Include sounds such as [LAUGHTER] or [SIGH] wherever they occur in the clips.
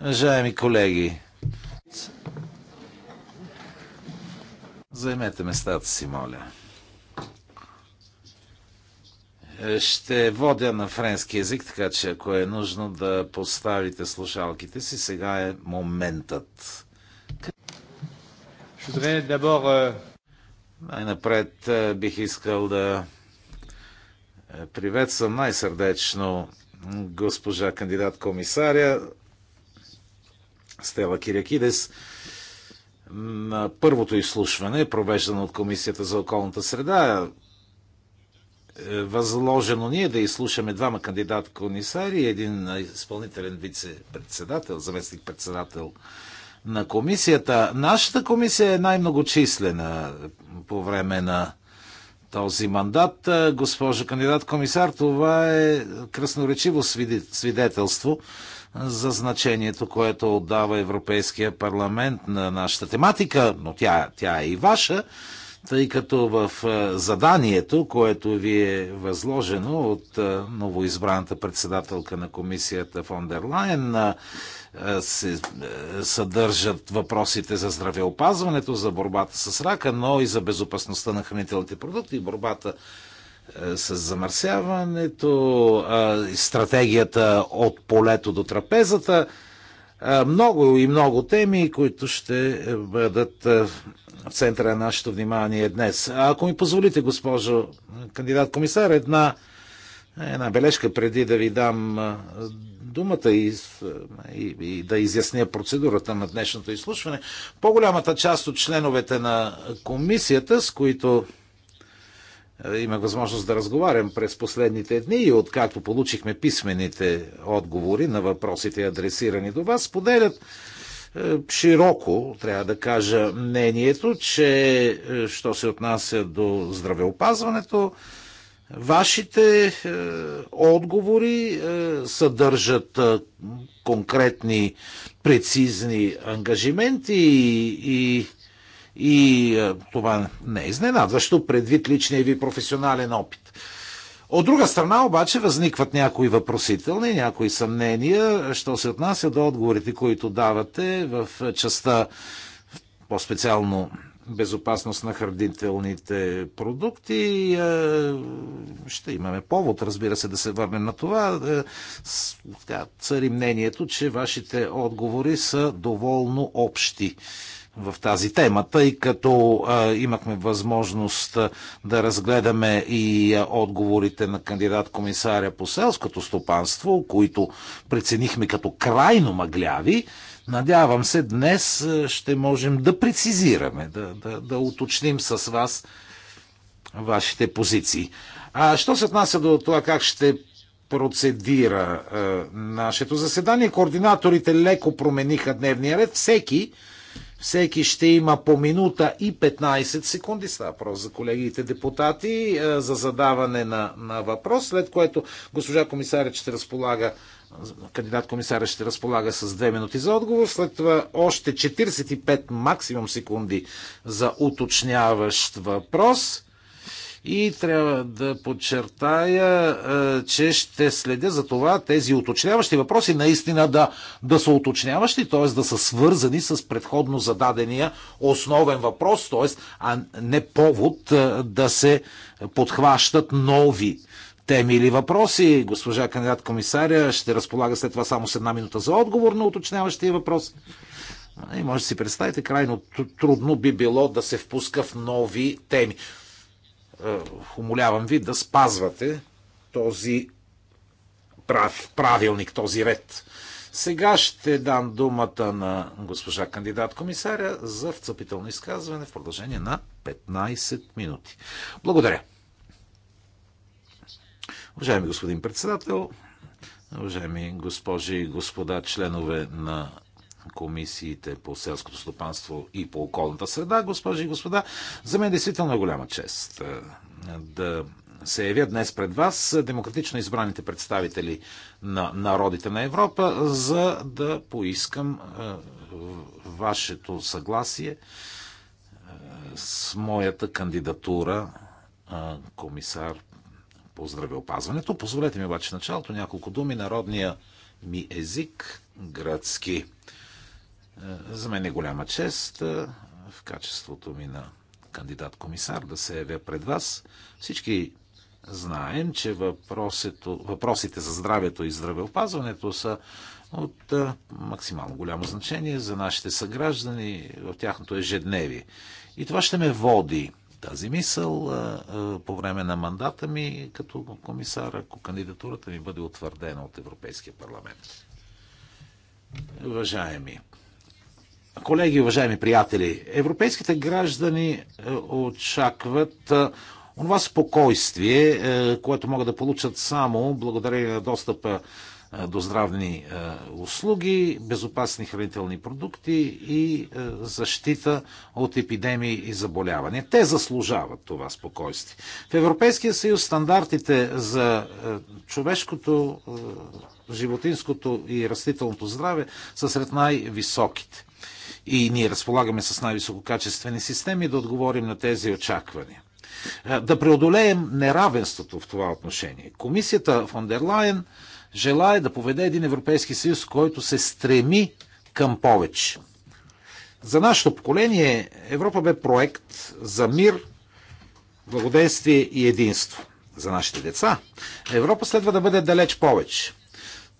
Уважаеми колеги, займете местата си, моля. Ще водя на френски язик, така че ако е нужно да поставите слушалките си, сега е моментът. Euh, Най-напред е, бих искал да е, приветствам най-сърдечно госпожа кандидат комисаря Стела Кирякидес на първото изслушване, провеждано от Комисията за околната среда, е възложено ние да изслушаме двама кандидат комисари и един изпълнителен вице-председател, заместник-председател на комисията. Нашата комисия е най-многочислена по време на този мандат. Е, госпожо кандидат комисар, това е красноречиво свидетелство за значението, което отдава Европейския парламент на нашата тематика, но тя, тя е и ваша тъй като в е, заданието, което ви е възложено от е, новоизбраната председателка на комисията в ондерлайн, е, се съдържат въпросите за здравеопазването, за борбата с рака, но и за безопасността на хранителните продукти и борбата с замърсяването, стратегията от полето до трапезата. Много и много теми, които ще бъдат в центъра на нашето внимание днес. А ако ми позволите, госпожо кандидат комисар, една, една бележка преди да ви дам думата и, и, и да изясня процедурата на днешното изслушване. По-голямата част от членовете на комисията, с които имах възможност да разговарям през последните дни и откакто получихме писмените отговори на въпросите, адресирани до вас, споделят е, широко, трябва да кажа, мнението, че е, що се отнася до здравеопазването, вашите е, отговори съдържат конкретни, прецизни ангажименти и, и, и това не е изненадващо предвид личния ви професионален опит. От друга страна обаче възникват някои въпросителни, някои съмнения, що се отнася до отговорите, които давате в частта по-специално безопасност на хранителните продукти. Е, ще имаме повод, разбира се, да се върнем на това. Е, цари мнението, че вашите отговори са доволно общи в тази тема, тъй като а, имахме възможност да разгледаме и а, отговорите на кандидат комисаря по селското стопанство, които преценихме като крайно мъгляви. Надявам се, днес ще можем да прецизираме, да, да, да уточним с вас вашите позиции. А що се отнася до това как ще процедира а, нашето заседание, координаторите леко промениха дневния ред. Всеки всеки ще има по минута и 15 секунди, става въпрос за колегите депутати, е, за задаване на, на въпрос, след което госпожа комисаря ще разполага кандидат комисаря ще разполага с 2 минути за отговор, след това още 45 максимум секунди за уточняващ въпрос и трябва да подчертая, че ще следя за това тези уточняващи въпроси наистина да, да са уточняващи, т.е. да са свързани с предходно зададения основен въпрос, т.е. а не повод да се подхващат нови теми или въпроси. Госпожа кандидат комисаря ще разполага след това само с една минута за отговор на уточняващия въпрос. И може да си представите, крайно трудно би било да се впуска в нови теми. Е, умолявам ви да спазвате този прав, правилник, този ред. Сега ще дам думата на госпожа кандидат комисаря за вцепително изказване в продължение на 15 минути. Благодаря. Уважаеми господин председател, уважаеми госпожи и господа членове на комисиите по селското стопанство и по околната среда. Госпожи и господа, за мен е действително е голяма чест е, да се явя днес пред вас демократично избраните представители на народите на Европа, за да поискам е, вашето съгласие с моята кандидатура комисар по здравеопазването. Позволете ми обаче началото няколко думи народния ми език гръцки. За мен е голяма чест в качеството ми на кандидат-комисар да се явя пред вас. Всички знаем, че въпросите за здравето и здравеопазването са от максимално голямо значение за нашите съграждани в тяхното ежедневие. И това ще ме води тази мисъл по време на мандата ми като комисар, ако кандидатурата ми бъде утвърдена от Европейския парламент. Уважаеми Колеги, уважаеми приятели, европейските граждани е, очакват е, онова спокойствие, е, което могат да получат само благодарение на достъпа до здравни услуги, безопасни хранителни продукти и защита от епидемии и заболявания. Те заслужават това спокойствие. В Европейския съюз стандартите за човешкото, животинското и растителното здраве са сред най-високите и ние разполагаме с най-висококачествени системи, да отговорим на тези очаквания. Е, да преодолеем неравенството в това отношение. Комисията в Лайен желая да поведе един Европейски съюз, който се стреми към повече. За нашето поколение Европа бе проект за мир, благоденствие и единство. За нашите деца Европа следва да бъде далеч повече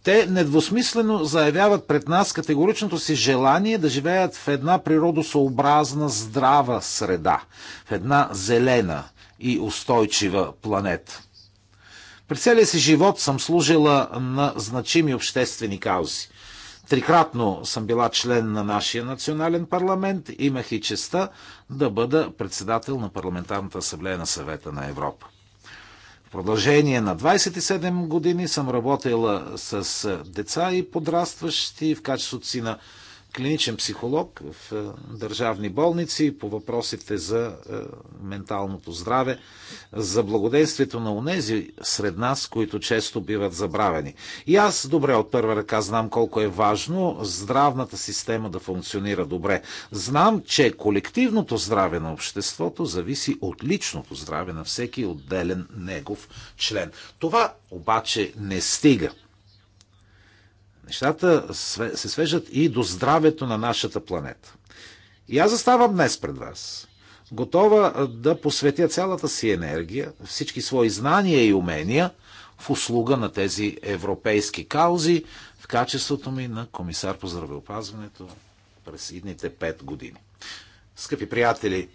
те недвусмислено заявяват пред нас категоричното си желание да живеят в една природосъобразна, здрава среда, в една зелена и устойчива планета. През целия си живот съм служила на значими обществени каузи. Трикратно съм била член на нашия национален парламент, имах и честа да бъда председател на Парламентарната асамблея на съвета на Европа. В продължение на 27 години съм работила с деца и подрастващи в качеството си на клиничен психолог в е, държавни болници по въпросите за е, менталното здраве, за благоденствието на унези сред нас, които често биват забравени. И аз добре от първа ръка знам колко е важно здравната система да функционира добре. Знам, че колективното здраве на обществото зависи от личното здраве на всеки отделен негов член. Това обаче не стига. Нещата се свежат и до здравето на нашата планета. И аз заставам днес пред вас, готова да посветя цялата си енергия, всички свои знания и умения в услуга на тези европейски каузи в качеството ми на комисар по здравеопазването през идните пет години. Скъпи приятели,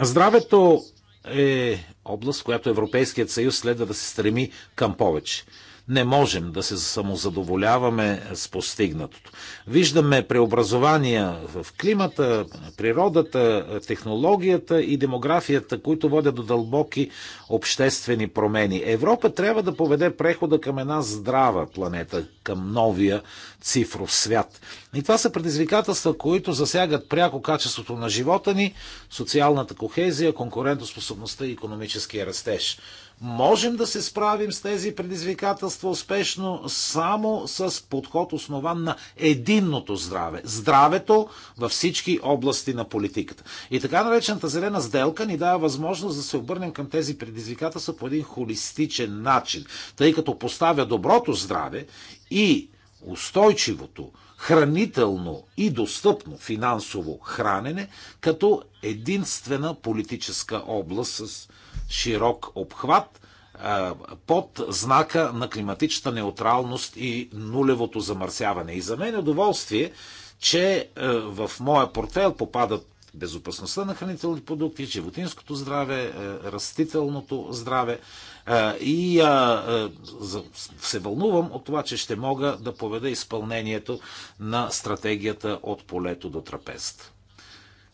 здравето е област, в която Европейският съюз следва да се стреми към повече. Не можем да се самозадоволяваме с постигнатото. Виждаме преобразования в климата, природата, технологията и демографията, които водят до дълбоки обществени промени. Европа трябва да поведе прехода към една здрава планета, към новия цифров свят. И това са предизвикателства, които засягат пряко качеството на живота ни, социалната кохезия, конкурентоспособността и економическия растеж. Можем да се справим с тези предизвикателства успешно само с подход основан на единното здраве. Здравето във всички области на политиката. И така наречената зелена сделка ни дава възможност да се обърнем към тези предизвикателства по един холистичен начин, тъй като поставя доброто здраве и устойчивото, хранително и достъпно финансово хранене като единствена политическа област с широк обхват под знака на климатичната неутралност и нулевото замърсяване. И за мен е удоволствие, че е, в моя портфел попадат безопасността на хранителни продукти, животинското здраве, е, растителното здраве. Е, и се вълнувам от това, че ще мога да поведа изпълнението на стратегията от полето до трапест.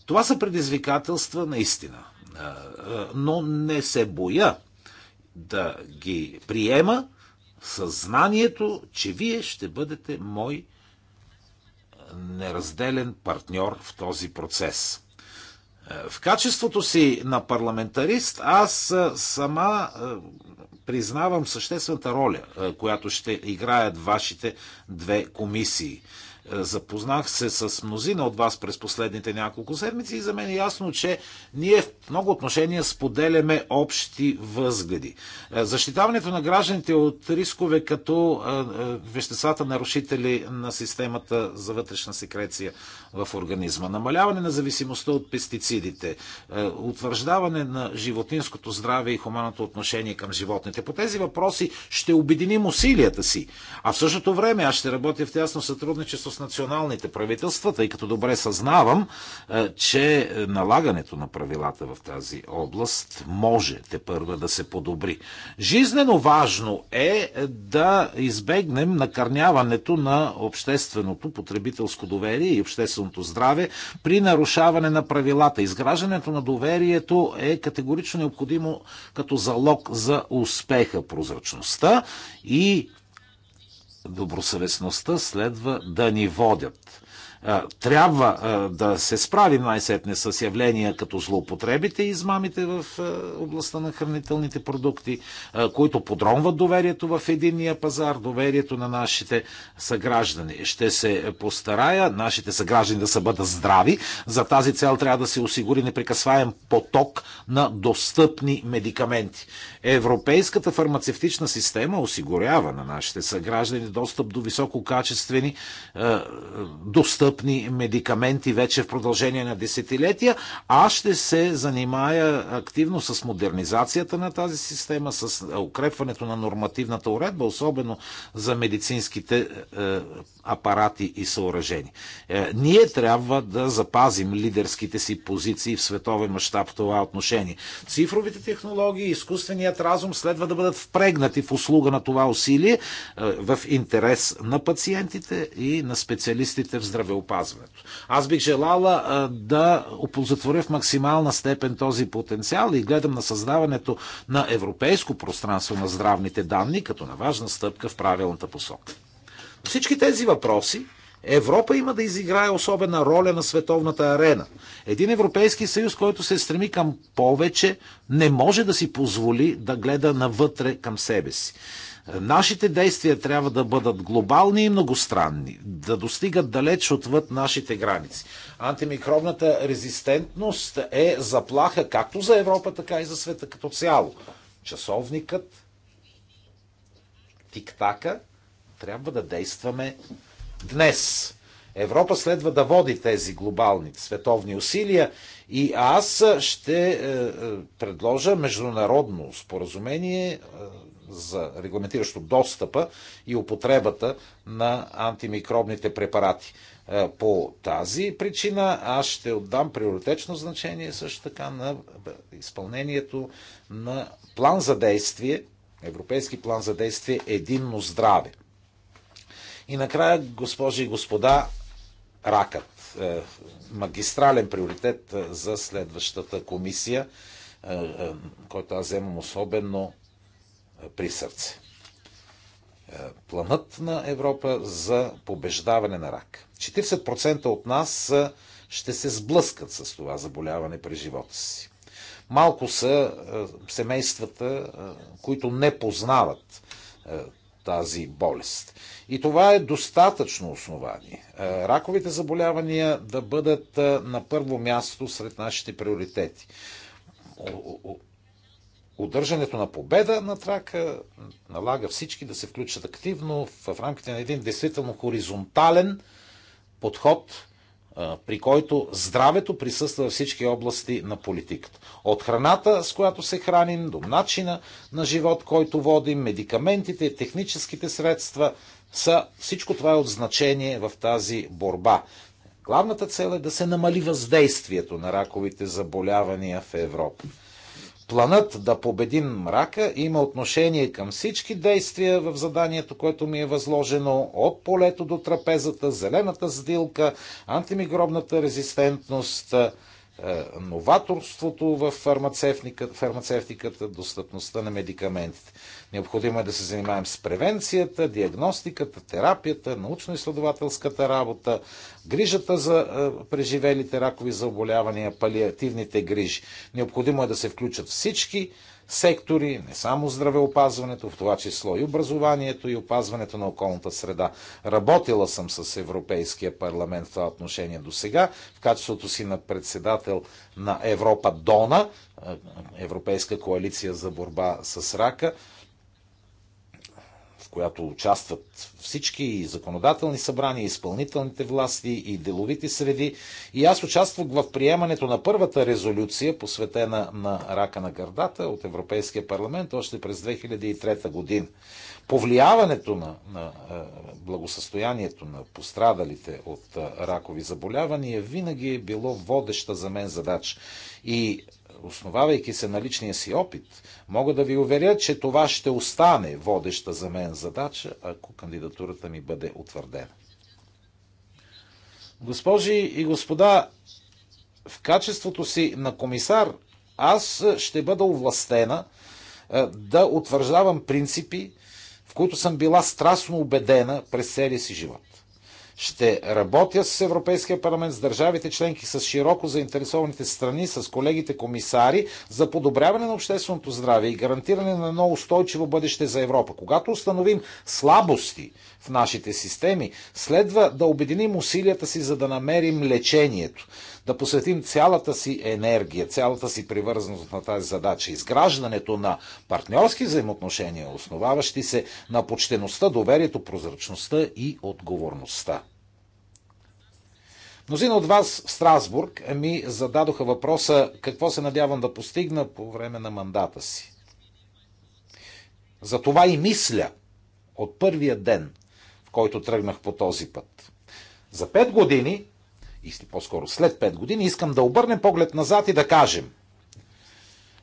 Това са предизвикателства наистина но не се боя да ги приема съзнанието, че вие ще бъдете мой неразделен партньор в този процес. В качеството си на парламентарист аз сама признавам съществената роля, която ще играят вашите две комисии. Запознах се с мнозина от вас през последните няколко седмици и за мен е ясно, че ние в много отношения споделяме общи възгледи. Е, защитаването на гражданите от рискове като е, е, веществата нарушители на системата за вътрешна секреция в организма, намаляване на зависимостта от пестицидите, е, утвърждаване на животинското здраве и хуманното отношение към животните. По тези въпроси ще обединим усилията си. А в същото време аз ще работя в тясно сътрудничество с националните правителства, тъй като добре съзнавам, е, че налагането на правилата в тази област може те първа да се подобри. Жизнено важно е да избегнем накърняването на общественото потребителско доверие и обществено общественото здраве при нарушаване на правилата. Изграждането на доверието е категорично необходимо като залог за успеха. Прозрачността и добросъвестността следва да ни водят трябва да се справим най-сетне с явления като злоупотребите и измамите в областта на хранителните продукти, които подронват доверието в единния пазар, доверието на нашите съграждани. Ще се постарая нашите съграждани да са бъдат здрави. За тази цел трябва да се осигури непрекъсваем поток на достъпни медикаменти. Европейската фармацевтична система осигурява на нашите съграждани достъп до висококачествени, е, достъпни медикаменти вече в продължение на десетилетия. Аз ще се занимая активно с модернизацията на тази система, с укрепването на нормативната уредба, особено за медицинските е, апарати и съоръжения. Е, ние трябва да запазим лидерските си позиции в световен мащаб в това отношение. Цифровите технологии, изкуственият човешкият разум следва да бъдат впрегнати в услуга на това усилие е, в интерес на пациентите и на специалистите в здравеопазването. Аз бих желала е, да опозатворя в максимална степен този потенциал и гледам на създаването на европейско пространство на здравните данни като на важна стъпка в правилната посока. Всички тези въпроси Европа има да изиграе особена роля на световната арена. Един Европейски съюз, който се стреми към повече, не може да си позволи да гледа навътре към себе си. Нашите действия трябва да бъдат глобални и многостранни, да достигат далеч отвъд нашите граници. Антимикробната резистентност е заплаха както за Европа, така и за света като цяло. Часовникът, тиктака, трябва да действаме Днес Европа следва да води тези глобални световни усилия и аз ще е, е, предложа международно споразумение е, за регламентиращо достъпа и употребата на антимикробните препарати. По тази причина аз ще отдам приоритетно значение също така на изпълнението на план за действие, европейски план за действие Единно здраве. И накрая, госпожи и господа, ракът. Е, магистрален приоритет е, за следващата комисия, е, който аз вземам особено при сърце. Планът на Европа за побеждаване на рак. 40% от нас ще се сблъскат с това заболяване през живота си. Малко са семействата, които не познават тази болест. И това е достатъчно основание. Е, раковите заболявания да бъдат е, на първо място сред нашите приоритети. Удържането на победа на трака налага всички да се включат активно в рамките на един действително хоризонтален подход при който здравето присъства във всички области на политиката. От храната, с която се храним, до начина на живот, който водим, медикаментите, техническите средства, са, всичко това е от значение в тази борба. Главната цел е да се намали въздействието на раковите заболявания в Европа. Планът да победим мрака има отношение към всички действия в заданието, което ми е възложено от полето до трапезата, зелената сдилка, антимигробната резистентност, е, новаторството в фармацевтиката, достъпността на медикаментите. Необходимо е да се занимаем с превенцията, диагностиката, терапията, научно-изследователската работа, грижата за е, преживелите ракови заболявания, палиативните грижи. Необходимо е да се включат всички сектори, не само здравеопазването, в това число и образованието и опазването на околната среда. Работила съм с Европейския парламент в това отношение до сега, в качеството си на председател на Европа Дона, е, Европейска коалиция за борба с рака която участват всички законодателни събрания, изпълнителните власти и деловите среди. И аз участвах в приемането на първата резолюция, посветена на рака на гърдата от Европейския парламент още през 2003 година. Повлияването на, на е, благосъстоянието на пострадалите от е, ракови заболявания винаги е било водеща за мен задача. И основавайки се на личния си опит, мога да ви уверя, че това ще остане водеща за мен задача, ако кандидатурата ми бъде утвърдена. Госпожи и господа, в качеството си на комисар, аз ще бъда овластена е, да утвърждавам принципи, в които съм била страстно убедена през целия си живот. Ще работя с Европейския парламент, с държавите членки, с широко заинтересованите страни, с колегите комисари за подобряване на общественото здраве и гарантиране на едно устойчиво бъдеще за Европа. Когато установим слабости в нашите системи, следва да обединим усилията си, за да намерим лечението, да посветим цялата си енергия, цялата си привързаност на тази задача. Изграждането на партньорски взаимоотношения, основаващи се на почтеността, доверието, прозрачността и отговорността. Мнозина от вас в Страсбург е, ми зададоха въпроса какво се надявам да постигна по време на мандата си. За това и мисля от първия ден, в който тръгнах по този път. За пет години, или по-скоро след пет години, искам да обърнем поглед назад и да кажем –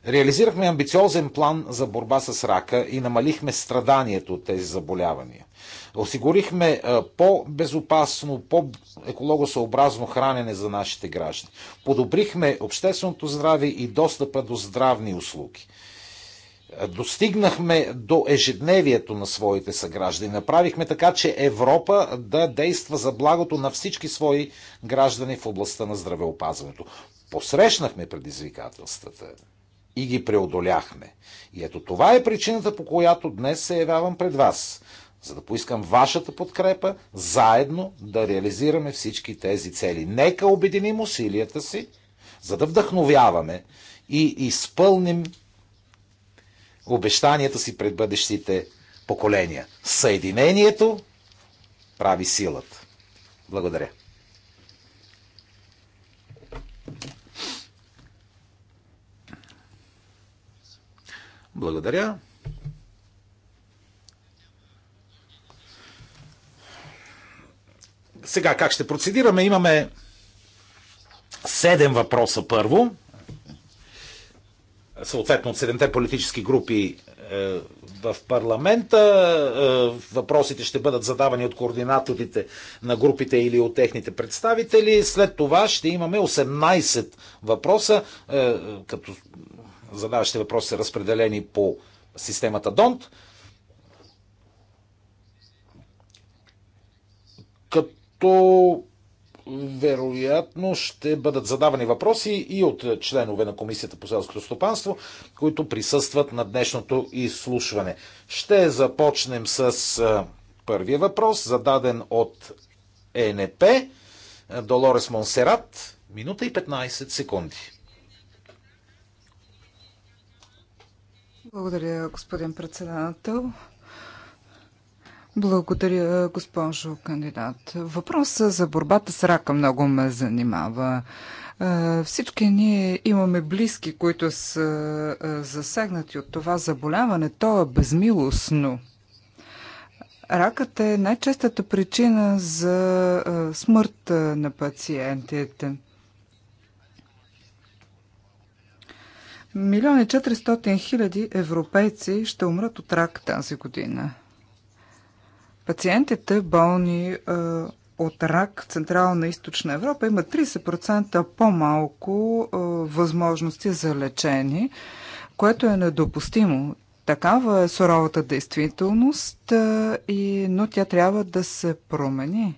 Реализирахме амбициозен план за борба с рака и намалихме страданието от тези заболявания. Осигурихме е, по-безопасно, по-екологосъобразно хранене за нашите граждани. Подобрихме общественото здраве и достъпа до здравни услуги. Е, достигнахме до ежедневието на своите съграждани. Направихме така, че Европа да действа за благото на всички свои граждани в областта на здравеопазването. Посрещнахме предизвикателствата и ги преодоляхме. И ето това е причината, по която днес се явявам пред вас, за да поискам вашата подкрепа, заедно да реализираме всички тези цели. Нека обединим усилията си, за да вдъхновяваме и изпълним обещанията си пред бъдещите поколения. Съединението прави силата. Благодаря. Благодаря. Сега как ще процедираме? Имаме седем въпроса първо. Съответно от седемте политически групи е, в парламента. Е, въпросите ще бъдат задавани от координаторите на групите или от техните представители. След това ще имаме 18 въпроса, е, като задаващите въпроси са разпределени по системата ДОНТ. Като вероятно ще бъдат задавани въпроси и от членове на Комисията по селското стопанство, които присъстват на днешното изслушване. Ще започнем с първия въпрос, зададен от ЕНП, Долорес Монсерат, минута и 15 секунди. Благодаря, господин председател. Благодаря, госпожо кандидат. Въпроса за борбата с рака много ме занимава. Е, всички ние имаме близки, които са е, засегнати от това заболяване. То е безмилостно. Ракът е най-честата причина за е, смърт на пациентите. Милиони 400 хиляди европейци ще умрат от рак тази година. Пациентите, болни е, от рак в Централна и Източна Европа, имат 30% по-малко е, възможности за лечение, което е недопустимо. Такава е суровата действителност, е, но тя трябва да се промени.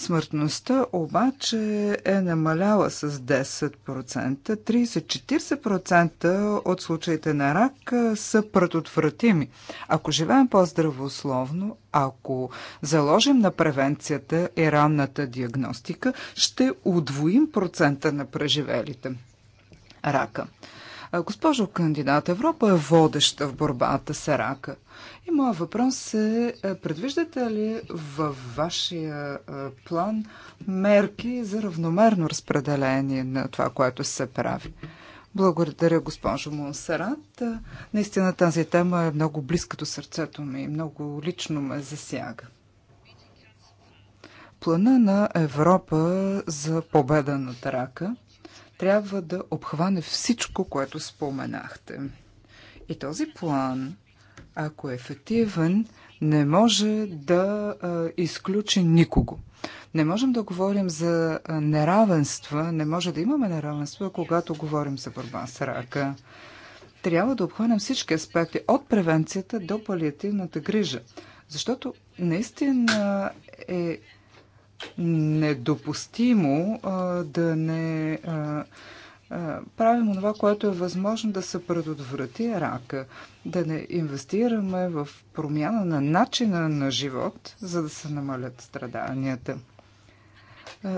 Смъртността обаче е намаляла с 10%. 30-40% от случаите на рак са предотвратими. Ако живеем по-здравословно, ако заложим на превенцията и ранната диагностика, ще удвоим процента на преживелите рака. Госпожо кандидат, Европа е водеща в борбата с рака. И моят въпрос е, е, предвиждате ли във вашия е, план мерки за равномерно разпределение на това, което се прави? Благодаря, госпожо Монсерат. Наистина тази тема е много близка до сърцето ми и много лично ме засяга. Плана на Европа за победа на рака трябва да обхване всичко, което споменахте. И този план ако е ефективен, не може да а, изключи никого. Не можем да говорим за неравенства, не може да имаме неравенства, когато говорим за борба с рака. Трябва да обхванем всички аспекти, от превенцията до палиативната грижа. Защото наистина е недопустимо а, да не. А, правим това, което е възможно да се предотврати рака, да не инвестираме в промяна на начина на живот, за да се намалят страданията.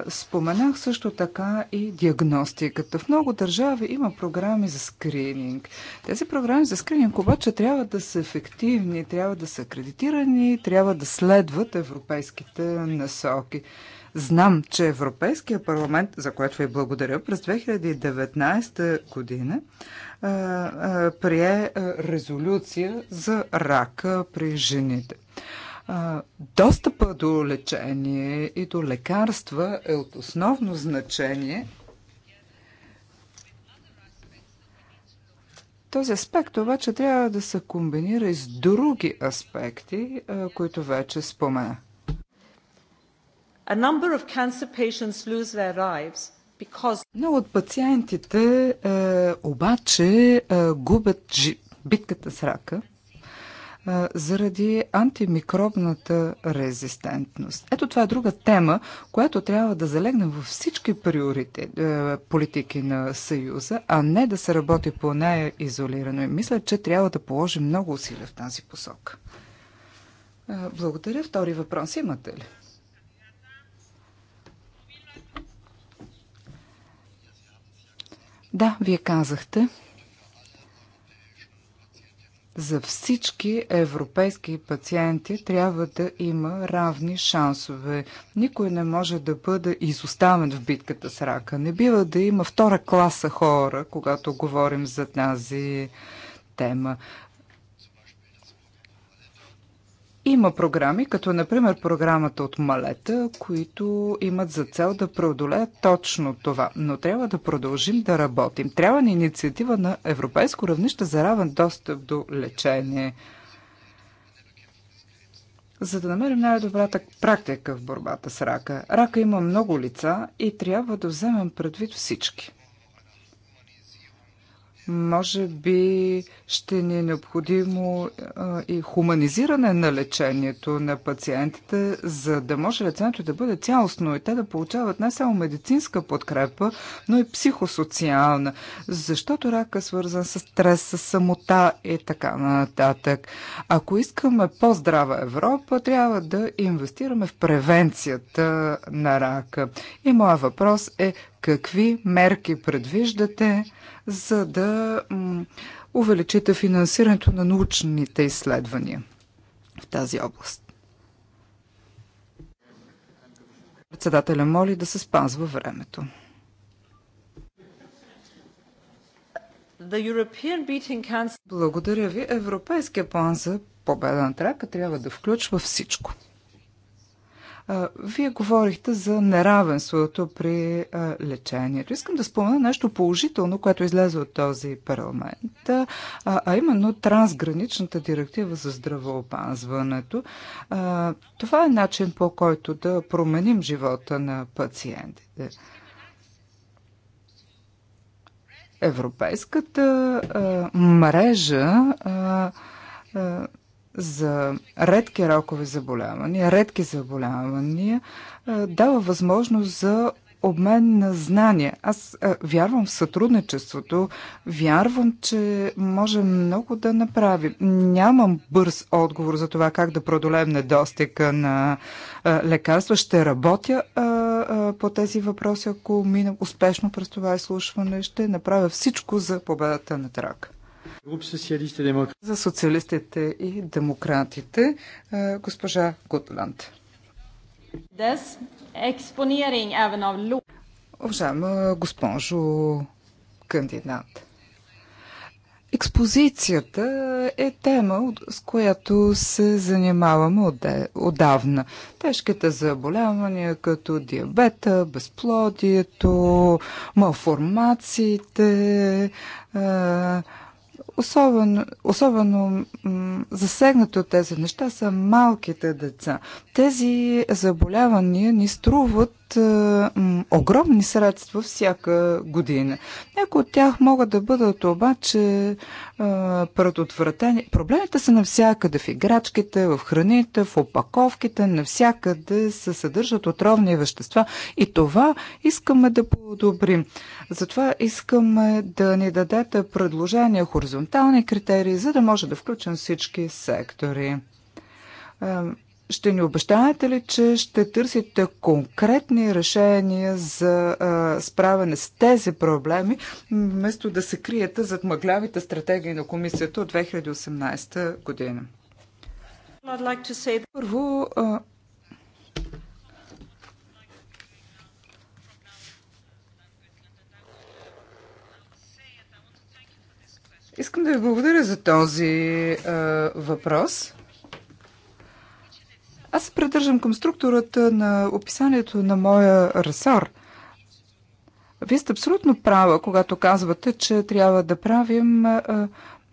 Споменах също така и диагностиката. В много държави има програми за скрининг. Тези програми за скрининг обаче трябва да са ефективни, трябва да са акредитирани, трябва да следват европейските насоки. Знам, че Европейския парламент, за което ви благодаря, през 2019 година прие резолюция за рака при жените. Достъпа до лечение и до лекарства е от основно значение Този аспект обаче трябва да се комбинира и с други аспекти, които вече спомена. A number of cancer patients lose their lives because... Много от пациентите е, обаче е, губят жи... битката с рака е, заради антимикробната резистентност. Ето това е друга тема, която трябва да залегне във всички приорите е, политики на Съюза, а не да се работи по нея изолирано. И мисля, че трябва да положим много усилия в тази посока. Е, благодаря. Втори въпрос имате ли? Да, вие казахте за всички европейски пациенти трябва да има равни шансове. Никой не може да бъде изоставен в битката с рака. Не бива да има втора класа хора, когато говорим за тази тема. Има програми, като например програмата от Малета, които имат за цел да преодолеят точно това. Но трябва да продължим да работим. Трябва ни инициатива на европейско равнище за равен достъп до лечение, за да намерим най-добрата практика в борбата с рака. Рака има много лица и трябва да вземем предвид всички. Може би ще ни е необходимо и хуманизиране на лечението на пациентите, за да може лечението да бъде цялостно и те да получават не само медицинска подкрепа, но и психосоциална, защото рак е свързан с стрес, с самота и така нататък. Ако искаме по-здрава Европа, трябва да инвестираме в превенцията на рака. И моят въпрос е Какви мерки предвиждате, за да увеличите финансирането на научните изследвания в тази област? Председателя моли да се спазва времето. Благодаря ви. Европейския план за победа на трака трябва да включва всичко. Вие говорихте за неравенството при лечението. Искам да спомена нещо положително, което излезе от този парламент, а именно трансграничната директива за здравоопазването. Това е начин по който да променим живота на пациентите. Европейската мрежа за редки ракови заболявания, редки заболявания, дава възможност за обмен на знания. Аз вярвам в сътрудничеството, вярвам, че можем много да направим. Нямам бърз отговор за това как да продолеем недостига на лекарства. Ще работя по тези въпроси, ако минем успешно през това изслушване. Ще направя всичко за победата на рак. За социалистите и демократите, госпожа Гутланд. Уважаема госпожо кандидат. Експозицията е тема, с която се занимаваме отдавна. Тежките заболявания, като диабета, безплодието, малформациите, Особено, особено засегнати от тези неща са малките деца. Тези заболявания ни струват а, м, огромни средства всяка година. Някои от тях могат да бъдат обаче а, предотвратени. Проблемите са навсякъде в играчките, в храните, в опаковките, навсякъде се съдържат отровни вещества и това искаме да подобрим. Затова искаме да ни дадете предложения, хоризонтални критерии, за да може да включим всички сектори. Ще ни обещаете ли, че ще търсите конкретни решения за а, справяне с тези проблеми, вместо да се криете зад мъглявите стратегии на комисията от 2018 година? Първо, а, Искам да ви благодаря за този а, въпрос. Аз се придържам към структурата на описанието на моя ресор. Вие сте абсолютно права, когато казвате, че трябва да правим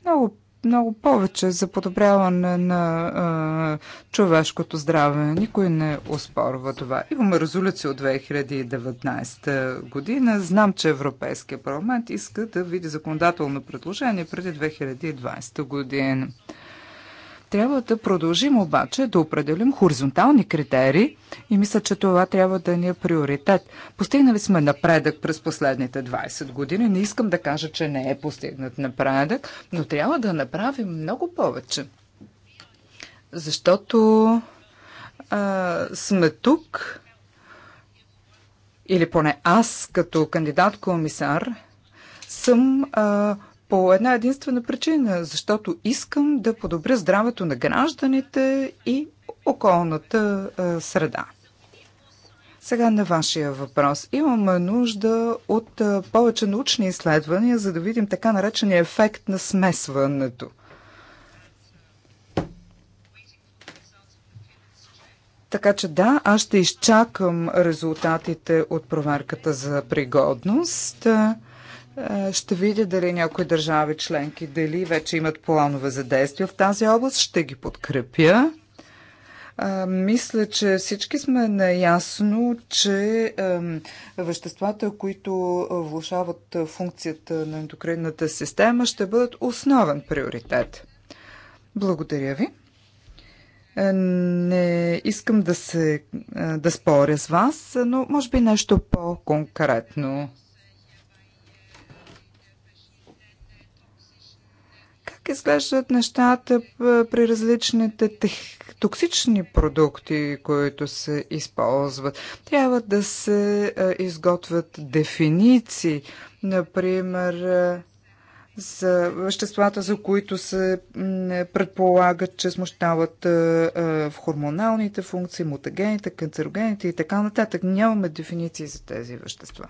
много, много повече за подобряване на а, човешкото здраве. Никой не оспорва това. Имаме резолюция от 2019 година. Знам, че Европейския парламент иска да види законодателно предложение преди 2020 година. Трябва да продължим обаче да определим хоризонтални критерии и мисля, че това трябва да ни е приоритет. Постигнали сме напредък през последните 20 години. Не искам да кажа, че не е постигнат напредък, но трябва да направим много повече. Защото а, сме тук, или поне аз като кандидат-комисар, съм а, по една единствена причина, защото искам да подобря здравето на гражданите и околната среда. Сега на вашия въпрос. Имаме нужда от повече научни изследвания, за да видим така наречения ефект на смесването. Така че да, аз ще изчакам резултатите от проверката за пригодност. Е, ще видя дали някои държави членки, дали вече имат планове за действия в тази област. Ще ги подкрепя. Е, мисля, че всички сме наясно, че е, веществата, които влушават функцията на ендокринната система, ще бъдат основен приоритет. Благодаря ви. Не искам да, се, да споря с вас, но може би нещо по-конкретно. как изглеждат нещата при различните токсични продукти, които се използват. Трябва да се изготвят дефиниции, например за веществата, за които се предполагат, че смущават в хормоналните функции, мутагените, канцерогените и така нататък. Нямаме дефиниции за тези вещества.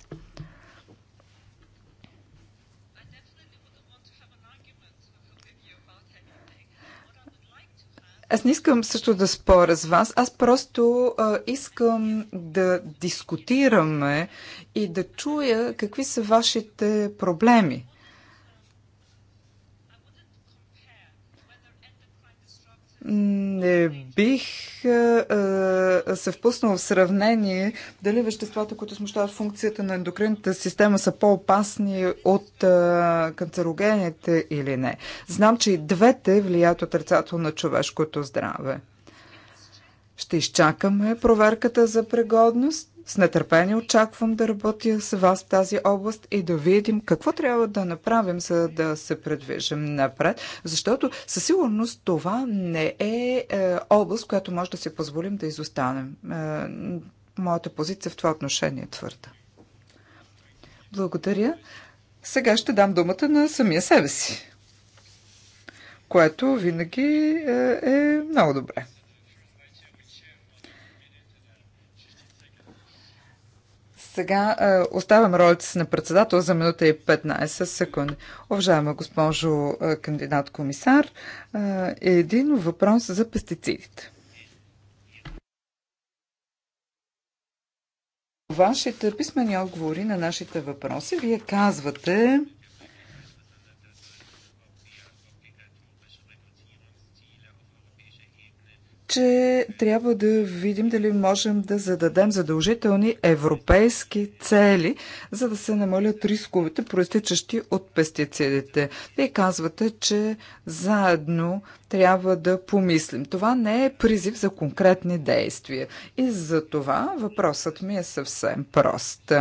Аз не искам също да споря с вас, аз просто а, искам да дискутираме и да чуя какви са вашите проблеми. не бих се впуснал в сравнение дали веществата, които смущават функцията на ендокринната система са по-опасни от канцерогените или не. Знам, че и двете влияят отрицателно на човешкото здраве. Ще изчакаме проверката за пригодност с нетърпение очаквам да работя с вас в тази област и да видим какво трябва да направим, за да се предвижим напред, защото със сигурност това не е, е област, която може да си позволим да изостанем. Е, моята позиция в това отношение е твърда. Благодаря. Сега ще дам думата на самия себе си, което винаги е, е много добре. Сега е, оставям ролята си на председател за минута и 15 секунди. Уважаема госпожо е, кандидат-комисар, е един въпрос за пестицидите. Вашите писмени отговори на нашите въпроси, вие казвате, че трябва да видим дали можем да зададем задължителни европейски цели, за да се намалят рисковете, проистичащи от пестицидите. Вие казвате, че заедно трябва да помислим. Това не е призив за конкретни действия. И за това въпросът ми е съвсем прост.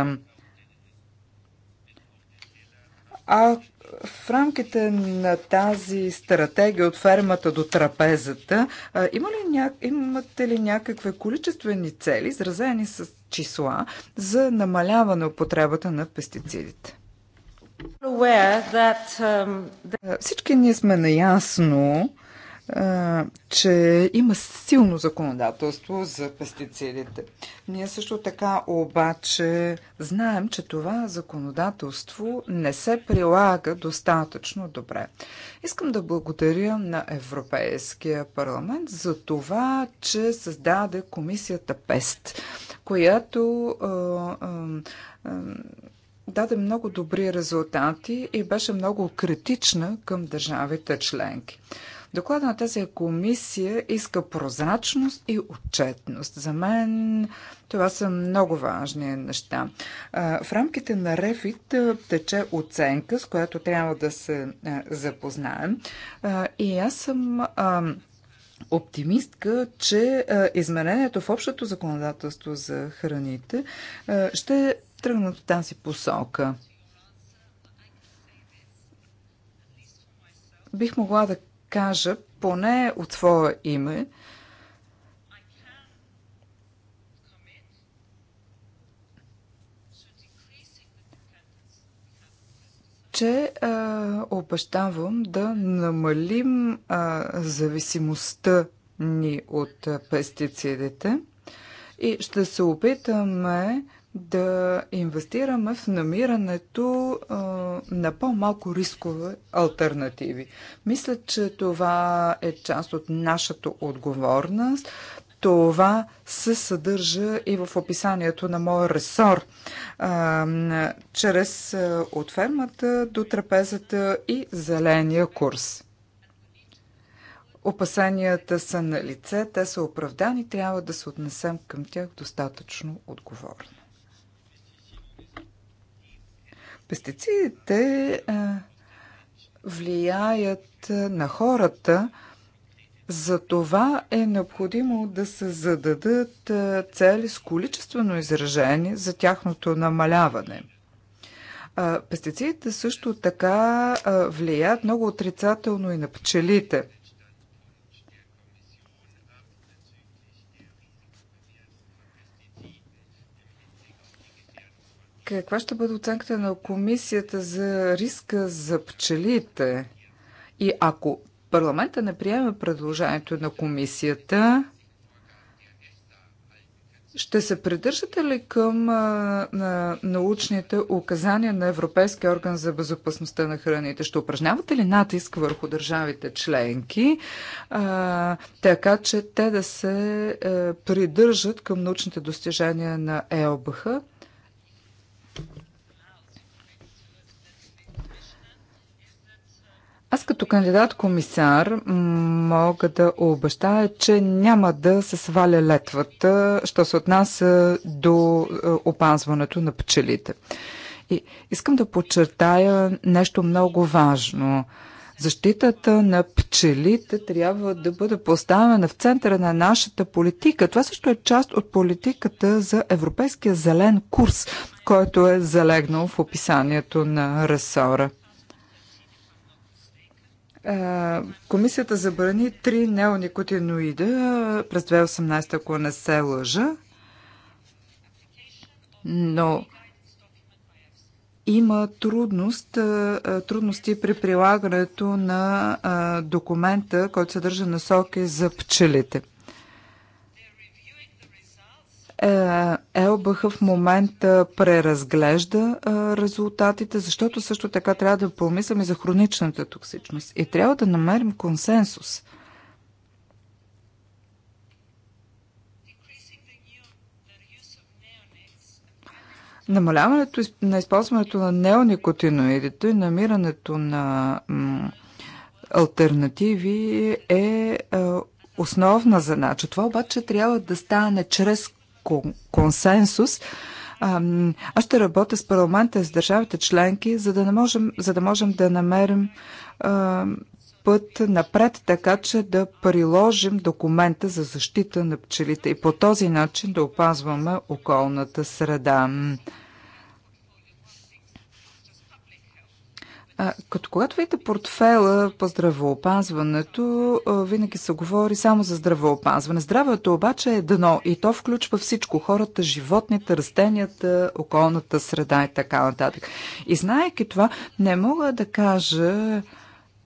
А в рамките на тази стратегия от фермата до трапезата, има ли ня... имате ли някакви количествени цели, изразени с числа, за намаляване употребата на пестицидите? Um, Всички ние сме наясно, че има силно законодателство за пестицидите. Ние също така обаче знаем, че това законодателство не се прилага достатъчно добре. Искам да благодаря на Европейския парламент за това, че създаде комисията ПЕСТ, която даде много добри резултати и беше много критична към държавите членки. Доклада на тази комисия иска прозрачност и отчетност. За мен това са много важни неща. В рамките на Рефит тече оценка, с която трябва да се запознаем. И аз съм оптимистка, че изменението в общото законодателство за храните ще тръгнат в тази посока. Бих могла да кажа поне от своя име, че а, обещавам да намалим а, зависимостта ни от пестицидите и ще се опитаме да инвестираме в намирането а, на по-малко рискове альтернативи. Мисля, че това е част от нашата отговорност. Това се съдържа и в описанието на моя ресор. А, чрез а, от фермата до трапезата и зеления курс. Опасенията са на лице, те са оправдани, трябва да се отнесем към тях достатъчно отговорно. Пестицидите влияят на хората, за това е необходимо да се зададат цели с количествено изражение за тяхното намаляване. Пестицидите също така влияят много отрицателно и на пчелите – Каква ще бъде оценката на комисията за риска за пчелите? И ако парламента не приеме предложението на комисията, ще се придържате ли към а, на научните указания на Европейския орган за безопасността на храните? Ще упражнявате ли натиск върху държавите членки, а, така че те да се а, е, придържат към научните достижения на ЕОБХ? Аз като кандидат-комисар мога да обещая, че няма да се сваля летвата, що се отнася до е, опазването на пчелите. И искам да подчертая нещо много важно. Защитата на пчелите трябва да бъде поставена в центъра на нашата политика. Това също е част от политиката за Европейския зелен курс, който е залегнал в описанието на ресора. Е, комисията забрани три неоникотиноида е, през 2018, ако не се лъжа, но има трудност, е, трудности при прилагането на документа, който съдържа насоки за пчелите. Е, Елбаха в момента преразглежда е, резултатите, защото също така трябва да помислим и за хроничната токсичност. И трябва да намерим консенсус. Намаляването на използването на неоникотиноидите и намирането на альтернативи е, е основна задача. Това обаче трябва да стане чрез консенсус. Аз ще работя с парламента, и с държавите членки, за да, не можем, за да можем да намерим път напред, така че да приложим документа за защита на пчелите и по този начин да опазваме околната среда. А, като когато видите портфела по здравеопазването, винаги се говори само за здравеопазване. Здравето обаче е дано и то включва всичко. Хората, животните, растенията, околната среда и така нататък. И знаеки това, не мога да кажа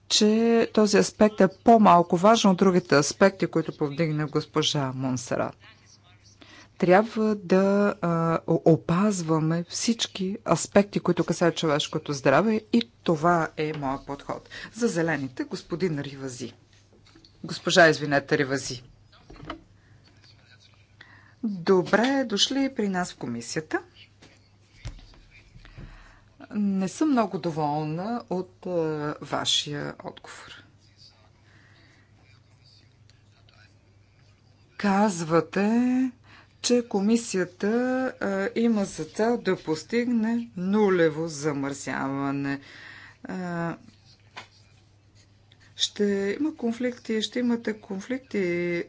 че този аспект е по-малко важен от другите аспекти, които повдигна госпожа Монсерат трябва да а, опазваме всички аспекти, които касаят човешкото здраве и това е моят подход. За зелените, господин Ривази. Госпожа, извинете, Ривази. Добре дошли при нас в комисията. Не съм много доволна от а, вашия отговор. Казвате, че комисията а, има за цел да постигне нулево замърсяване. А, ще има конфликти, ще имате конфликти е,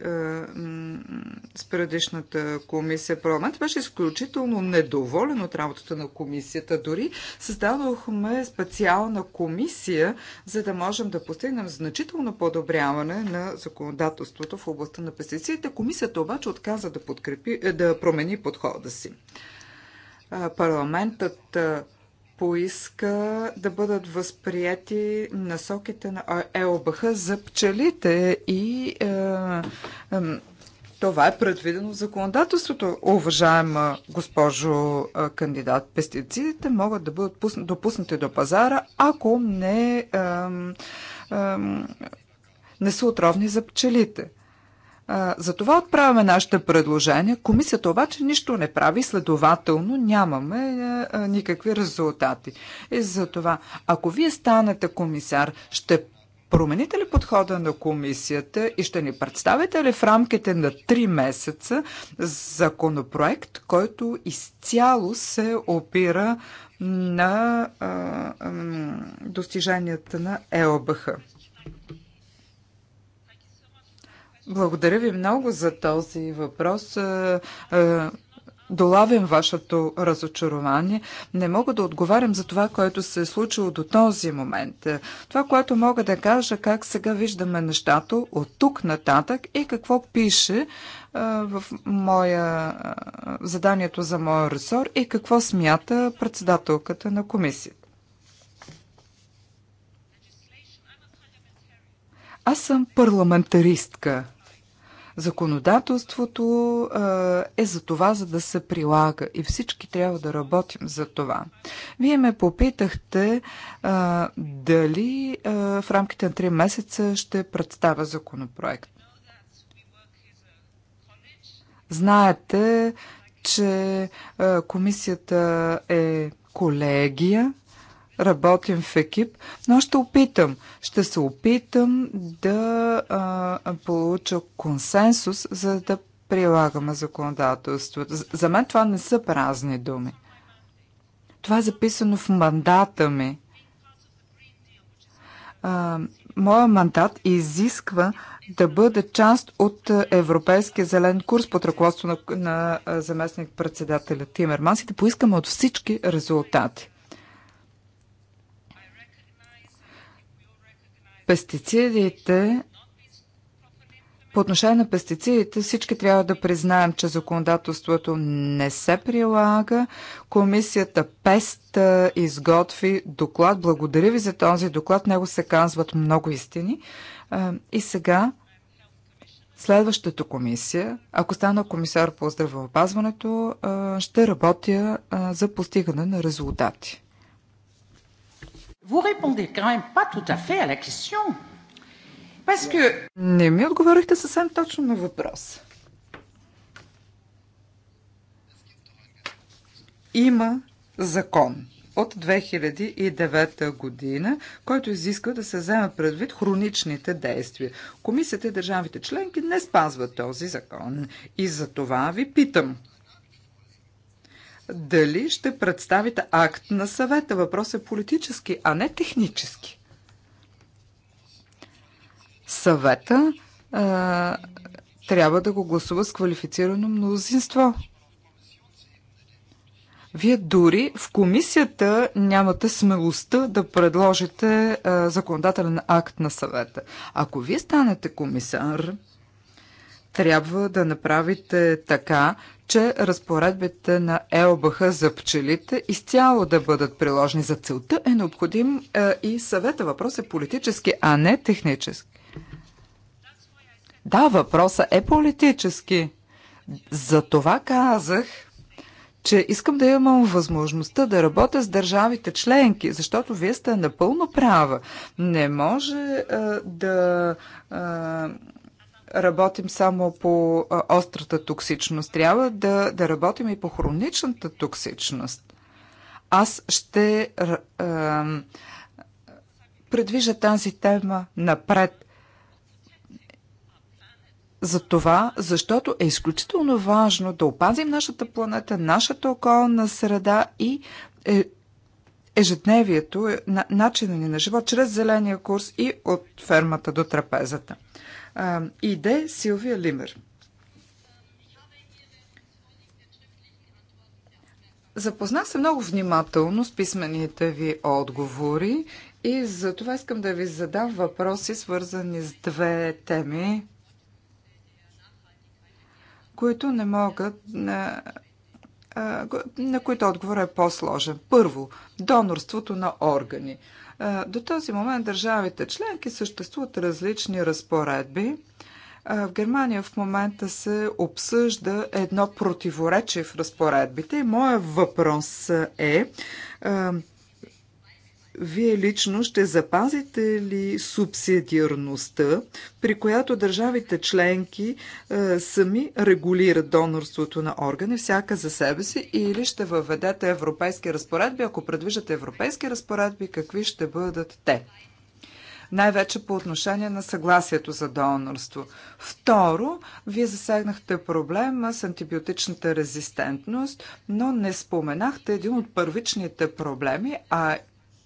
с предишната комисия. Парламент беше изключително недоволен от работата на комисията. Дори създадохме специална комисия, за да можем да постигнем значително подобряване на законодателството в областта на пестициите. Комисията обаче отказа да, подкрепи, е, да промени подхода си. Е, парламентът поиска да бъдат възприяти насоките на ЕОБХ за пчелите и е, е, това е предвидено в законодателството, уважаема госпожо е, кандидат. Пестицидите могат да бъдат допуснати до пазара, ако не, е, не са отровни за пчелите. Затова отправяме нашите предложения. Комисията обаче нищо не прави, следователно нямаме е, е, никакви резултати. И затова, ако вие станете комисар, ще промените ли подхода на комисията и ще ни представите ли в рамките на 3 месеца законопроект, който изцяло се опира на а, а, достиженията на ЕОБХ? Благодаря ви много за този въпрос. Е, е, долавям вашето разочарование. Не мога да отговарям за това, което се е случило до този момент. Е, това, което мога да кажа, как сега виждаме нещата от тук нататък и какво пише в моя, заданието за моя ресор и какво смята председателката на комисията. Аз съм парламентаристка. Законодателството е за това, за да се прилага и всички трябва да работим за това. Вие ме попитахте дали в рамките на 3 месеца ще представя законопроект. Знаете, че комисията е колегия работим в екип, но ще опитам. Ще се опитам да а, получа консенсус, за да прилагаме законодателството. За мен това не са празни думи. Това е записано в мандата ми. А, моя мандат изисква да бъде част от Европейския зелен курс под ръководство на, на заместник председателя Тимерманс и да поискаме от всички резултати. Пестицидите по отношение на пестицидите всички трябва да признаем, че законодателството не се прилага. Комисията ПЕСТ изготви доклад. Благодаря ви за този доклад. Него се казват много истини. И сега следващата комисия, ако стана комисар по здравеопазването, ще работя за постигане на резултати. Vous répondez quand même pas tout à fait à la question. Parce que... Не ми отговорихте съвсем точно на въпроса. Има закон от 2009 година, който изисква да се вземе предвид хроничните действия. Комисията и държавите членки не спазват този закон. И за това ви питам – дали ще представите акт на съвета. Въпрос е политически, а не технически. Съвета а, трябва да го гласува с квалифицирано мнозинство. Вие дори в комисията нямате смелостта да предложите а, законодателен акт на съвета. Ако вие станете комисар, трябва да направите така, че разпоредбите на ЕОБХ за пчелите изцяло да бъдат приложени за целта е необходим е, и съвета. Въпрос е политически, а не технически. Да, въпросът е политически. За това казах, че искам да имам възможността да работя с държавите членки, защото вие сте напълно права. Не може е, да е, работим само по острата токсичност. Трябва да, да работим и по хроничната токсичност. Аз ще а, предвижа тази тема напред. За това, защото е изключително важно да опазим нашата планета, нашата околна среда и е, ежедневието, е, начина ни на живот, чрез зеления курс и от фермата до трапезата. Иде Силвия Лимер. Запозна се много внимателно с писмените ви отговори и за това искам да ви задам въпроси, свързани с две теми, които не могат, на, на които отговор е по-сложен. Първо, донорството на органи. До този момент държавите членки съществуват различни разпоредби. В Германия в момента се обсъжда едно противоречие в разпоредбите. И моят въпрос е вие лично ще запазите ли субсидиарността, при която държавите членки е, сами регулират донорството на органи, всяка за себе си, или ще въведете европейски разпоредби? Ако предвиждате европейски разпоредби, какви ще бъдат те? най-вече по отношение на съгласието за донорство. Второ, вие засегнахте проблема с антибиотичната резистентност, но не споменахте един от първичните проблеми, а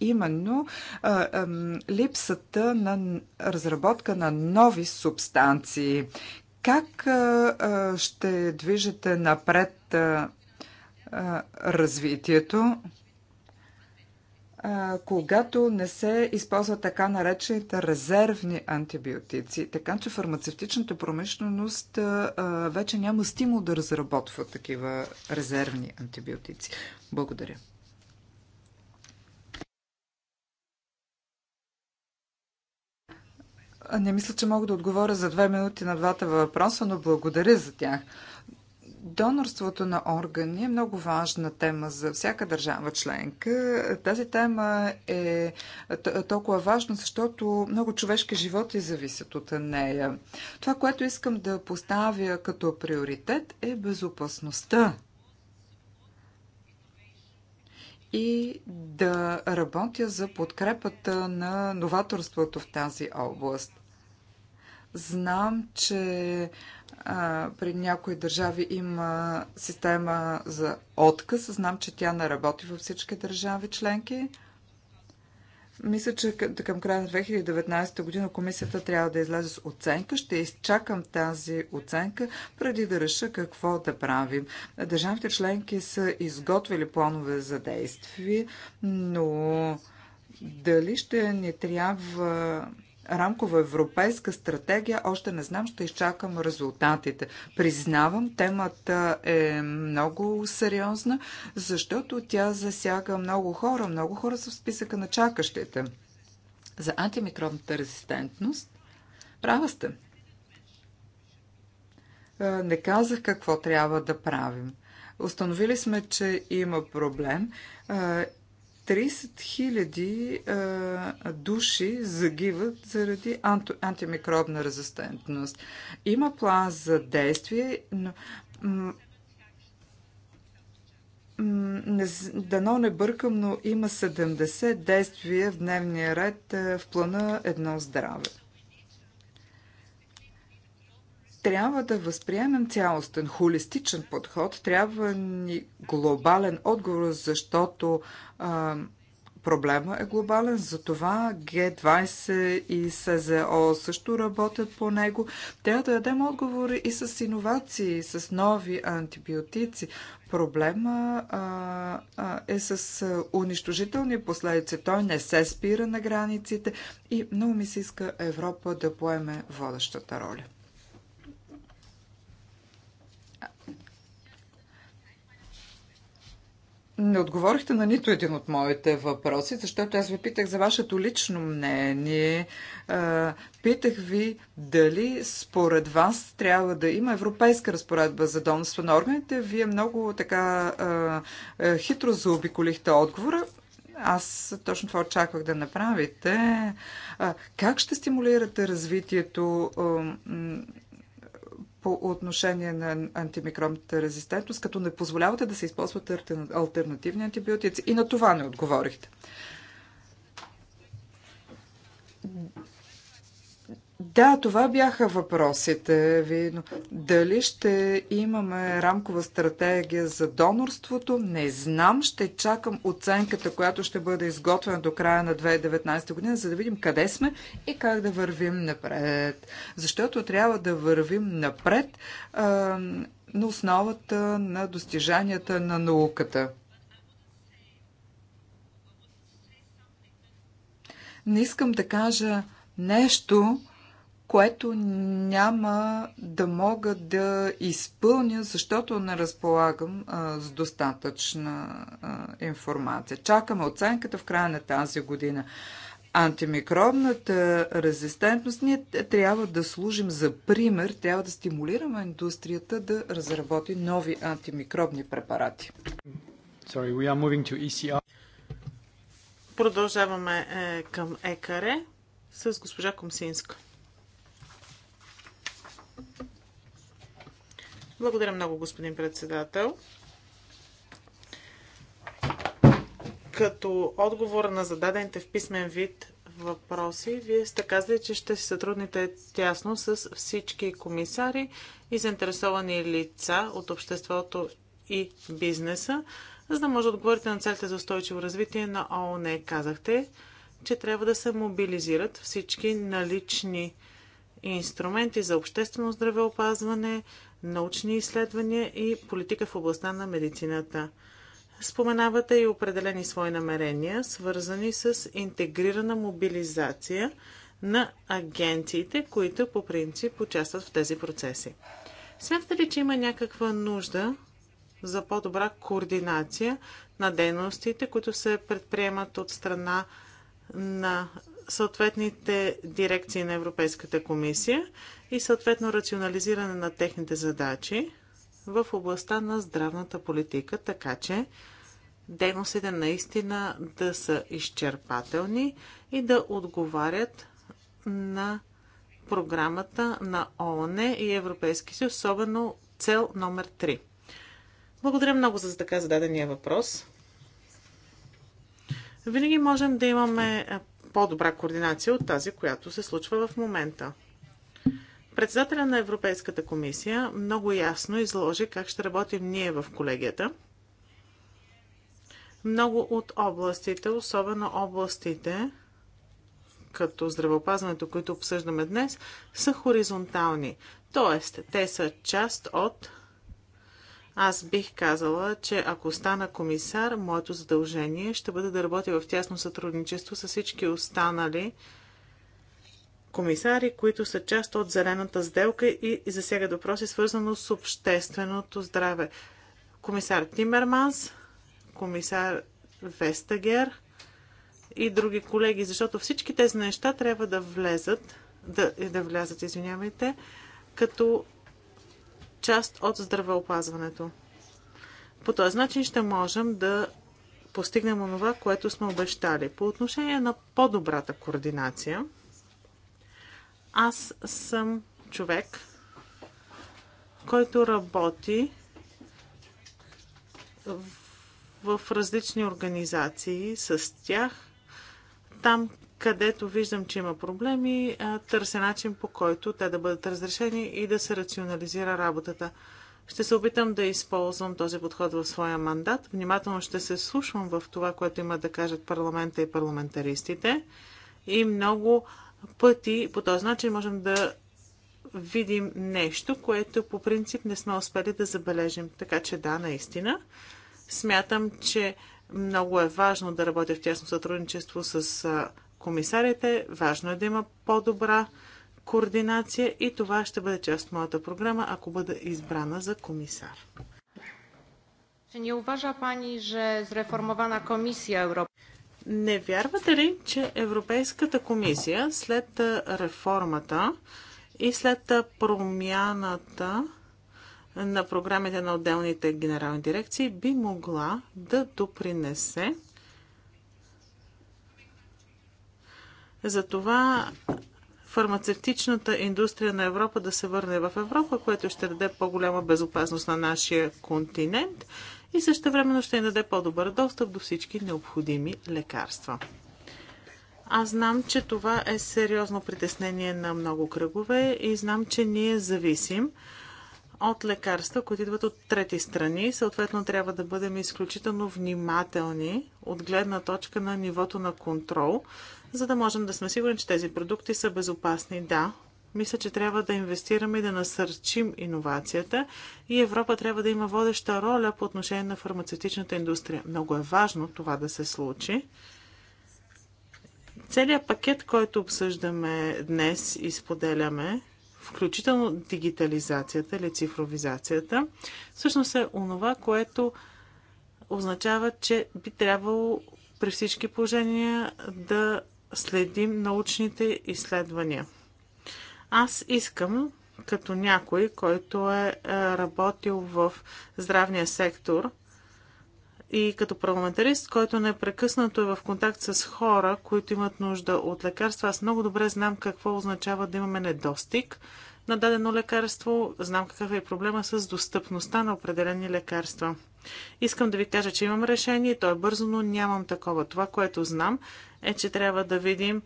именно а, а, липсата на разработка на нови субстанции. Как а, а, ще движете напред а, а, развитието? когато не се използват така наречените резервни антибиотици. Така че фармацевтичната промишленост вече няма стимул да разработва такива резервни антибиотици. Благодаря. Не мисля, че мога да отговоря за две минути на двата въпроса, но благодаря за тях. Донорството на органи е много важна тема за всяка държава членка. Тази тема е толкова важна, защото много човешки животи зависят от нея. Това, което искам да поставя като приоритет е безопасността и да работя за подкрепата на новаторството в тази област. Знам, че а, при някои държави има система за отказ. Знам, че тя не работи във всички държави членки. Мисля, че към края на 2019 година комисията трябва да излезе с оценка. Ще изчакам тази оценка, преди да реша какво да правим. Държавите членки са изготвили планове за действие, но дали ще ни трябва рамкова европейска стратегия. Още не знам, ще изчакам резултатите. Признавам, темата е много сериозна, защото тя засяга много хора. Много хора са в списъка на чакащите. За антимикробната резистентност права сте. Е, не казах какво трябва да правим. Установили сме, че има проблем е, 30 хиляди души загиват заради антимикробна резистентност. Има план за действие, но дано не бъркам, но има 70 действия в дневния ред в плана Едно здраве. трябва да възприемем цялостен, холистичен подход, трябва ни глобален отговор, защото а, проблема е глобален, затова Г20 и СЗО също работят по него. Трябва да дадем отговори и с иновации, с нови антибиотици. Проблема а, а, е с унищожителни последици. Той не се спира на границите и много ми се иска Европа да поеме водещата роля. Не отговорихте на нито един от моите въпроси, защото аз ви питах за вашето лично мнение. Питах ви дали според вас трябва да има европейска разпоредба за донство на органите. Вие много така хитро заобиколихте отговора. Аз точно това очаквах да направите. Как ще стимулирате развитието по отношение на антимикробната резистентност, като не позволявате да се използват альтернативни антибиотици. И на това не отговорихте. Да, това бяха въпросите ви. Но дали ще имаме рамкова стратегия за донорството? Не знам. Ще чакам оценката, която ще бъде изготвена до края на 2019 година, за да видим къде сме и как да вървим напред. Защото трябва да вървим напред а, на основата на достижанията на науката. Не искам да кажа нещо, което няма да мога да изпълня, защото не разполагам а, с достатъчна а, информация. Чакаме оценката в края на тази година. Антимикробната резистентност ние трябва да служим за пример, трябва да стимулираме индустрията да разработи нови антимикробни препарати. Sorry, we are moving to ECR. Продължаваме е, към ЕКАРЕ с госпожа Комсинска. Благодаря много, господин председател. Като отговор на зададените в писмен вид въпроси, вие сте казали, че ще се сътрудните тясно с всички комисари и заинтересовани лица от обществото и бизнеса, за да може да отговорите на целите за устойчиво развитие на ООН. Казахте, че трябва да се мобилизират всички налични инструменти за обществено здравеопазване, научни изследвания и политика в областта на медицината. Споменавате и определени свои намерения, свързани с интегрирана мобилизация на агенциите, които по принцип участват в тези процеси. Смятате ли, че има някаква нужда за по-добра координация на дейностите, които се предприемат от страна на съответните дирекции на Европейската комисия и съответно рационализиране на техните задачи в областта на здравната политика, така че дейностите наистина да са изчерпателни и да отговарят на програмата на ООН и Европейски съюз, особено цел номер 3. Благодаря много за така зададения въпрос. Винаги можем да имаме по-добра координация от тази, която се случва в момента. Председателя на Европейската комисия много ясно изложи как ще работим ние в колегията. Много от областите, особено областите като здравеопазването, които обсъждаме днес, са хоризонтални. Тоест, те са част от аз бих казала, че ако стана комисар, моето задължение ще бъде да работя в тясно сътрудничество с всички останали комисари, които са част от зелената сделка и засяга въпроси, свързано с общественото здраве. Комисар Тимерманс, комисар Вестагер и други колеги, защото всички тези неща трябва да влезат, да, да влязат, извинявайте, като част от здравеопазването. По този начин ще можем да постигнем онова, което сме обещали. По отношение на по-добрата координация, аз съм човек, който работи в, в различни организации с тях, там, където виждам, че има проблеми, търся начин по който те да бъдат разрешени и да се рационализира работата. Ще се опитам да използвам този подход в своя мандат. Внимателно ще се слушвам в това, което имат да кажат парламента и парламентаристите. И много пъти по този начин можем да видим нещо, което по принцип не сме успели да забележим. Така че да, наистина. Смятам, че много е важно да работя в тясно сътрудничество с комисарите. Важно е да има по-добра координация и това ще бъде част от моята програма, ако бъда избрана за комисар. Не вярвате ли, че Европейската комисия след реформата и след промяната на програмите на отделните генерални дирекции би могла да допринесе за това фармацевтичната индустрия на Европа да се върне в Европа, което ще даде по-голяма безопасност на нашия континент и също времено ще ни даде по-добър достъп до всички необходими лекарства. Аз знам, че това е сериозно притеснение на много кръгове и знам, че ние зависим от лекарства, които идват от трети страни. Съответно, трябва да бъдем изключително внимателни от гледна точка на нивото на контрол, за да можем да сме сигурни, че тези продукти са безопасни. Да, мисля, че трябва да инвестираме и да насърчим иновацията и Европа трябва да има водеща роля по отношение на фармацевтичната индустрия. Много е важно това да се случи. Целият пакет, който обсъждаме днес и споделяме, включително дигитализацията или цифровизацията, всъщност е онова, което означава, че би трябвало при всички положения да следим научните изследвания. Аз искам, като някой, който е, е работил в здравния сектор и като парламентарист, който непрекъснато е в контакт с хора, които имат нужда от лекарства, аз много добре знам какво означава да имаме недостиг, на дадено лекарство, знам какъв е проблема с достъпността на определени лекарства. Искам да ви кажа, че имам решение, то е бързо, но нямам такова. Това, което знам, е, че трябва да видим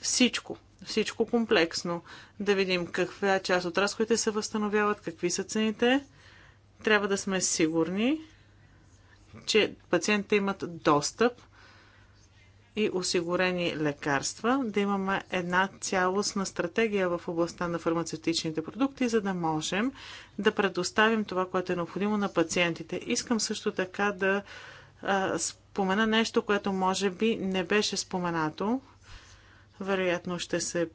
всичко. Всичко комплексно. Да видим каква част от разходите се възстановяват, какви са цените. Трябва да сме сигурни, че пациентите имат достъп и осигурени лекарства, да имаме една цялостна стратегия в областта на фармацевтичните продукти, за да можем да предоставим това, което е необходимо на пациентите. Искам също така да а, спомена нещо, което може би не беше споменато. Вероятно ще се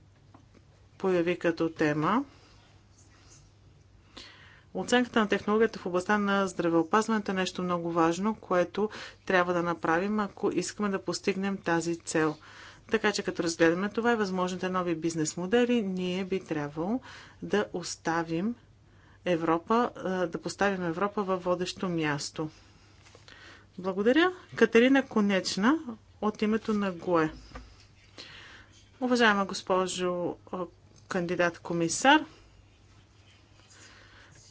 появи като тема. Оценката на технологията в областта на здравеопазването е нещо много важно, което трябва да направим, ако искаме да постигнем тази цел. Така че като разгледаме това и възможните нови бизнес модели, ние би трябвало да оставим Европа, да поставим Европа във водещо място. Благодаря. Катерина Конечна от името на ГОЕ. Уважаема госпожо кандидат комисар,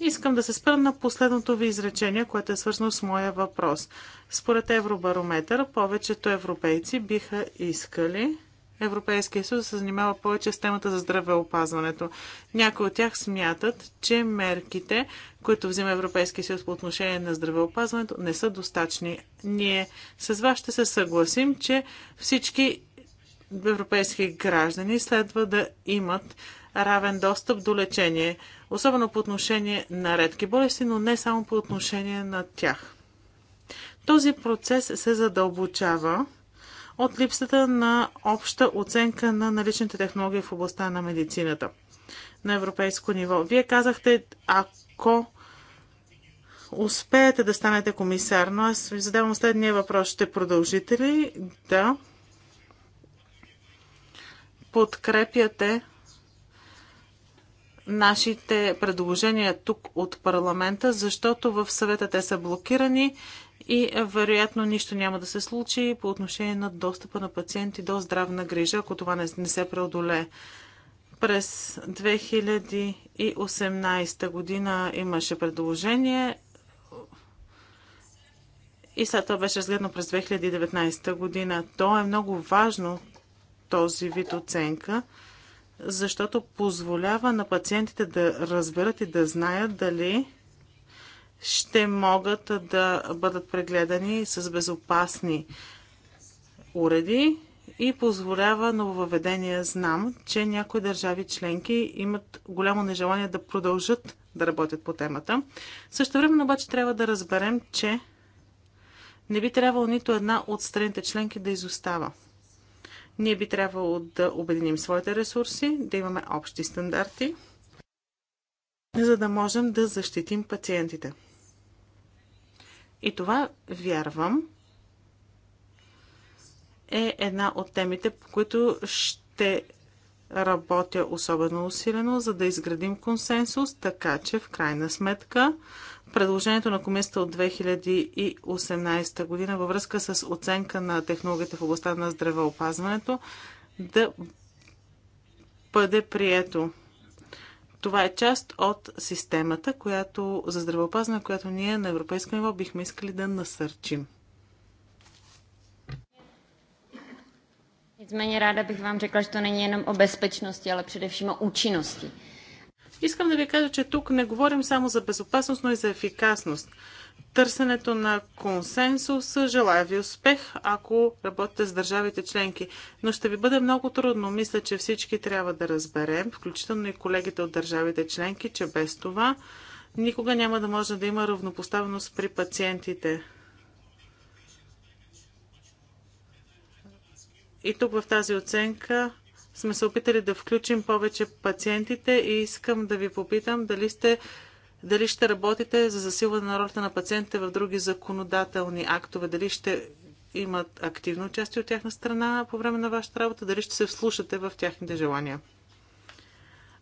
Искам да се спра на последното ви изречение, което е свързано с моя въпрос. Според Евробарометър, повечето европейци биха искали Европейския съюз да се занимава повече с темата за здравеопазването. Някои от тях смятат, че мерките, които взима Европейския съюз по отношение на здравеопазването, не са достатъчни. Ние с вас ще се съгласим, че всички европейски граждани следва да имат равен достъп до лечение особено по отношение на редки болести, но не само по отношение на тях. Този процес се задълбочава от липсата на обща оценка на наличните технологии в областта на медицината на европейско ниво. Вие казахте, ако успеете да станете комисар, но аз ви задавам следния въпрос. Ще продължите ли да подкрепяте нашите предложения тук от парламента, защото в съвета те са блокирани и е, вероятно нищо няма да се случи по отношение на достъпа на пациенти до здравна грижа, ако това не, не се преодолее. През 2018 година имаше предложение и след това беше разгледано през 2019 година. То е много важно този вид оценка защото позволява на пациентите да разберат и да знаят дали ще могат да бъдат прегледани с безопасни уреди и позволява нововведения. Знам, че някои държави членки имат голямо нежелание да продължат да работят по темата. Също време обаче трябва да разберем, че не би трябвало нито една от страните членки да изостава. Ние би трябвало да обединим своите ресурси, да имаме общи стандарти, за да можем да защитим пациентите. И това, вярвам, е една от темите, по които ще работя особено усилено, за да изградим консенсус, така че в крайна сметка предложението на комисията от 2018 година във връзка с оценка на технологията в областта на здравеопазването да бъде прието. Това е част от системата която, за здравеопазване, която ние на европейско ниво бихме искали да насърчим. Nicméně ráda bych vám řekla, že to není jenom o bezpečnosti, ale především o účinnosti. Искам да ви кажа, че тук не говорим само за безопасност, но и за ефикасност. Търсенето на консенсус желая ви успех, ако работите с държавите членки. Но ще ви бъде много трудно. Мисля, че всички трябва да разберем, включително и колегите от държавите членки, че без това никога няма да може да има равнопоставеност при пациентите. И тук в тази оценка сме се опитали да включим повече пациентите и искам да ви попитам дали сте дали ще работите за засилване на ролята на пациентите в други законодателни актове, дали ще имат активно участие от тяхна страна по време на вашата работа, дали ще се вслушате в тяхните желания.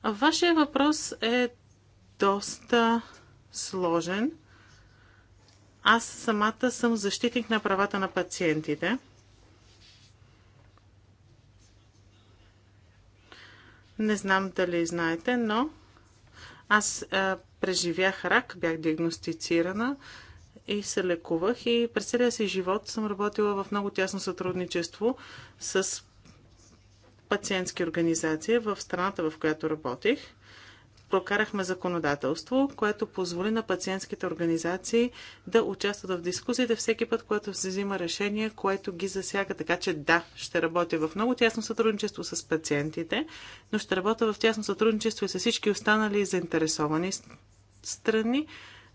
вашия въпрос е доста сложен. Аз самата съм защитник на правата на пациентите – Не знам дали знаете, но аз а, преживях рак, бях диагностицирана и се лекувах и през целия си живот съм работила в много тясно сътрудничество с пациентски организации в страната, в която работих прокарахме законодателство, което позволи на пациентските организации да участват в дискусиите всеки път, което се взима решение, което ги засяга. Така че да, ще работя в много тясно сътрудничество с пациентите, но ще работя в тясно сътрудничество и с всички останали заинтересовани страни,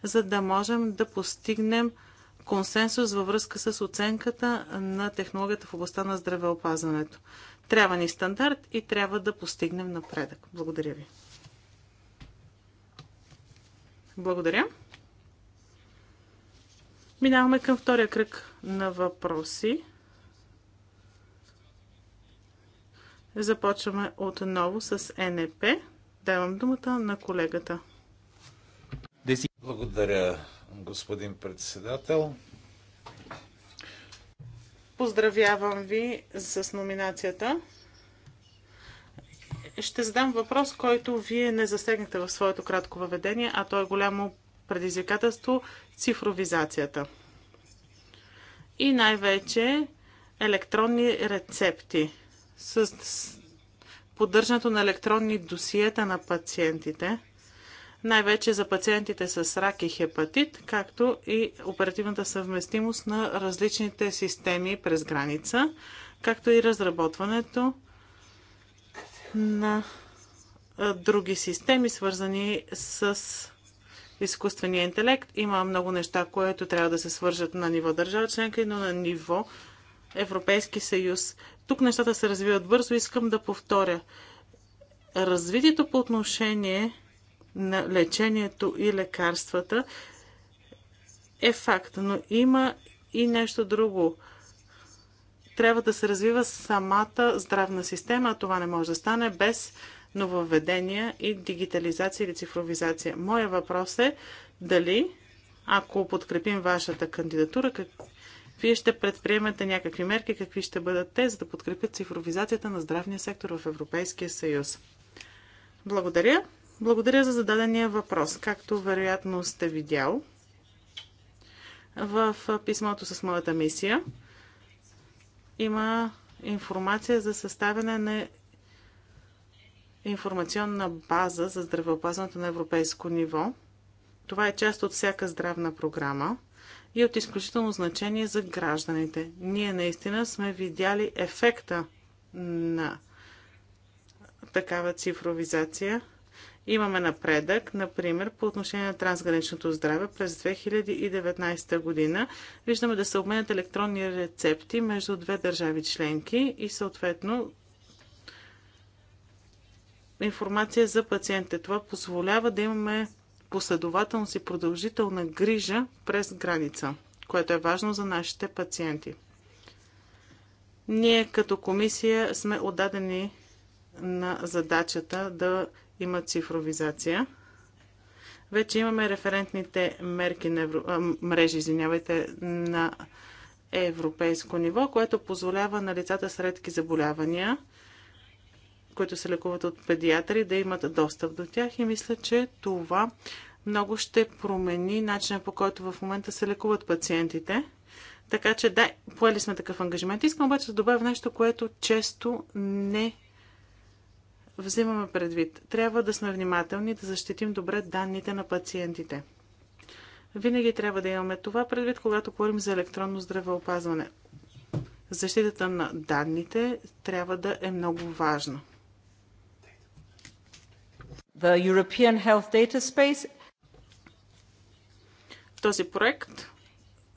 за да можем да постигнем консенсус във връзка с оценката на технологията в областта на здравеопазването. Трябва ни стандарт и трябва да постигнем напредък. Благодаря ви. Благодаря. Минаваме към втория кръг на въпроси. Започваме отново с НЕП. Давам думата на колегата. Благодаря, господин председател. Поздравявам ви с номинацията ще задам въпрос, който вие не засегнахте в своето кратко въведение, а то е голямо предизвикателство цифровизацията. И най-вече електронни рецепти. С поддържането на електронни досиета на пациентите, най-вече за пациентите с рак и хепатит, както и оперативната съвместимост на различните системи през граница, както и разработването на други системи, свързани с изкуствения интелект. Има много неща, което трябва да се свържат на ниво държава членка, но на ниво Европейски съюз. Тук нещата се развиват бързо. Искам да повторя. Развитието по отношение на лечението и лекарствата е факт, но има и нещо друго трябва да се развива самата здравна система, а това не може да стане без нововведения и дигитализация или цифровизация. Моя въпрос е дали, ако подкрепим вашата кандидатура, как... вие ще предприемете някакви мерки, какви ще бъдат те, за да подкрепят цифровизацията на здравния сектор в Европейския съюз. Благодаря. Благодаря за зададения въпрос. Както вероятно сте видял в писмото с моята мисия, има информация за съставяне на информационна база за здравеопазването на европейско ниво. Това е част от всяка здравна програма и е от изключително значение за гражданите. Ние наистина сме видяли ефекта на такава цифровизация – Имаме напредък, например, по отношение на трансграничното здраве през 2019 година. Виждаме да се обменят електронни рецепти между две държави членки и съответно информация за пациентите. Това позволява да имаме последователност и продължителна грижа през граница, което е важно за нашите пациенти. Ние като комисия сме отдадени на задачата да има цифровизация. Вече имаме референтните мерки на евро... а, мрежи извинявайте, на европейско ниво, което позволява на лицата с редки заболявания, които се лекуват от педиатри, да имат достъп до тях и мисля, че това много ще промени начина по който в момента се лекуват пациентите. Така че да, поели сме такъв ангажимент. Искам обаче да добавя нещо, което често не взимаме предвид. Трябва да сме внимателни, да защитим добре данните на пациентите. Винаги трябва да имаме това предвид, когато говорим за електронно здравеопазване. Защитата на данните трябва да е много важна. The European Health Data Space. Този проект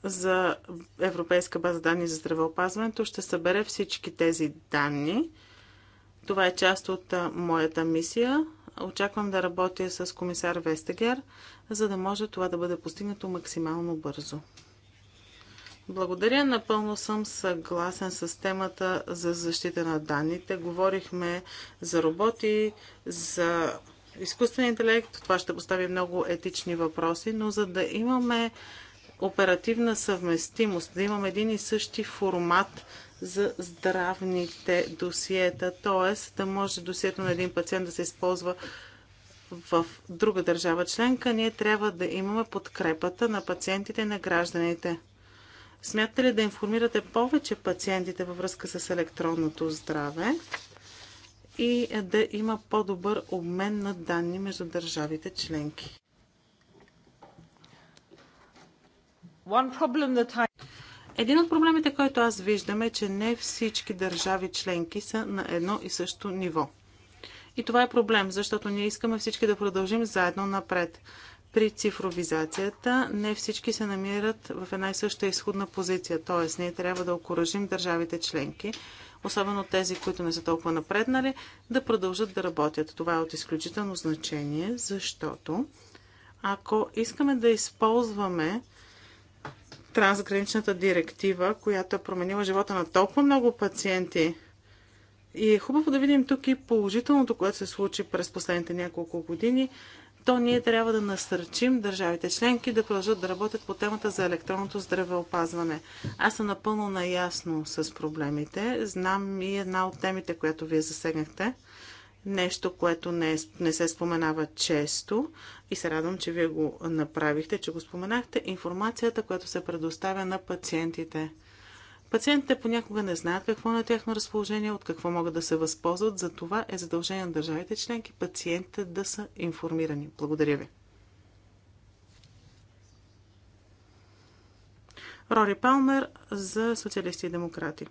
за Европейска база данни за здравеопазването ще събере всички тези данни – това е част от моята мисия. Очаквам да работя с комисар Вестегер, за да може това да бъде постигнато максимално бързо. Благодаря. Напълно съм съгласен с темата за защита на данните. Говорихме за роботи, за изкуствен интелект. Това ще постави много етични въпроси, но за да имаме оперативна съвместимост, да имаме един и същи формат за здравните досиета, т.е. да може досието на един пациент да се използва в друга държава членка, ние трябва да имаме подкрепата на пациентите и на гражданите. Смятате ли да информирате повече пациентите във връзка с електронното здраве и да има по-добър обмен на данни между държавите членки? I... Един от проблемите, който аз виждам е, че не всички държави членки са на едно и също ниво. И това е проблем, защото ние искаме всички да продължим заедно напред. При цифровизацията не всички се намират в една и съща изходна позиция, т.е. ние трябва да окоръжим държавите членки, особено тези, които не са толкова напреднали, да продължат да работят. Това е от изключително значение, защото ако искаме да използваме трансграничната директива, която е променила живота на толкова много пациенти. И е хубаво да видим тук и положителното, което се случи през последните няколко години. То ние трябва да насърчим държавите членки да продължат да работят по темата за електронното здравеопазване. Аз съм напълно наясно с проблемите. Знам и една от темите, която вие засегнахте нещо, което не, е- не се споменава често и се радвам, че вие го направихте, че го споменахте, информацията, която се предоставя на пациентите. Пациентите понякога не знаят какво е на тяхно разположение, от какво могат да се възползват. За това е задължение на държавите членки пациентите да са информирани. Благодаря ви. Рори Палмер за социалисти и демократи.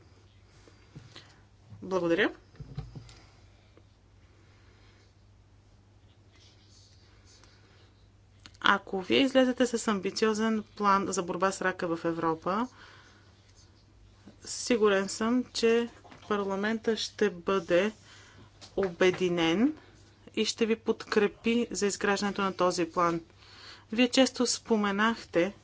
Благодаря. Ако вие излезете с амбициозен план за борба с рака в Европа, сигурен съм, че парламента ще бъде обединен и ще ви подкрепи за изграждането на този план. Вие често споменахте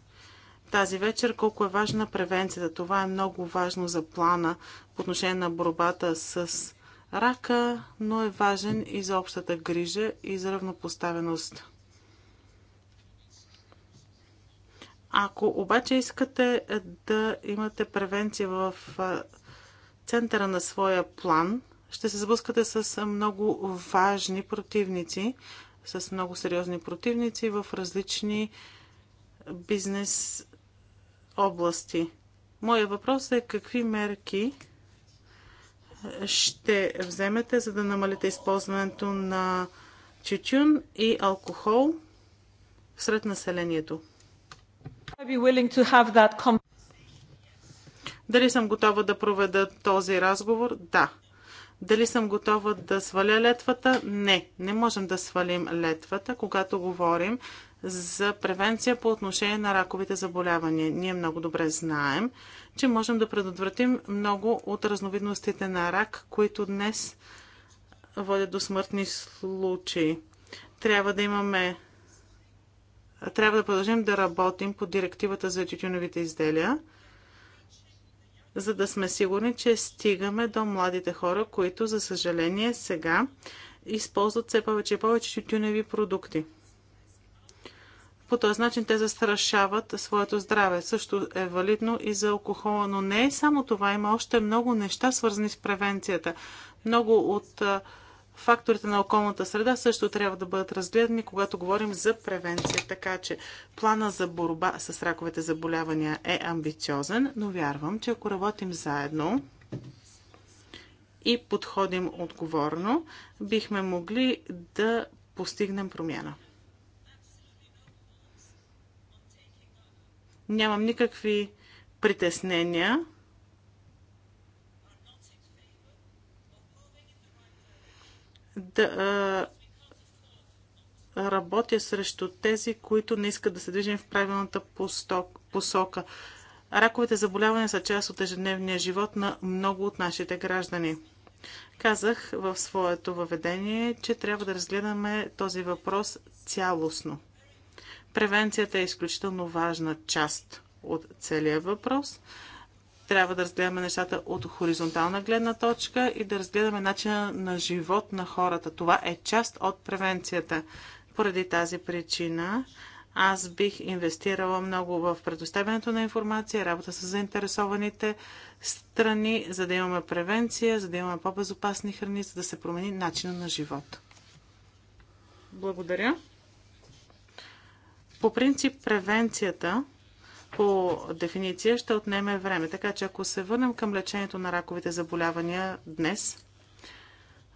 тази вечер колко е важна превенцията. Това е много важно за плана по отношение на борбата с рака, но е важен и за общата грижа и за равнопоставеност. Ако обаче искате е, да имате превенция в е, центъра на своя план, ще се сблъскате с е, много важни противници, с много сериозни противници в различни бизнес области. Моя въпрос е какви мерки ще вземете, за да намалите използването на тютюн и алкохол сред населението? Дали съм готова да проведа този разговор? Да. Дали съм готова да сваля летвата? Не. Не можем да свалим летвата, когато говорим за превенция по отношение на раковите заболявания. Ние много добре знаем, че можем да предотвратим много от разновидностите на рак, които днес водят до смъртни случаи. Трябва да имаме трябва да продължим да работим по директивата за тютюневите изделия, за да сме сигурни, че стигаме до младите хора, които, за съжаление, сега използват все повече и повече тютюневи продукти. По този начин те застрашават своето здраве. Също е валидно и за алкохола, но не е само това. Има още много неща, свързани с превенцията. Много от факторите на околната среда също трябва да бъдат разгледани, когато говорим за превенция. Така че плана за борба с раковите заболявания е амбициозен, но вярвам, че ако работим заедно и подходим отговорно, бихме могли да постигнем промяна. Нямам никакви притеснения да работя срещу тези, които не искат да се движим в правилната посока. Раковите заболявания са част от ежедневния живот на много от нашите граждани. Казах в своето въведение, че трябва да разгледаме този въпрос цялостно. Превенцията е изключително важна част от целия въпрос. Трябва да разгледаме нещата от хоризонтална гледна точка и да разгледаме начина на живот на хората. Това е част от превенцията. Поради тази причина аз бих инвестирала много в предоставянето на информация, работа с заинтересованите страни, за да имаме превенция, за да имаме по-безопасни храни, за да се промени начина на живот. Благодаря. По принцип, превенцията по дефиниция ще отнеме време. Така че ако се върнем към лечението на раковите заболявания днес,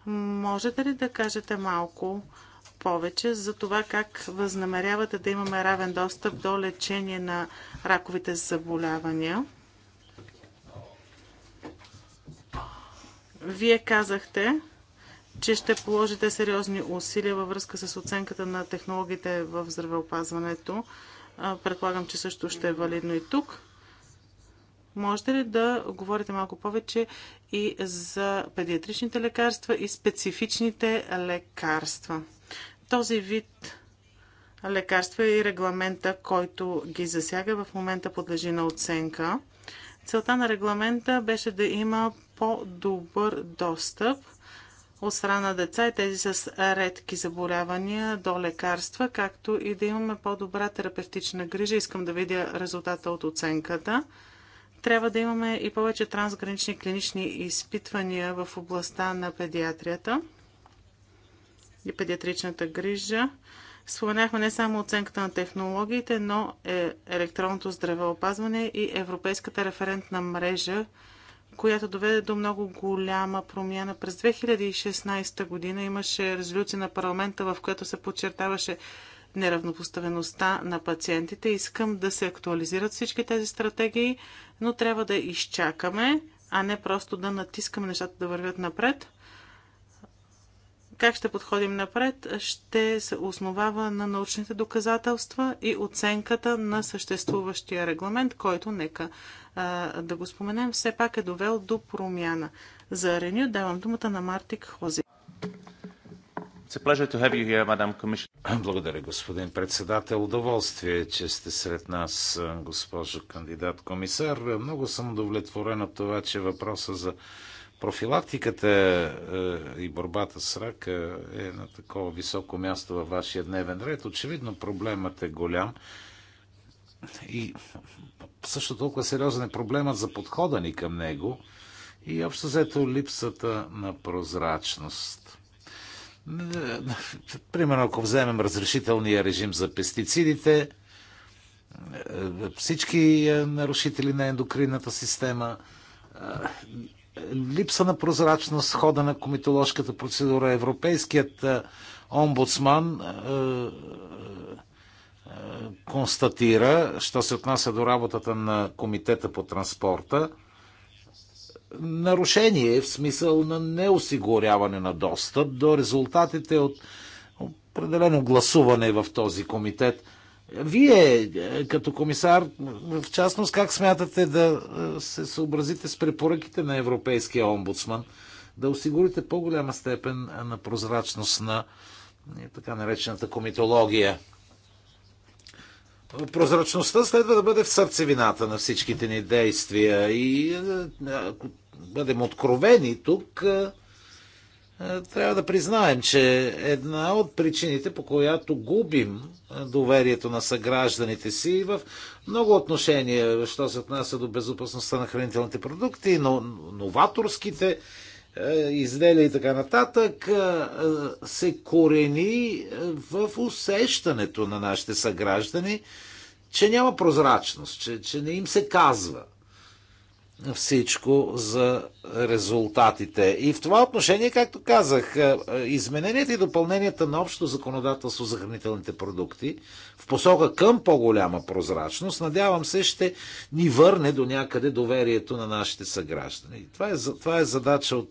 можете ли да кажете малко повече за това как възнамерявате да имаме равен достъп до лечение на раковите заболявания? Вие казахте, че ще положите сериозни усилия във връзка с оценката на технологиите в здравеопазването. Предполагам, че също ще е валидно и тук. Можете ли да говорите малко повече и за педиатричните лекарства и специфичните лекарства? Този вид лекарства и регламента, който ги засяга, в момента подлежи на оценка. Целта на регламента беше да има по-добър достъп от страна на деца и тези с редки заболявания до лекарства, както и да имаме по-добра терапевтична грижа. Искам да видя резултата от оценката. Трябва да имаме и повече трансгранични клинични изпитвания в областта на педиатрията и педиатричната грижа. Споменахме не само оценката на технологиите, но е електронното здравеопазване и Европейската референтна мрежа която доведе до много голяма промяна. През 2016 година имаше резолюция на парламента, в която се подчертаваше неравнопоставеността на пациентите. Искам да се актуализират всички тези стратегии, но трябва да изчакаме, а не просто да натискаме нещата да вървят напред как ще подходим напред, ще се основава на научните доказателства и оценката на съществуващия регламент, който, нека а, да го споменем, все пак е довел до промяна. За Реню давам думата на Мартик Хози. Благодаря, господин председател. Удоволствие, че сте сред нас, госпожо кандидат комисар. Много съм удовлетворен от това, че въпроса за профилактиката е, и борбата с рака е на такова високо място във вашия дневен ред. Очевидно проблемът е голям и също толкова сериозен е проблемът за подхода ни към него и общо взето липсата на прозрачност. Примерно, ако вземем разрешителния режим за пестицидите, е, всички е, нарушители на ендокринната система липса на прозрачност, хода на комитоложката процедура, Европейският е, омбудсман е, е, констатира, що се отнася до работата на Комитета по транспорта, нарушение в смисъл на неосигуряване на достъп до резултатите от определено гласуване в този комитет. Вие, е, като комисар, в частност, как смятате да е, се съобразите с препоръките на Европейския омбудсман, да осигурите по-голяма степен на прозрачност на е, така наречената комитология? Прозрачността следва да бъде в сърцевината на всичките ни действия и ако бъдем откровени тук, е, трябва да признаем, че една от причините, по която губим е, доверието на съгражданите си в много отношения, що се отнася до безопасността на хранителните продукти, но новаторските е, изделия и така нататък, се корени в усещането на нашите съграждани, че няма прозрачност, че, че не им се казва всичко за резултатите. И в това отношение, както казах, е, измененията и допълненията на общото законодателство за хранителните продукти в посока към по-голяма прозрачност, надявам се, ще ни върне до някъде доверието на нашите съграждани. Това е, това е задача от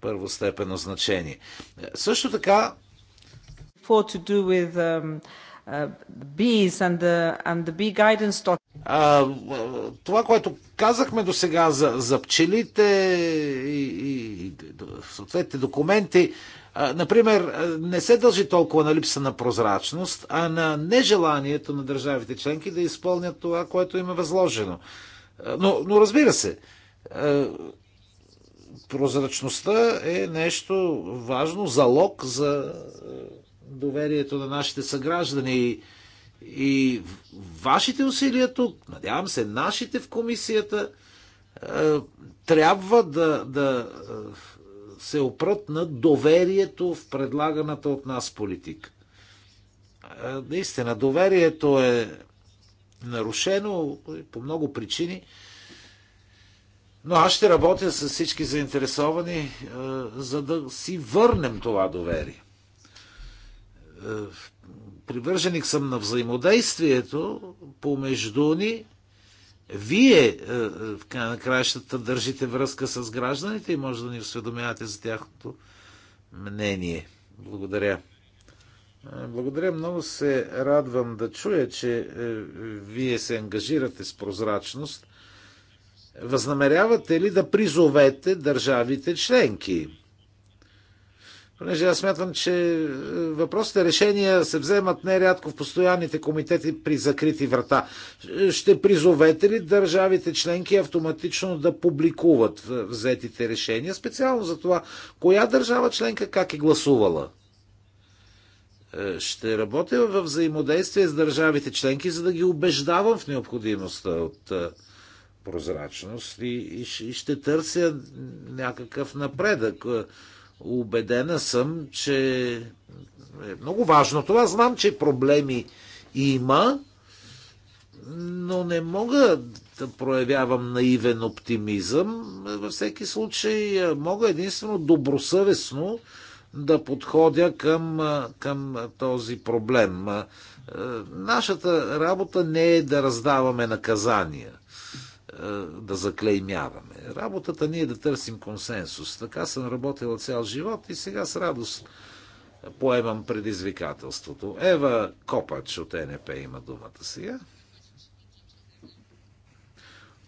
първостепенно значение. Е, също така. Um, Uh, bees and the, and the bee guidance А, това, което казахме до сега за, за пчелите и, и, и съответните документи, а, например, не се дължи толкова на липса на прозрачност, а на нежеланието на държавите членки да изпълнят това, което им е възложено. Но, но разбира се, прозрачността е нещо важно, залог за доверието на нашите съграждани. И вашите усилия тук, надявам се, нашите в комисията, е, трябва да, да е, се опрат на доверието в предлаганата от нас политика. Е, наистина, доверието е нарушено по много причини, но аз ще работя с всички заинтересовани, за да си върнем това доверие. Е, привърженик съм на взаимодействието помежду ни. Вие е, е, в края на краищата държите връзка с гражданите и може да ни осведомявате за тяхното мнение. Благодаря. Благодаря. Много се радвам да чуя, че вие се ангажирате с прозрачност. Възнамерявате ли да призовете държавите членки Понеже аз смятам, че е, въпросите решения се вземат нерядко в постоянните комитети при закрити врата. Е, ще призовете ли държавите членки автоматично да публикуват е, взетите решения, специално за това, коя държава членка как е гласувала? Ще работя в взаимодействие с държавите членки, за да ги убеждавам в необходимостта от прозрачност и ще търся някакъв напредък Убедена съм, че е много важно това. Знам, че проблеми има, но не мога да проявявам наивен оптимизъм. Във всеки случай е, мога единствено добросъвестно да подходя към, е, към този проблем. Е, нашата работа не е да раздаваме наказания. Е, да заклеймяваме. Работата ни е да търсим консенсус. Така съм работила цял живот и сега с радост поемам предизвикателството. Ева Копач от НП има думата сега.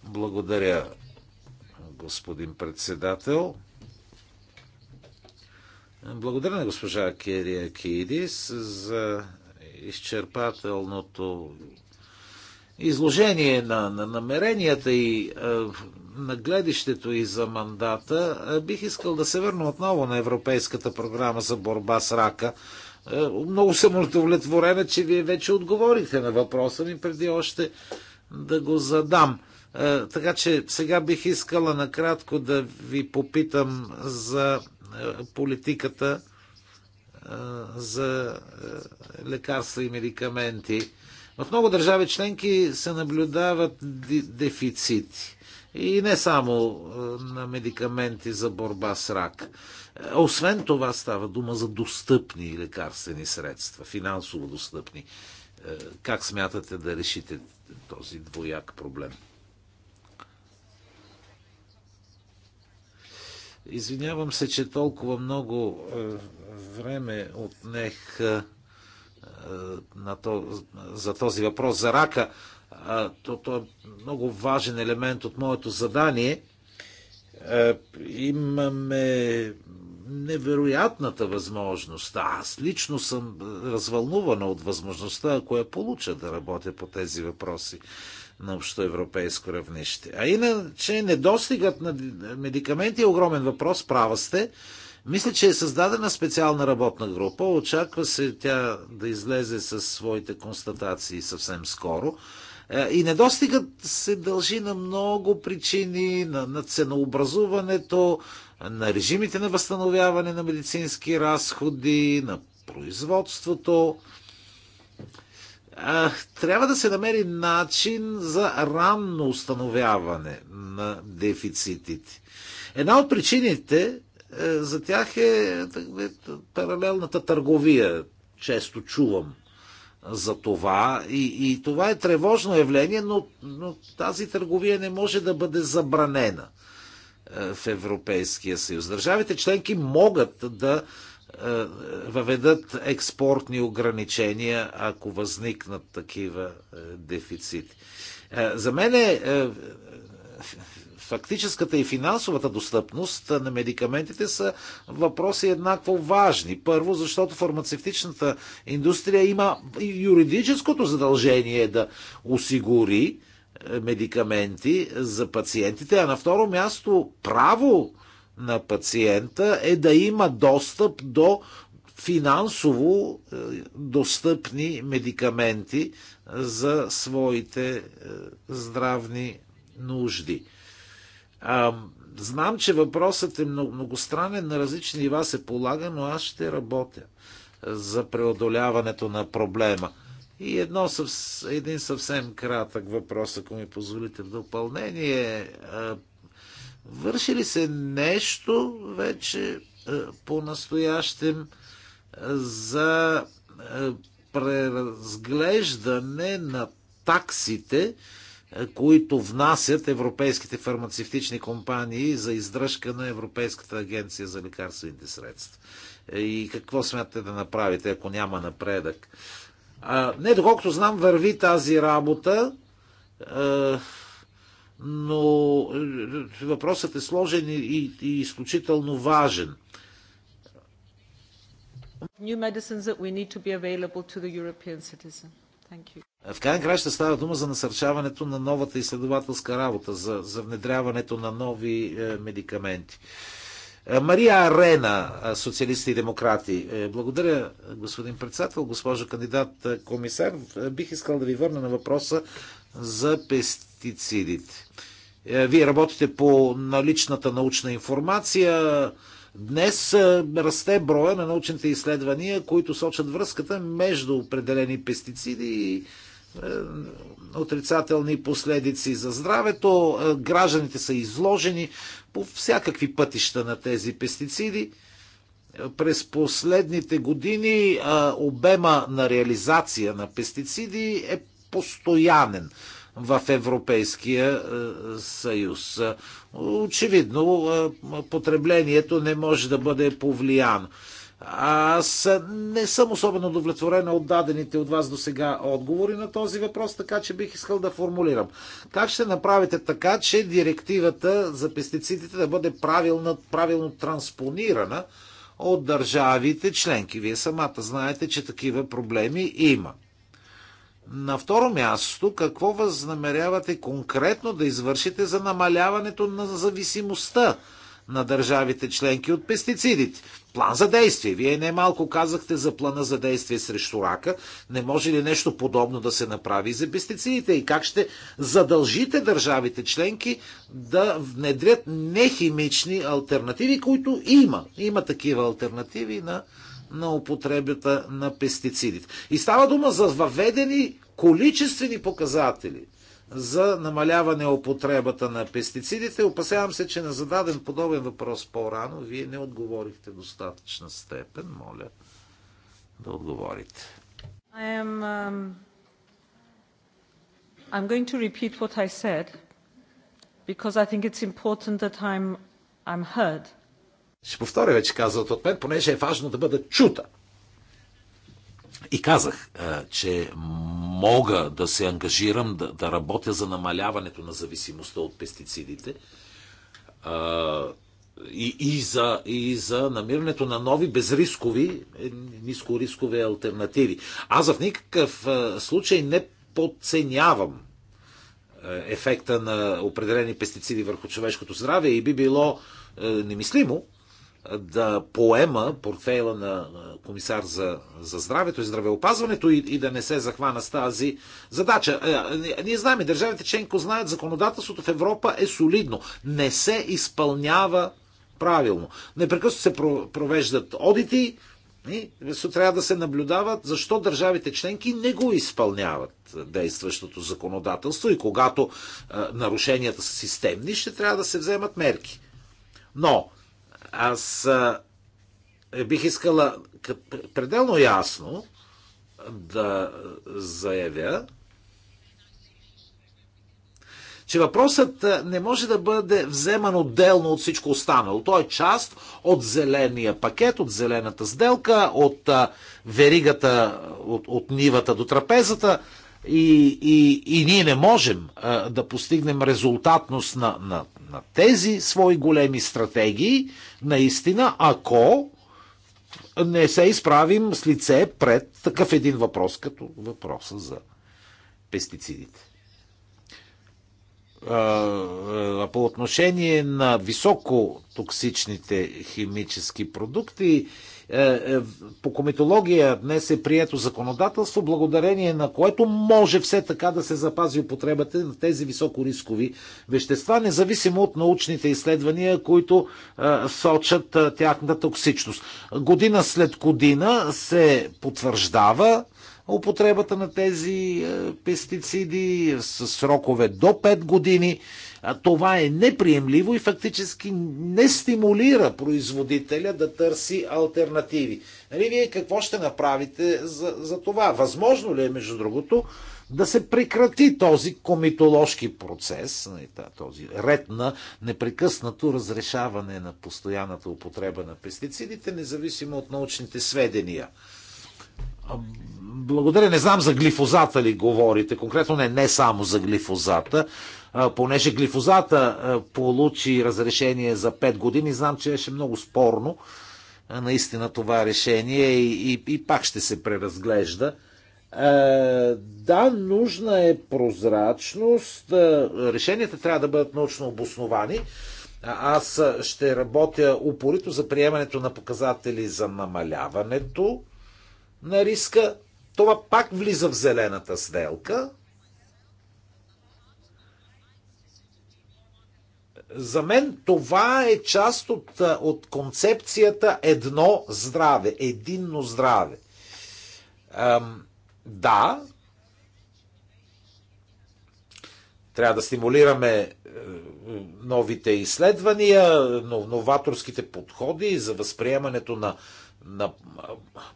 Благодаря, господин председател. Благодаря на госпожа Керия Кидис за изчерпателното изложение на, на намеренията и на гледището и за мандата, бих искал да се върна отново на Европейската програма за борба с рака. Много съм удовлетворена, че вие вече отговорихте на въпроса ми преди още да го задам. Така че сега бих искала накратко да ви попитам за политиката за лекарства и медикаменти в много държави членки се наблюдават дефицити. И не само на медикаменти за борба с рак. Е, освен това става дума за достъпни лекарствени средства, финансово достъпни. Е, как смятате да решите този двояк проблем? Извинявам се, че толкова много е, време отнех е, на то, за този въпрос за рака. То, то е много важен елемент от моето задание. Е, имаме невероятната възможност. Аз лично съм развълнувана от възможността, ако я получа да работя по тези въпроси на общоевропейско равнище. А иначе недостигът на медикаменти е огромен въпрос, права сте. Мисля, че е създадена специална работна група. Очаква се тя да излезе с своите констатации съвсем скоро. Е, и недостигът се дължи на много причини, на, на ценообразуването, на режимите на възстановяване на медицински разходи, на производството. Е, трябва да се намери начин за ранно установяване на дефицитите. Една от причините е, за тях е, е паралелната търговия. Често чувам за това и, и това е тревожно явление, но, но тази търговия не може да бъде забранена е, в Европейския съюз. Държавите членки могат да въведат експортни ограничения, ако възникнат такива дефицити. За мен е фактическата и финансовата достъпност на медикаментите са въпроси еднакво важни. Първо, защото фармацевтичната индустрия има юридическото задължение да осигури е, медикаменти за пациентите, а на второ място право на пациента е да има достъп до финансово е, достъпни медикаменти за своите е, здравни нужди. А, знам, че въпросът е много, многостранен, на различни нива се полага, но аз ще работя за преодоляването на проблема. И едно, един съвсем кратък въпрос, ако ми позволите в допълнение. Върши ли се нещо вече по-настоящем за преразглеждане на таксите които внасят европейските фармацевтични компании за издръжка на Европейската агенция за лекарствените средства. И какво смятате да направите, ако няма напредък? А, не, доколкото знам, върви тази работа, а, но въпросът е сложен и, и, и изключително важен. New medicines that we need to be available to the European citizen. В крайна ще става дума за насърчаването на новата изследователска работа, за, за внедряването на нови е, медикаменти. Е, Мария Арена, е, социалисти и демократи. Е, благодаря, господин председател, госпожо кандидат комисар. Бих искал да ви върна на въпроса за пестицидите. Вие работите по наличната научна информация, Днес расте броя на научните изследвания, които сочат връзката между определени пестициди и е, отрицателни последици за здравето. Е, гражданите са изложени по всякакви пътища на тези пестициди. Е, през последните години обема на реализация на пестициди е постоянен в Европейския е, съюз. Очевидно, е, потреблението не може да бъде повлияно. Аз не съм особено удовлетворена от дадените от вас до сега отговори на този въпрос, така че бих искал да формулирам. Как ще направите така, че директивата за пестицидите да бъде правилно, правилно транспонирана от държавите членки? Вие самата знаете, че такива проблеми има. На второ място, какво възнамерявате конкретно да извършите за намаляването на зависимостта на държавите членки от пестицидите? План за действие. Вие не малко казахте за плана за действие срещу рака. Не може ли нещо подобно да се направи за пестицидите? И как ще задължите държавите членки да внедрят нехимични альтернативи, които има. Има такива альтернативи на на употребата на пестицидите. И става дума за въведени количествени показатели за намаляване употребата на пестицидите. Опасявам се, че на зададен подобен въпрос по-рано вие не отговорихте достатъчна степен. Моля да отговорите. I am, um... I'm going to repeat what I said because I think it's important that I'm, I'm heard. Ще повторя вече казват от мен, понеже е важно да бъда чута. И казах, че мога да се ангажирам да, да работя за намаляването на зависимостта от пестицидите и, и, за, и за намирането на нови безрискови, е, нискорискови альтернативи. Аз в никакъв случай не подценявам ефекта на определени пестициди върху човешкото здраве и би било немислимо да поема портфейла на комисар за, за здравето и здравеопазването и, и да не се захвана с тази задача. Е, ние знаем, държавите Ченко знаят, законодателството в Европа е солидно. Не се изпълнява правилно. Непрекъснато се провеждат одити и трябва да се наблюдават защо държавите членки не го изпълняват действащото законодателство и когато е, нарушенията са системни, ще трябва да се вземат мерки. Но аз е, бих искала пределно ясно да заявя, че въпросът не може да бъде вземан отделно от всичко останало. Той е част от зеления пакет, от зелената сделка, от веригата, от, от нивата до трапезата. И, и, и ние не можем а, да постигнем резултатност на, на на тези свои големи стратегии, наистина, ако не се изправим с лице пред такъв един въпрос, като въпроса за пестицидите. А по отношение на високо токсичните химически продукти, е, е, по комитология днес е прието законодателство, благодарение на което може все така да се запази употребата на тези високорискови вещества, независимо от научните изследвания, които е, сочат тяхната токсичност. Година след година се потвърждава употребата на тези пестициди с срокове до 5 години това е неприемливо и фактически не стимулира производителя да търси альтернативи. Нали, вие какво ще направите за, за това? Възможно ли е, между другото, да се прекрати този комитоложки процес, нали, този ред на непрекъснато разрешаване на постоянната употреба на пестицидите, независимо от научните сведения. Благодаря, не знам за глифозата ли говорите, конкретно не, не само за глифозата, Понеже глифозата получи разрешение за 5 години, знам, че беше много спорно наистина това решение и, и, и пак ще се преразглежда. Да, нужна е прозрачност. Решенията трябва да бъдат научно обосновани. Аз ще работя упорито за приемането на показатели за намаляването на риска. Това пак влиза в зелената сделка. За мен това е част от, от концепцията едно здраве, единно здраве. Ам, да, трябва да стимулираме е, новите изследвания, новаторските подходи за възприемането на, на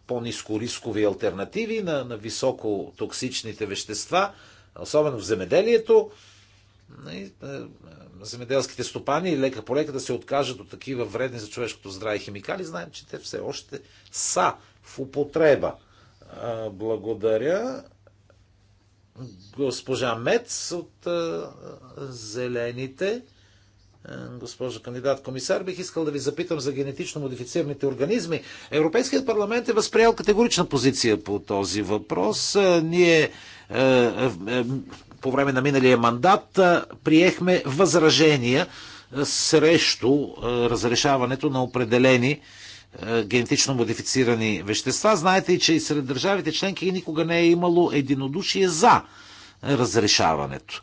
по-низкорискови альтернативи на, на високо токсичните вещества, особено в земеделието. Е, земеделските стопани и лека по лека да се откажат от такива вредни за човешкото здраве химикали, знаем, че те все още са в употреба. Благодаря. Госпожа Мец от Зелените. Госпожа кандидат комисар, бих искал да ви запитам за генетично модифицираните организми. Европейският парламент е възприял категорична позиция по този въпрос. Ние по време на миналия мандат приехме възражения срещу разрешаването на определени генетично модифицирани вещества. Знаете, че и сред държавите членки никога не е имало единодушие за разрешаването.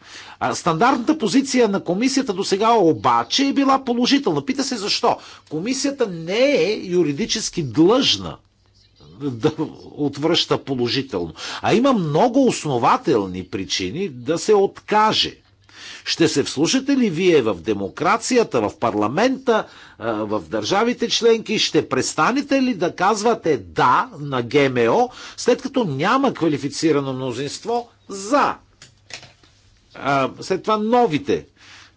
стандартната позиция на комисията до сега обаче е била положителна. Пита се защо. Комисията не е юридически длъжна да отвръща положително. А има много основателни причини да се откаже. Ще се вслушате ли вие в демокрацията, в парламента, в държавите членки? Ще престанете ли да казвате да на ГМО, след като няма квалифицирано мнозинство за? След това новите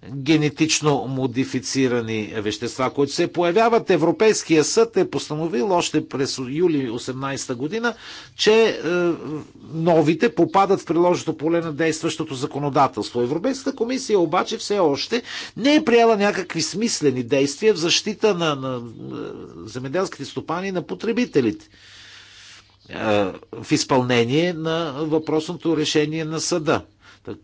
генетично модифицирани вещества, които се появяват. Европейския съд е постановил още през юли 18 година, че е, новите попадат в приложното поле на действащото законодателство. Европейската комисия обаче все още не е приела някакви смислени действия в защита на, на е, земеделските стопани и на потребителите е, в изпълнение на въпросното решение на съда.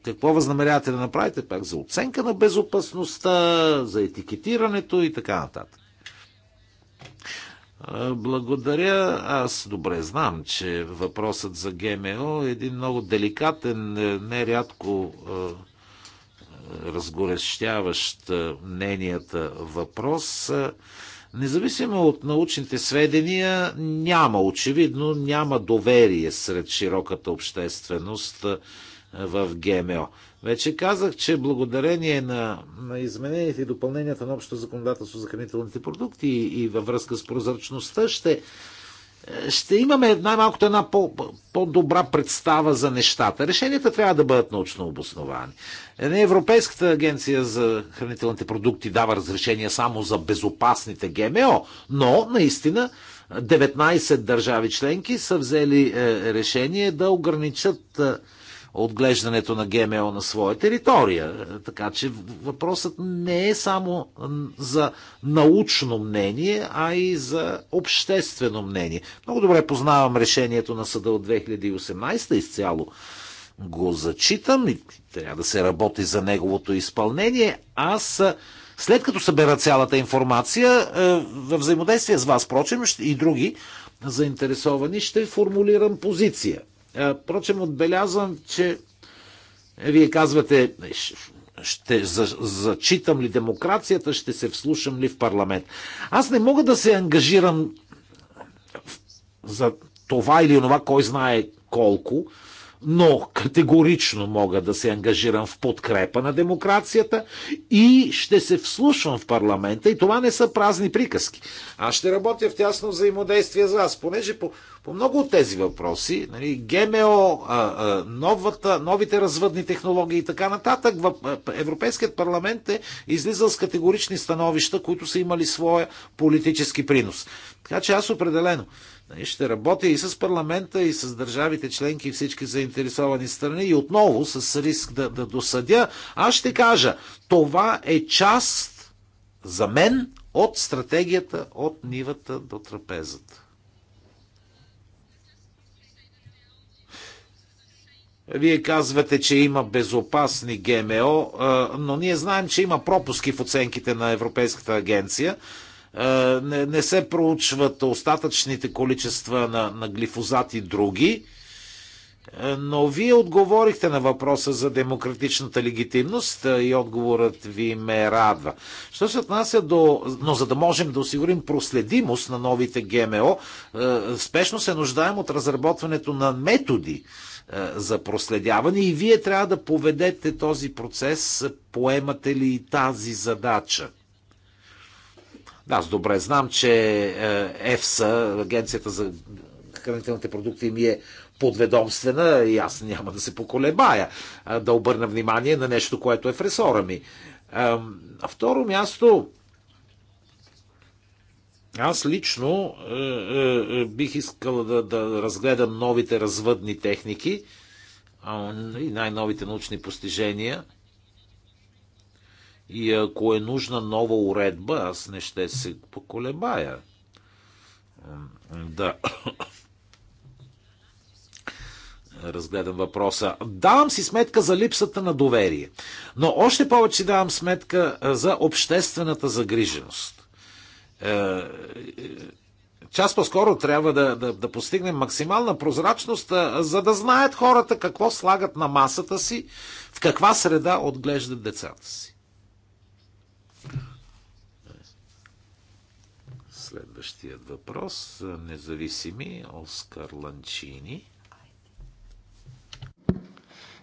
Какво възнамерявате да направите пак за оценка на безопасността, за етикетирането и така нататък? Благодаря. Аз добре знам, че въпросът за ГМО е един много деликатен, нерядко разгорещяващ мненията въпрос. Независимо от научните сведения, няма, очевидно, няма доверие сред широката общественост в ГМО. Вече казах, че благодарение на, на измененията и допълненията на общото законодателство за хранителните продукти и, и във връзка с прозрачността ще, ще имаме най-малкото една по, по-добра представа за нещата. Решенията трябва да бъдат научно обосновани. Не Европейската агенция за хранителните продукти дава разрешения само за безопасните ГМО, но наистина 19 държави членки са взели е, решение да ограничат е, отглеждането на ГМО на своя територия. Така че въпросът не е само за научно мнение, а и за обществено мнение. Много добре познавам решението на съда от 2018 изцяло го зачитам и трябва да се работи за неговото изпълнение. Аз, след като събера цялата информация, е, във взаимодействие с вас, прочим, и други заинтересовани, ще формулирам позиция. Впрочем, отбелязвам, че вие казвате, ще зачитам ли демокрацията, ще се вслушам ли в парламент. Аз не мога да се ангажирам за това или онова, кой знае колко, но категорично мога да се ангажирам в подкрепа на демокрацията и ще се вслушвам в парламента и това не са празни приказки. Аз ще работя в тясно взаимодействие с вас, понеже по, по много от тези въпроси, нали, ГМО, а, а, новата, новите развъдни технологии и така нататък, в, Европейският парламент е излизал с категорични становища, които са имали своя политически принос. Така че аз определено Нали, ще работя и с парламента, и с държавите членки, и всички заинтересовани страни. И отново, с риск да, да досъдя, аз ще кажа, това е част за мен от стратегията от нивата до трапезата. Вие казвате, че има безопасни ГМО, но ние знаем, че има пропуски в оценките на Европейската агенция е, не, не се проучват остатъчните количества на, на глифозат и други. Е, но вие отговорихте на въпроса за демократичната легитимност е, и отговорът ви ме радва. Що се отнася до... Но за да можем да осигурим проследимост на новите ГМО, спешно се нуждаем от разработването на методи за проследяване и вие трябва да поведете този процес, поемате ли и тази задача? Да, аз добре знам, че е, ЕФСА, Агенцията за хранителните продукти, ми е подведомствена и аз няма да се поколебая е, да обърна внимание на нещо, което е в ресора ми. На второ място, аз лично е, бих искал да, да разгледам новите развъдни техники и най-новите научни постижения и ако е нужна нова уредба, аз не ще се поколебая. Да. Разгледам въпроса. Давам си сметка за липсата на доверие, но още повече давам сметка за обществената загриженост. Е, е, част по-скоро трябва да, да, да постигнем максимална прозрачност, за да знаят хората какво слагат на масата си, в каква среда отглеждат децата си. Следващият въпрос независими Оскар Ланчини.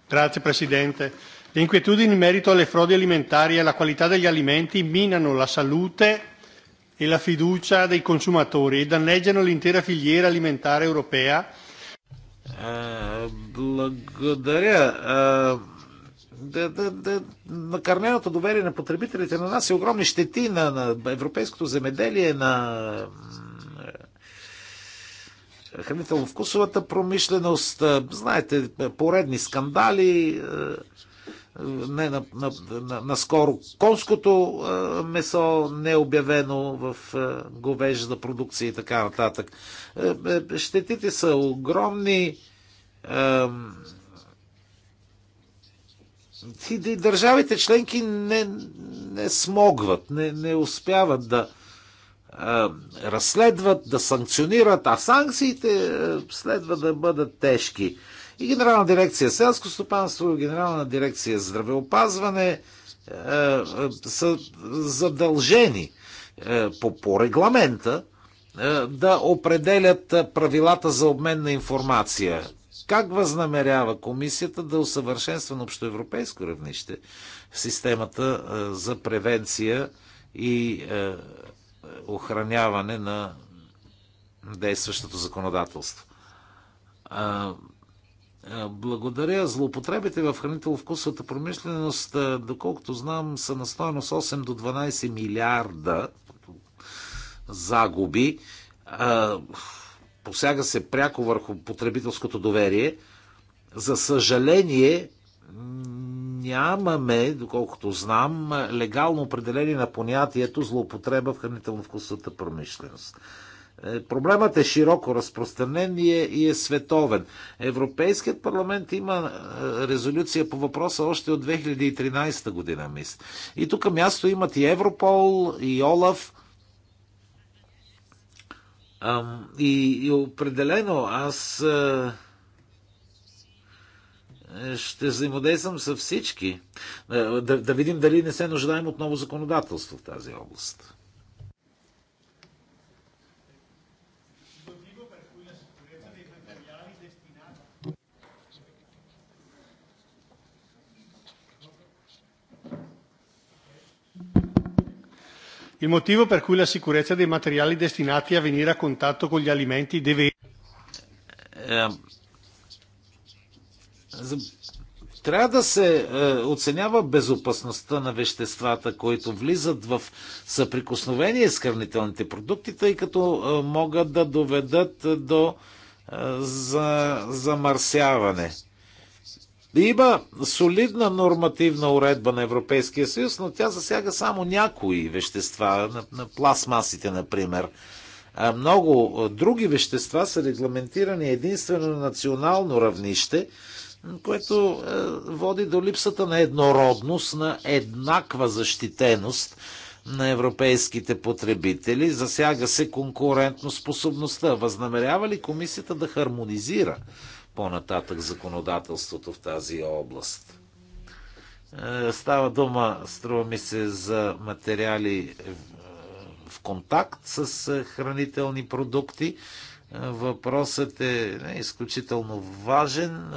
Grazie Presidente. Le inquietudini in merito alle frodi alimentari e alla qualità degli alimenti minano la salute e la fiducia dei consumatori e danneggiano l'intera filiera alimentare europea. Благодаря да, да, да, накърненото доверие на потребителите на нас е огромни щети на, на европейското земеделие, на хранително-вкусовата промишленост. Знаете, поредни скандали. Не, на, на, на, наскоро конското месо не е обявено в говежда продукция и така нататък. Е, щетите са огромни и държавите членки не, не смогват, не, не успяват да а, разследват, да санкционират, а санкциите а, следва да бъдат тежки. И Генерална дирекция селско стопанство, Генерална дирекция здравеопазване а, са задължени по, по регламента да определят правилата за обмен на информация как възнамерява комисията да усъвършенства на общоевропейско равнище системата за превенция и охраняване на действащото законодателство? Благодаря. Злоупотребите в хранително-вкусовата промишленост, доколкото знам, са на стоеност 8 до 12 милиарда загуби посяга се пряко върху потребителското доверие. За съжаление, нямаме, доколкото знам, легално определение на понятието злоупотреба в хранително-вкусовата промишленост. Е, проблемът е широко разпространен и е, и е световен. Европейският парламент има е, резолюция по въпроса още от 2013 година, мисля. И тук място имат и Европол, и Олаф, и, и определено аз ще взаимодействам с всички. Да, да видим дали не се нуждаем от ново законодателство в тази област. Il motivo per cui la sicurezza dei materiali destinati a venire a contatto con gli alimenti deve ehm, трябва да се е, оценява безопасността на веществата, които влизат в съприкосновение с хранителните продукти, тъй като е, могат да доведат до е, за, замърсяване. Има солидна нормативна уредба на Европейския съюз, но тя засяга само някои вещества, на, на пластмасите, например. А много други вещества са регламентирани единствено на национално равнище, което е, води до липсата на еднородност, на еднаква защитеност на европейските потребители. Засяга се конкурентно способността. Възнамерява ли комисията да хармонизира по-нататък законодателството в тази област. Е, става дума, струва ми се, за материали в е, контакт с е, хранителни продукти. Въпросът е изключително важен,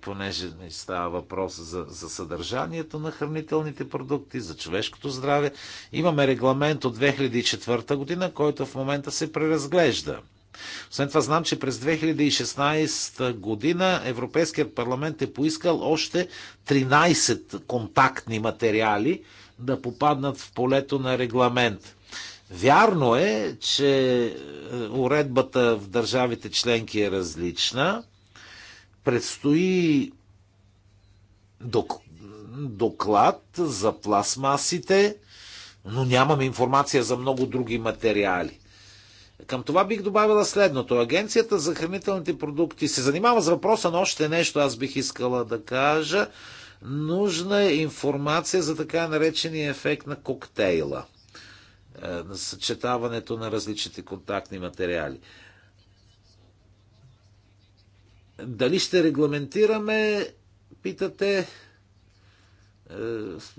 понеже става въпрос за, за съдържанието на хранителните продукти, за човешкото здраве. Имаме регламент от 2004 година, който в момента се преразглежда освен това знам, че през 2016 година Европейският парламент е поискал още 13 контактни материали да попаднат в полето на регламент. Вярно е, че е, уредбата в държавите членки е различна. Предстои доклад за пластмасите, но нямаме информация за много други материали. Към това бих добавила следното. Агенцията за хранителните продукти се занимава с въпроса, но още нещо аз бих искала да кажа. Нужна е информация за така наречения ефект на коктейла, е, на съчетаването на различните контактни материали. Дали ще регламентираме, питате,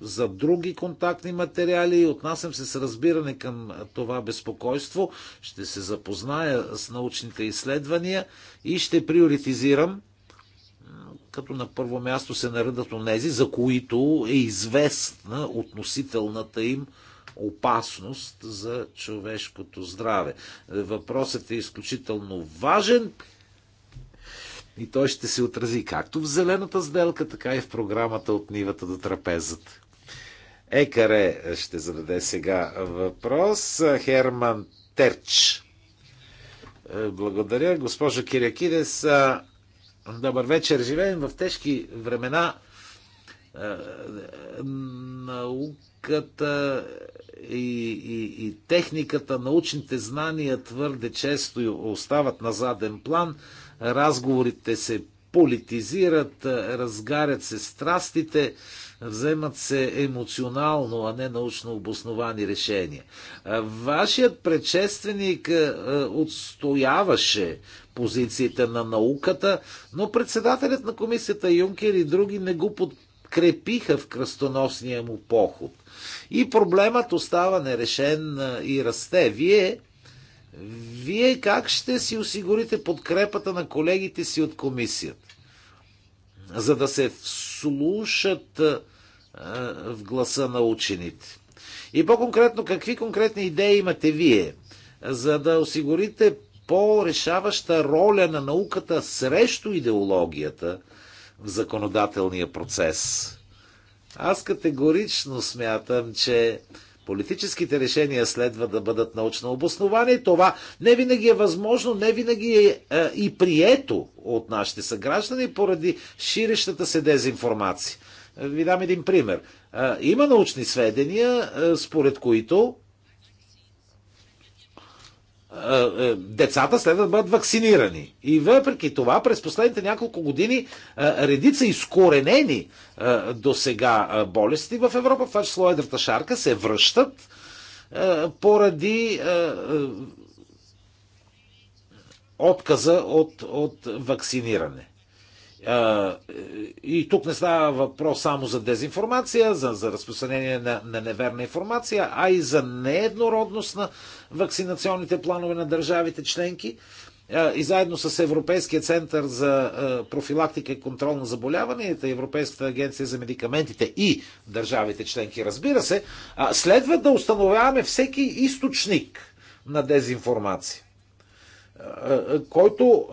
за други контактни материали. Отнасям се с разбиране към това безпокойство. Ще се запозная с научните изследвания и ще приоритизирам, като на първо място се наредат онези, за които е известна относителната им опасност за човешкото здраве. Въпросът е изключително важен и той ще се отрази както в зелената сделка, така и в програмата от нивата до трапезата. Екаре ще зададе сега въпрос. Херман Терч. Е, благодаря. Госпожо Кирякидес, е, добър вечер. Живеем в тежки времена. Е, науката и, и, и техниката, научните знания твърде често остават на заден план разговорите се политизират, разгарят се страстите, вземат се емоционално, а не научно обосновани решения. Вашият предшественик отстояваше позициите на науката, но председателят на комисията Юнкер и други не го подкрепиха в кръстоносния му поход. И проблемът остава нерешен и расте. Вие вие как ще си осигурите подкрепата на колегите си от комисията? За да се вслушат в гласа на учените. И по-конкретно, какви конкретни идеи имате вие, за да осигурите по-решаваща роля на науката срещу идеологията в законодателния процес? Аз категорично смятам, че Политическите решения следва да бъдат научно обосновани. Това не винаги е възможно, не винаги е, е и прието от нашите съграждани поради ширещата се дезинформация. Е, ви дам един пример. Е, има научни сведения, е, според които е, е, децата следва да бъдат вакцинирани. И въпреки това, през последните няколко години е, редица изкоренени до сега болести в Европа, в това число едрата шарка, се връщат поради отказа от, от вакциниране. И тук не става въпрос само за дезинформация, за, за разпространение на, на неверна информация, а и за нееднородност на вакцинационните планове на държавите членки. И заедно с Европейския център за профилактика и контрол на заболяванията, Европейската агенция за медикаментите и държавите членки, разбира се, следва да установяваме всеки източник на дезинформация който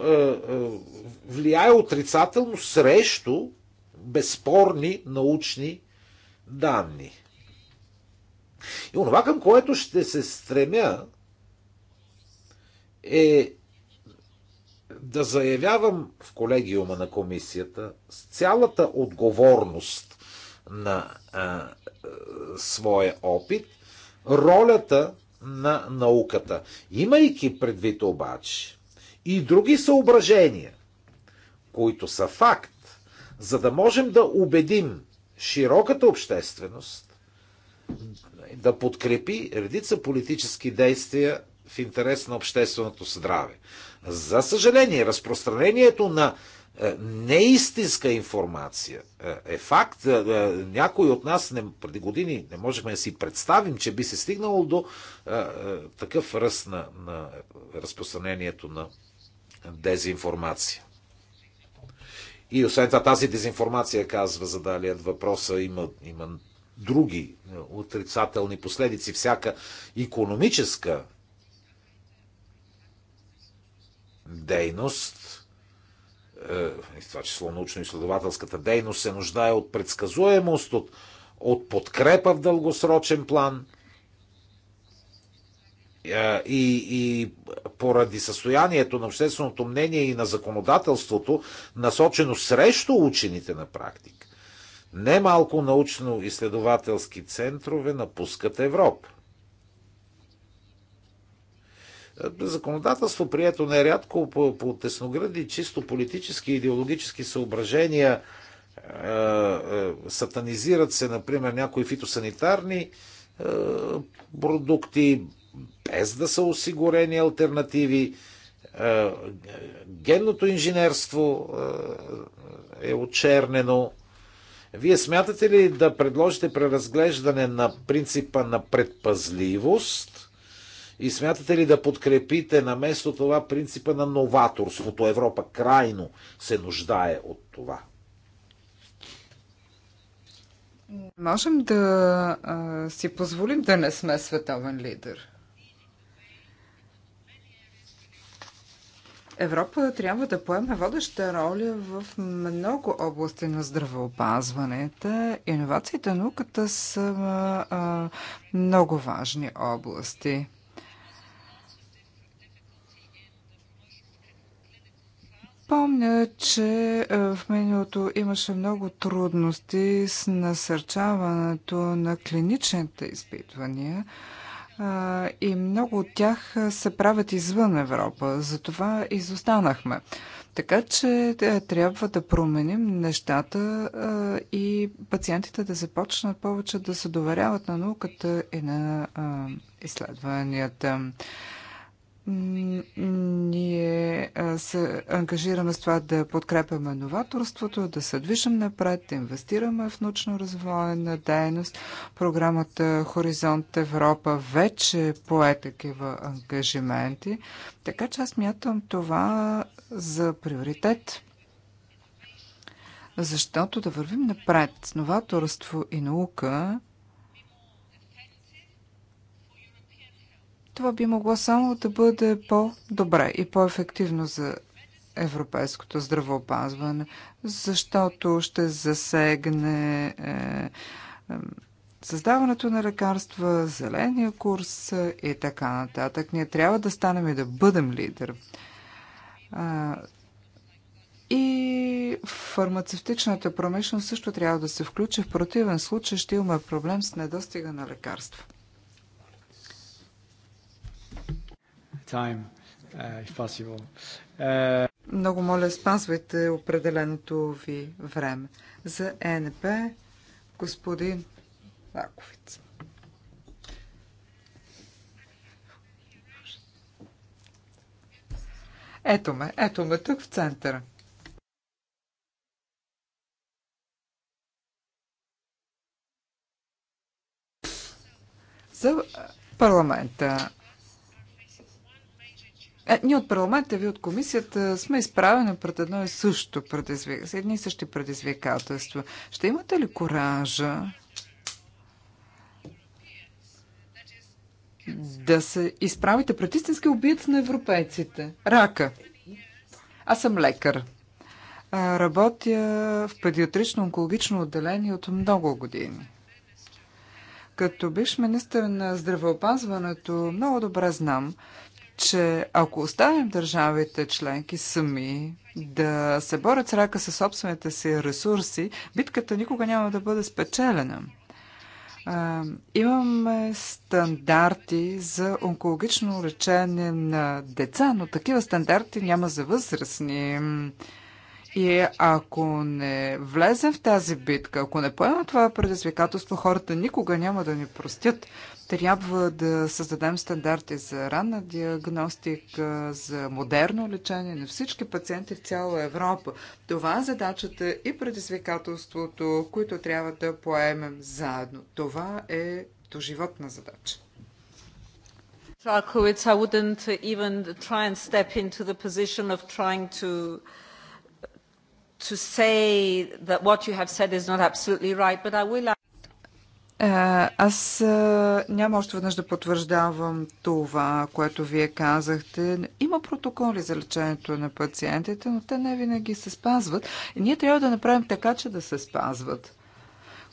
влияе отрицателно срещу безспорни научни данни. И онова, към което ще се стремя, е да заявявам в колегиума на комисията с цялата отговорност на а, а, своя опит ролята на науката. Имайки предвид обаче и други съображения, които са факт, за да можем да убедим широката общественост да подкрепи редица политически действия в интерес на общественото здраве. За съжаление, разпространението на е, неистинска информация е, е факт. Е, някой от нас не, преди години не можехме да си представим, че би се стигнало до такъв ръст на, на разпространението на дезинформация. И освен това, тази дезинформация, казва задалият въпроса, има, има други отрицателни последици. Всяка економическа дейност е, в това число научно-изследователската дейност, се нуждае от предсказуемост, от, от подкрепа в дългосрочен план. Е, и, и поради състоянието на общественото мнение и на законодателството, насочено срещу учените на практика, немалко научно-изследователски центрове напускат Европа. Законодателство, прието нерядко по, по тесногради, чисто политически и идеологически съображения, е, е, сатанизират се, например, някои фитосанитарни е, продукти, без да са осигурени альтернативи. Генното инженерство е очернено. Вие смятате ли да предложите преразглеждане на принципа на предпазливост и смятате ли да подкрепите на место това принципа на новаторството? Европа крайно се нуждае от това. Можем да а, си позволим да не сме световен лидер. Европа трябва да поеме водеща роля в много области на здравеопазването. Иновациите и науката са а, много важни области. Помня, че е, в миналото имаше много трудности с насърчаването на клиничните изпитвания и много от тях е, се правят извън Европа. Затова изостанахме. Така че е, трябва да променим нещата и пациентите да започнат повече да се доверяват на науката и на изследванията ние се ангажираме с това да подкрепяме новаторството, да се движим напред, да инвестираме в научно на дейност. Програмата Хоризонт Европа вече пое такива ангажименти, така че аз мятам това за приоритет. Защото да вървим напред с новаторство и наука – това би могло само да бъде по-добре и по-ефективно за европейското здравеопазване, защото ще засегне е, е, създаването на лекарства, зеления курс и така нататък. Ние трябва да станем и да бъдем лидер. А, и фармацевтичната промишленост също трябва да се включи. В противен случай ще имаме проблем с недостига на лекарства. time, uh, if uh, Много моля, спазвайте определеното ви време. За ЕНП, господин Раковиц. Ето ме, ето ме тук в центъра. За парламента. Е, ние от парламента ви от комисията сме изправени пред едно и също предизвикателство, едни и същи предизвикателства. Ще имате ли коража да се изправите пред истински убиец на европейците? Рака. Аз съм лекар. Работя в педиатрично-онкологично отделение от много години. Като бивш министър на здравеопазването, много добре знам, че ако оставим държавите членки сами да се борят с рака със собствените си ресурси, битката никога няма да бъде спечелена. имаме стандарти за онкологично лечение на деца, но такива стандарти няма за възрастни. И ако не влезем в тази битка, ако не поемем това предизвикателство, хората никога няма да ни простят. Трябва да създадем стандарти за ранна диагностика, за модерно лечение на всички пациенти в цяла Европа. Това е задачата и предизвикателството, които трябва да поемем заедно. Това е доживотна задача. I wouldn't even try and step into the position of trying to to say that what you have said is not absolutely right, but I will. Е, аз е, няма още веднъж да потвърждавам това, което вие казахте. Има протоколи за лечението на пациентите, но те не винаги се спазват. И ние трябва да направим така, че да се спазват.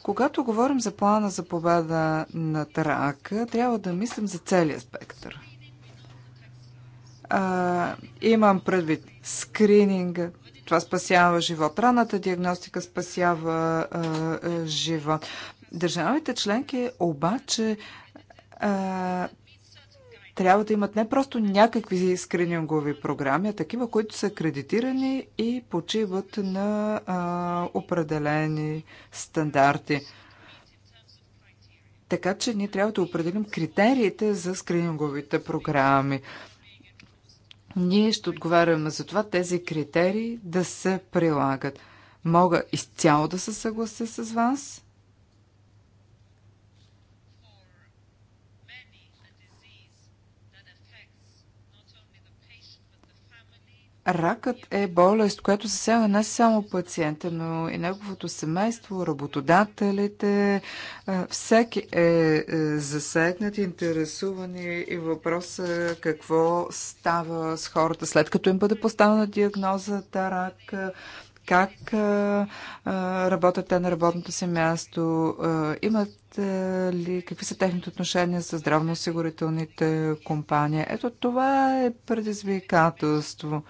Когато говорим за плана за победа на рака, трябва да мислим за целия спектър. А, е, имам предвид скрининга, това спасява живот. Ранната диагностика спасява а, а, живот. Държавите членки обаче а, трябва да имат не просто някакви скринингови програми, а такива, които са кредитирани и почиват на а, определени стандарти. Така че ние трябва да определим критериите за скрининговите програми. Ние ще отговаряме за това тези критерии да се прилагат. Мога изцяло да се съглася с вас Ракът е болест, която засяга не само пациента, но и неговото семейство, работодателите. Всеки е, е засегнат, интересуван и въпроса е какво става с хората след като им бъде поставена диагнозата рак, как работят те на работното си място, имат ли, какви са техните отношения с здравноосигурителните компании. Ето това е предизвикателство.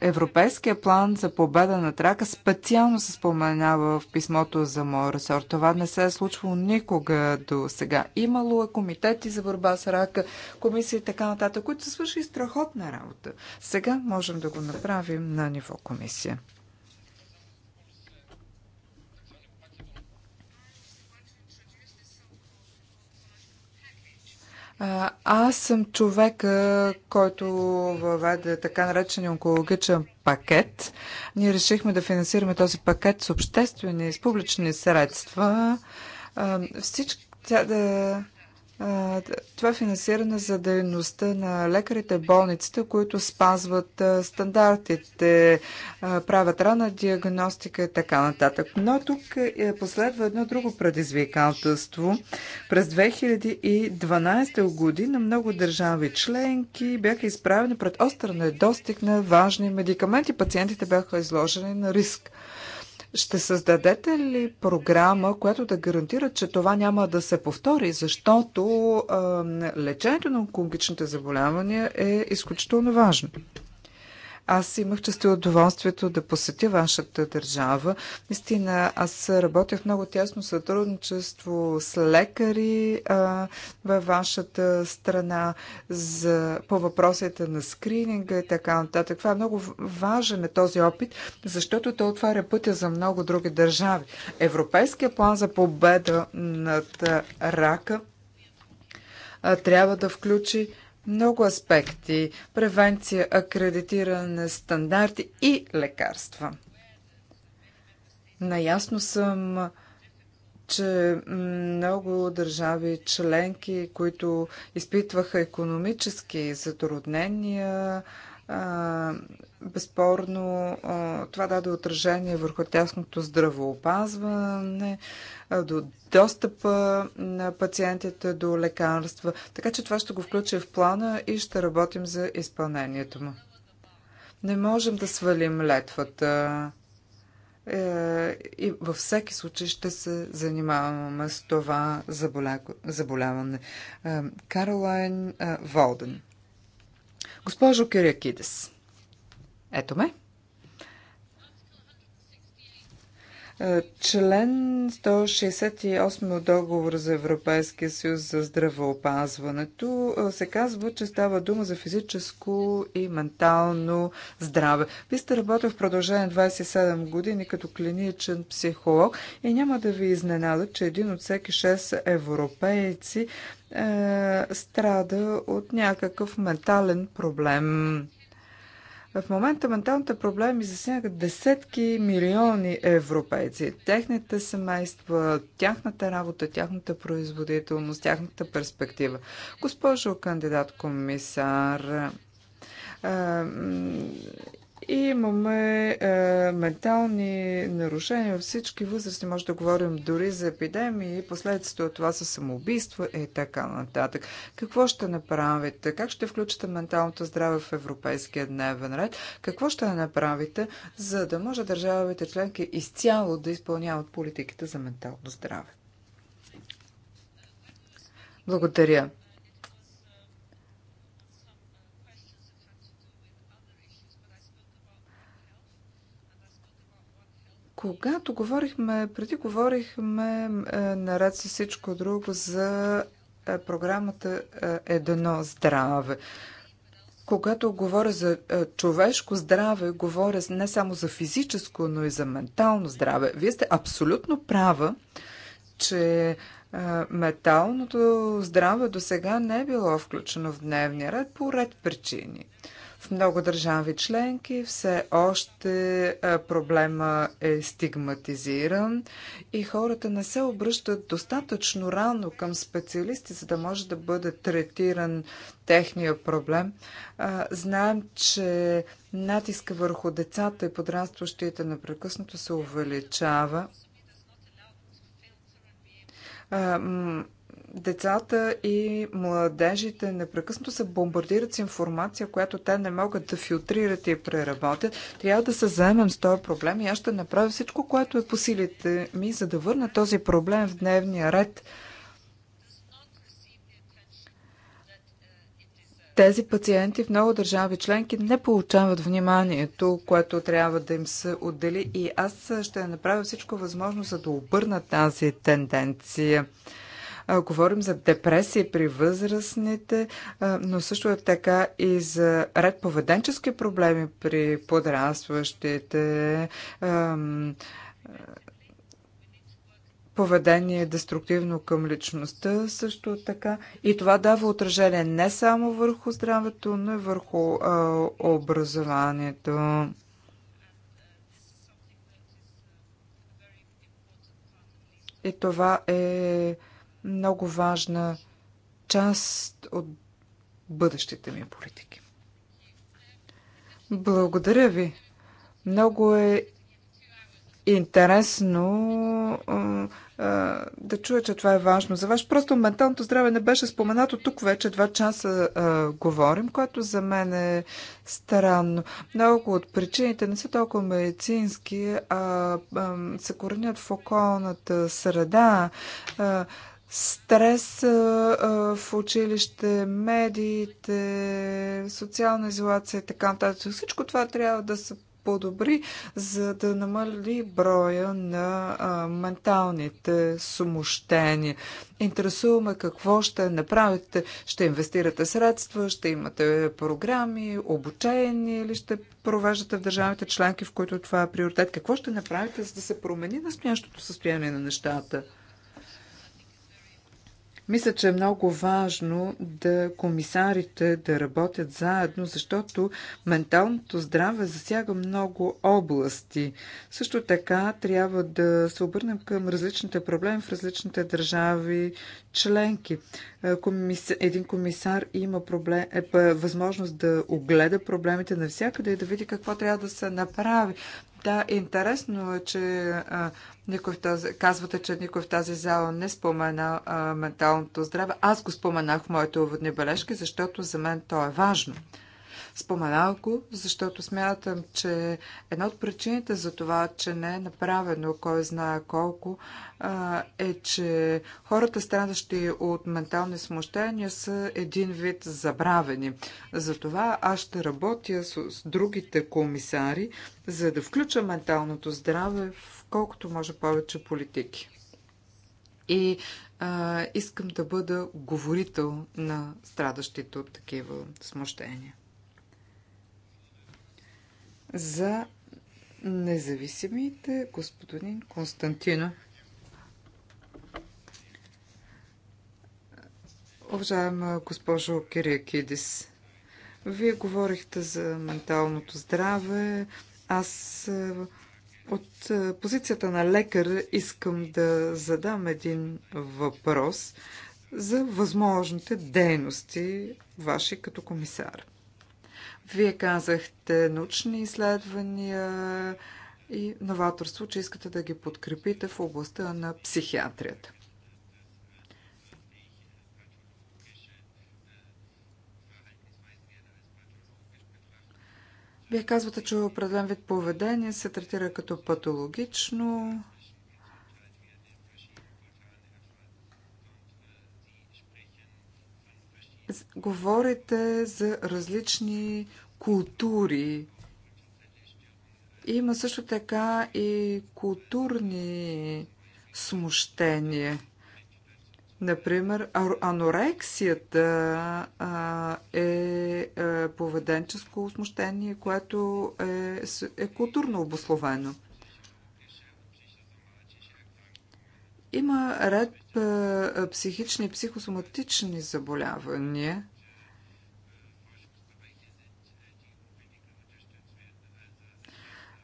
Европейския план за победа на трака специално се споменава в писмото за моя ресор. Това не се е случвало никога до сега. Имало е комитети за борба с рака, комисии и така нататък, които са свършили страхотна работа. Сега можем да го направим на ниво комисия. Аз съм човека, който въведе така наречения онкологичен пакет. Ние решихме да финансираме този пакет с обществени и с публични средства. Всички тя да това е финансиране за дейността на лекарите, болниците, които спазват стандартите, правят рана диагностика и така нататък. Но тук е последва едно друго предизвикателство. През 2012 година много държави членки бяха изправени пред остър недостиг на важни медикаменти. Пациентите бяха изложени на риск. Ще създадете ли програма, която да гарантира, че това няма да се повтори, защото а, лечението на онкологичните заболявания е изключително важно? Аз имах често удоволствието да посетя вашата държава. Истина, аз работя в много тясно сътрудничество с лекари а, във вашата страна за, по въпросите на скрининга и така нататък. Това е много важен е този опит, защото той отваря пътя за много други държави. Европейския план за победа над рака трябва да включи много аспекти – превенция, акредитиране, стандарти и лекарства. Наясно съм, че много държави членки, които изпитваха економически затруднения, Безспорно това даде отражение върху тясното здравоопазване, до достъпа на пациентите до лекарства. Така че това ще го включи в плана и ще работим за изпълнението му. Не можем да свалим летвата. Е, и във всеки случай ще се занимаваме с това заболяване. Е, Каролайн е, Волден. Госпожо Кирякидес, ето ме. Е, член 168 от договора за Европейския съюз за здравеопазването е, се казва, че става дума за физическо и ментално здраве. Ви сте работил в продължение 27 години като клиничен психолог и няма да ви изненада, че един от всеки 6 европейци е, страда от някакъв ментален проблем. В момента менталните проблеми засягат десетки милиони европейци. Техните семейства, тяхната работа, тяхната производителност, тяхната перспектива. Госпожо кандидат комисар, и имаме е, ментални нарушения във всички възрасти. Може да говорим дори за епидемии, последствията от това са самоубийства и така нататък. Какво ще направите? Как ще включите менталното здраве в европейския дневен ред? Какво ще направите, за да може държавите членки изцяло да изпълняват политиките за ментално здраве? Благодаря. Когато говорихме, преди говорихме е, наред с всичко друго за е, програмата е, Едно здраве. Когато говоря за човешко здраве, говоря не само за физическо, но и за ментално здраве. Вие сте абсолютно права, че металното здраве до сега не е било включено в дневния ред по ред причини. В много държави членки все още проблема е стигматизиран и хората не се обръщат достатъчно рано към специалисти, за да може да бъде третиран техния проблем. Знаем, че натиска върху децата и подрастващите непрекъснато се увеличава Децата и младежите непрекъснато се бомбардират с информация, която те не могат да филтрират и преработят. Трябва да се заемем с този проблем и аз ще направя всичко, което е по силите ми, за да върна този проблем в дневния ред. тези пациенти в много държави членки не получават вниманието, което трябва да им се отдели и аз ще направя всичко възможно, за да обърна тази тенденция. Говорим за депресия при възрастните, но също е така и за ред поведенчески проблеми при подрастващите поведение деструктивно към личността също така. И това дава отражение не само върху здравето, но и върху а, образованието. И това е много важна част от бъдещите ми политики. Благодаря ви. Много е интересно а, а, да чуя, че това е важно за вас. Просто менталното здраве не беше споменато. Тук вече два часа а, говорим, което за мен е странно. Много от причините не са толкова медицински, а, а се коренят в околната среда. А, стрес в училище, медиите, социална изолация и така нататък. Всичко това трябва да се подобри, за да намали броя на а, менталните сумощения. Интересуваме какво ще направите. Ще инвестирате средства, ще имате програми, обучение или ще провеждате в държавите членки, в които това е приоритет. Какво ще направите, за да се промени настоящото състояние на нещата? Мисля, че е много важно да комисарите да работят заедно, защото менталното здраве засяга много области. Също така трябва да се обърнем към различните проблеми в различните държави членки. Е, един комисар има проблем, е възможност да огледа проблемите навсякъде и да види какво трябва да се направи. Да, интересно е, че а, никой в тази, казвате, че никой в тази зала не спомена а, менталното здраве. Аз го споменах в моите уводни бележки, защото за мен то е важно по го, защото смятам, че една от причините за това, че не е направено кой знае колко, е, че хората, страдащи от ментални смущения, са един вид забравени. Затова аз ще работя с другите комисари, за да включа менталното здраве в колкото може повече политики. И а, искам да бъда говорител на страдащите от такива смущения за независимите господин Константино. Уважаема госпожо Кириакидис, вие говорихте за менталното здраве. Аз е, от е, позицията на лекар искам да задам един въпрос за възможните дейности ваши като комисар. Вие казахте научни изследвания и новаторство, че искате да ги подкрепите в областта на психиатрията. Вие казвате, че определен вид поведение се третира като патологично. Говорите за различни култури. Има също така и културни смущения. Например, анорексията е поведенческо смущение, което е, е културно обословено. Има ред психични и психосоматични заболявания,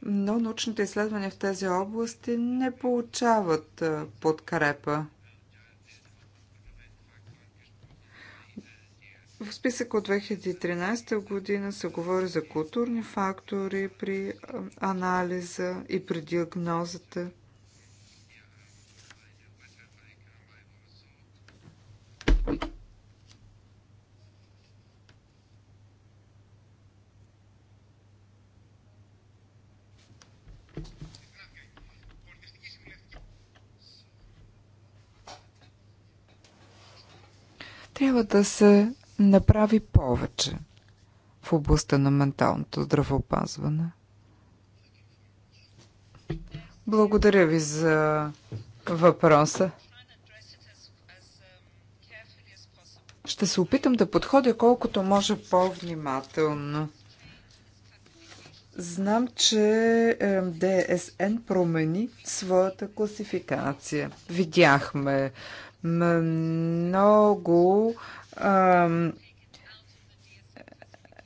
но научните изследвания в тези области не получават подкрепа. В списък от 2013 година се говори за културни фактори при анализа и при диагнозата. Трябва да се направи повече в областта на менталното здравеопазване. Благодаря ви за въпроса. Ще се опитам да подходя колкото може по-внимателно. Знам, че е, ДСН промени своята класификация. Видяхме много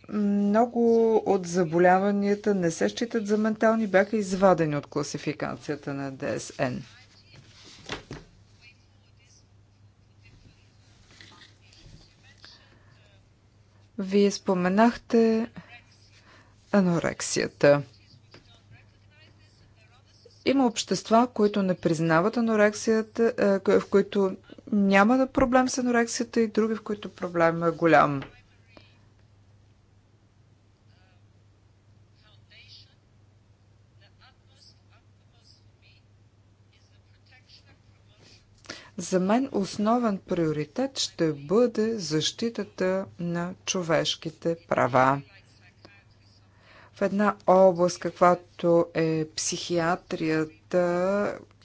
много от заболяванията не се считат за ментални, бяха извадени от класификацията на ДСН. Вие споменахте анорексията. Има общества, които не признават анорексията, е, в които няма проблем с анорексията и други, в които проблем е голям. За мен основен приоритет ще бъде защитата на човешките права в една област, каквато е психиатрията,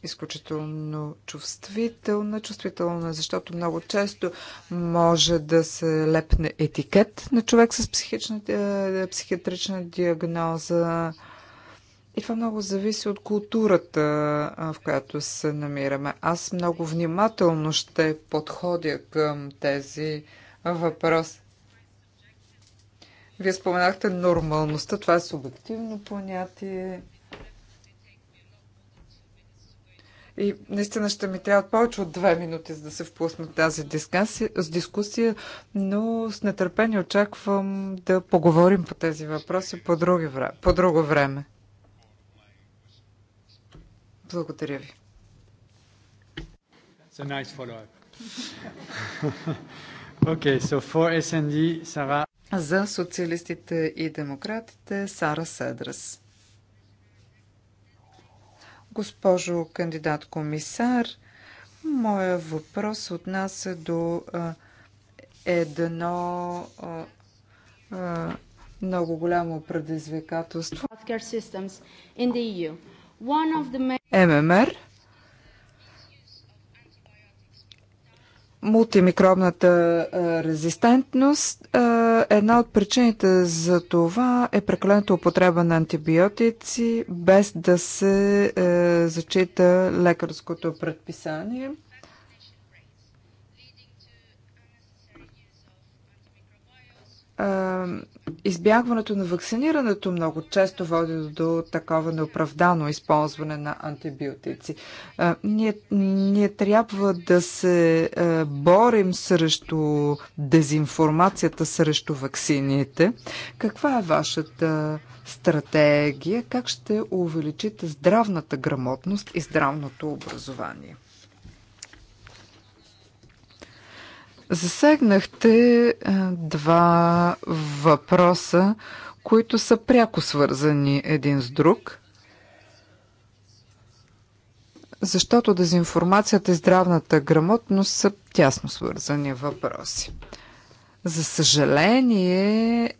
изключително чувствителна, чувствителна, защото много често може да се лепне етикет на човек с е, психиатрична диагноза. И това много зависи от културата, в която се намираме. Аз много внимателно ще подходя към тези въпроси. Вие споменахте нормалността, това е субективно понятие. И наистина ще ми трябва повече от две минути, за да се впусна в тази дискусия, с дискусия, но с нетърпение очаквам да поговорим по тези въпроси по, други, по друго време. Благодаря ви. It's a nice follow-up. [LAUGHS] okay, so for SND, Sarah за социалистите и демократите Сара Седрас. Госпожо кандидат комисар, моя въпрос се отнася до а, едно а, а, много голямо предизвикателство. E ММР Мултимикробната резистентност една от причините за това е прекалената употреба на антибиотици без да се е, зачита лекарското предписание – избягването на вакцинирането много често води до такова неоправдано използване на антибиотици. Ние, ние трябва да се борим срещу дезинформацията, срещу вакцините. Каква е вашата стратегия? Как ще увеличите здравната грамотност и здравното образование? Засегнахте е, два въпроса, които са пряко свързани един с друг, защото дезинформацията и здравната грамотност са тясно свързани въпроси. За съжаление, е,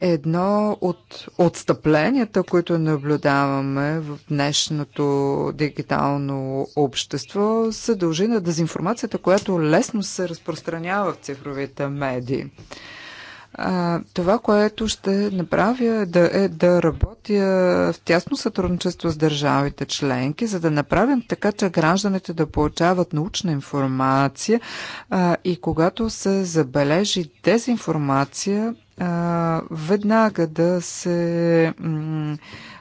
Едно от отстъпленията, които наблюдаваме в днешното дигитално общество, се дължи на дезинформацията, която лесно се разпространява в цифровите медии. А, това, което ще направя е да, е да работя в тясно сътрудничество с държавите членки, за да направим така, че гражданите да получават научна информация а, и когато се забележи дезинформация, веднага да се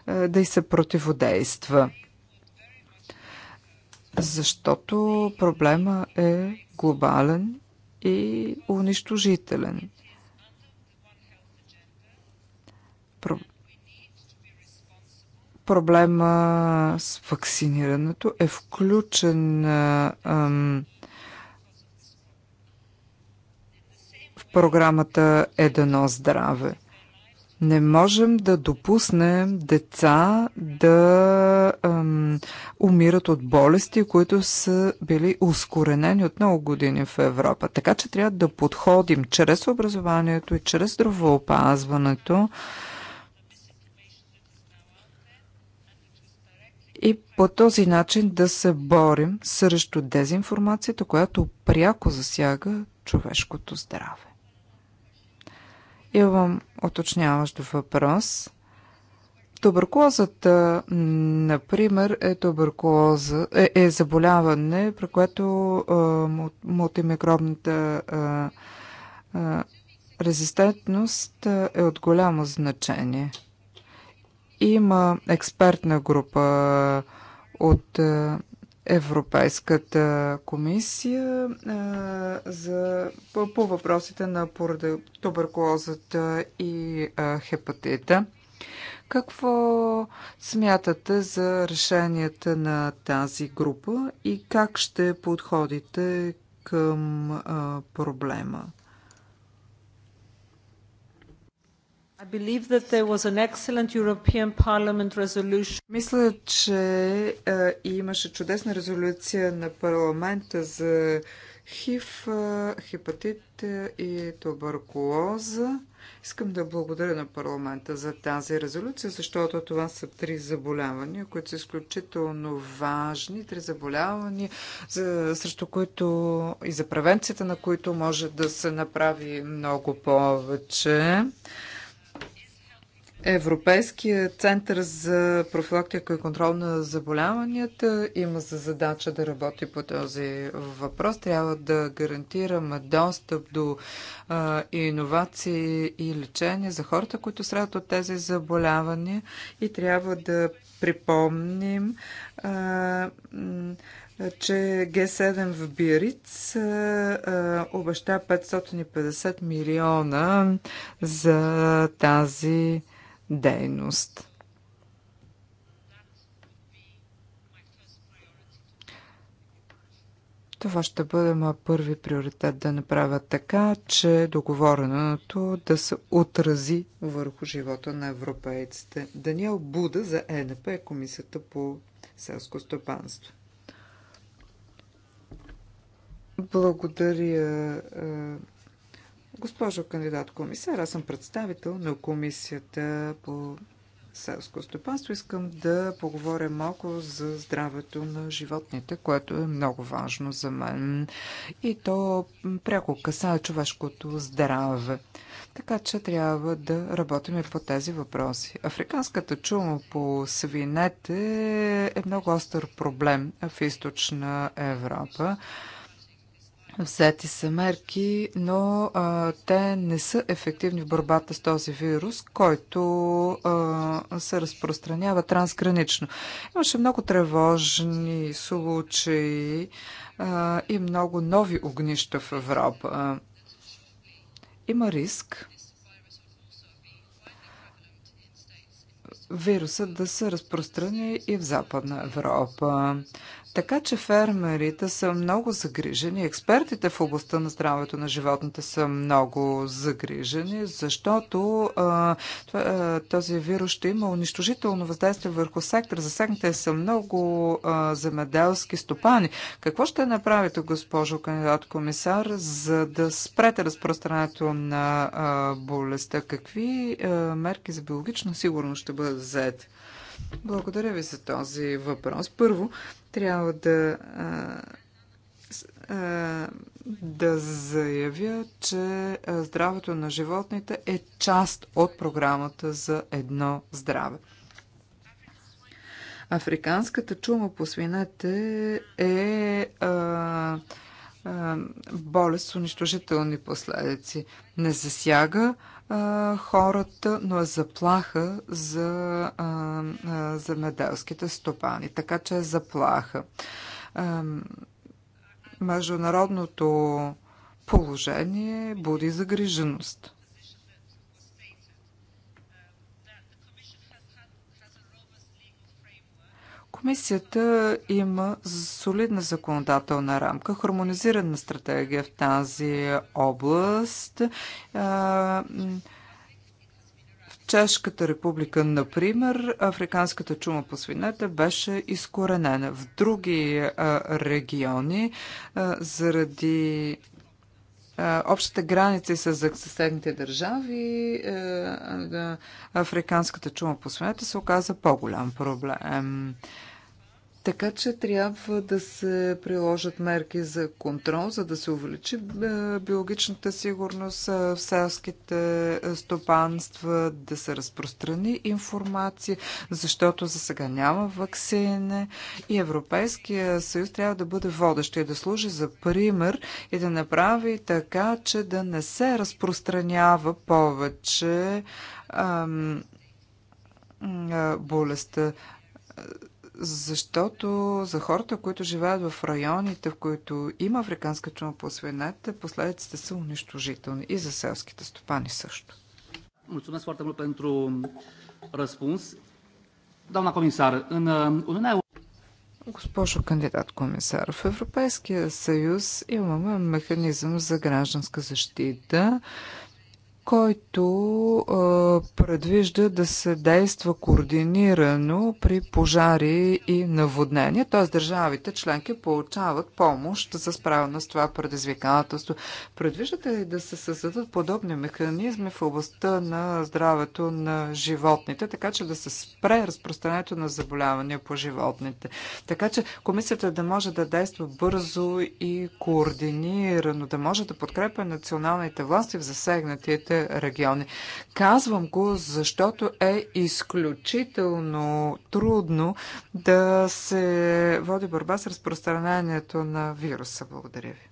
да и се противодейства. Защото проблема е глобален и унищожителен. Про... Проблема с вакцинирането е включен а, ам, програмата Едно здраве. Не можем да допуснем деца да ам, умират от болести, които са били ускоренени от много години в Европа. Така че трябва да подходим чрез образованието и чрез здравоопазването и по този начин да се борим срещу дезинформацията, която пряко засяга човешкото здраве. Имам оточняващ въпрос. Туберкулозата, например, е, туберкулоза, е, е заболяване, при което е, мултимикробната е, е, резистентност е от голямо значение. Има експертна група от Европейската комисия за, по, по въпросите на поради, туберкулозата и а, хепатита. Какво смятате за решенията на тази група и как ще подходите към а, проблема? Мисля, че е, имаше чудесна резолюция на парламента за ХИВ, е, хепатит е, и туберкулоза. Искам да благодаря на парламента за тази резолюция, защото това са три заболявания, които са изключително важни, три заболявания, за, срещу които и за превенцията на които може да се направи много повече. Европейския център за профилактика и контрол на заболяванията има за задача да работи по този въпрос. Трябва да гарантираме достъп до а, иновации и лечение за хората, които страдат от тези заболявания и трябва да припомним а, че Г7 в Бириц обеща 550 милиона за тази дейност. Това ще бъде моят първи приоритет да направя така, че договореното да се отрази върху живота на европейците. Даниел Буда за ЕНП е Комисията по селско стопанство. Благодаря, е, Госпожо кандидат комисар, аз съм представител на комисията по селско стопанство. Искам да поговоря малко за здравето на животните, което е много важно за мен. И то пряко касае човешкото здраве. Така че трябва да работим и по тези въпроси. Африканската чума по свинете е много остър проблем в източна Европа. Взети са мерки, но а, те не са ефективни в борбата с този вирус, който а, се разпространява трансгранично. Имаше много тревожни случаи а, и много нови огнища в Европа. Има риск вируса да се разпространи и в Западна Европа. Така че фермерите са много загрижени, експертите в областта на здравето на животните са много загрижени, защото а, този вирус ще има унищожително въздействие върху сектора. Засегнате са много а, земеделски стопани. Какво ще направите, госпожо кандидат комисар, за да спрете разпространението на а, болестта? Какви а, мерки за биологична сигурност ще бъдат взети? Благодаря ви за този въпрос. Първо, трябва да, да заявя, че здравето на животните е част от програмата за едно здраве. Африканската чума по свинете е а, а, болест с унищожителни последици. Не засяга а, хората, но е заплаха за земеделските стопани. Така че е заплаха. А, международното положение буди загриженост. Комисията има солидна законодателна рамка, хармонизирана стратегия в тази област. В Чешката република, например, африканската чума по свинете беше изкоренена. В други региони, заради общите граници с съседните държави, африканската чума по свинете се оказа по-голям проблем. Така че трябва да се приложат мерки за контрол, за да се увеличи е, биологичната сигурност е, в селските е, стопанства, да се разпространи информация, защото за сега няма вакцини и Европейския съюз трябва да бъде водещ и да служи за пример и да направи така, че да не се разпространява повече ам, а, болестта защото за хората, които живеят в районите, в които има африканска чума по свинете, последиците са унищожителни и за селските стопани също. foarte mult pentru răspuns. Doamna comisar, în Uniunea Госпожо кандидат комисар, в Европейския съюз имаме механизъм за гражданска защита който а, предвижда да се действа координирано при пожари и наводнения, т.е. държавите членки получават помощ за справяне с това предизвикателство. Предвиждате ли да се създадат подобни механизми в областта на здравето на животните, така че да се спре разпространението на заболявания по животните? Така че комисията да може да действа бързо и координирано, да може да подкрепя националните власти в засегнатите селските региони. Казвам го, защото е изключително трудно да се води борба с разпространението на вируса. Благодаря ви.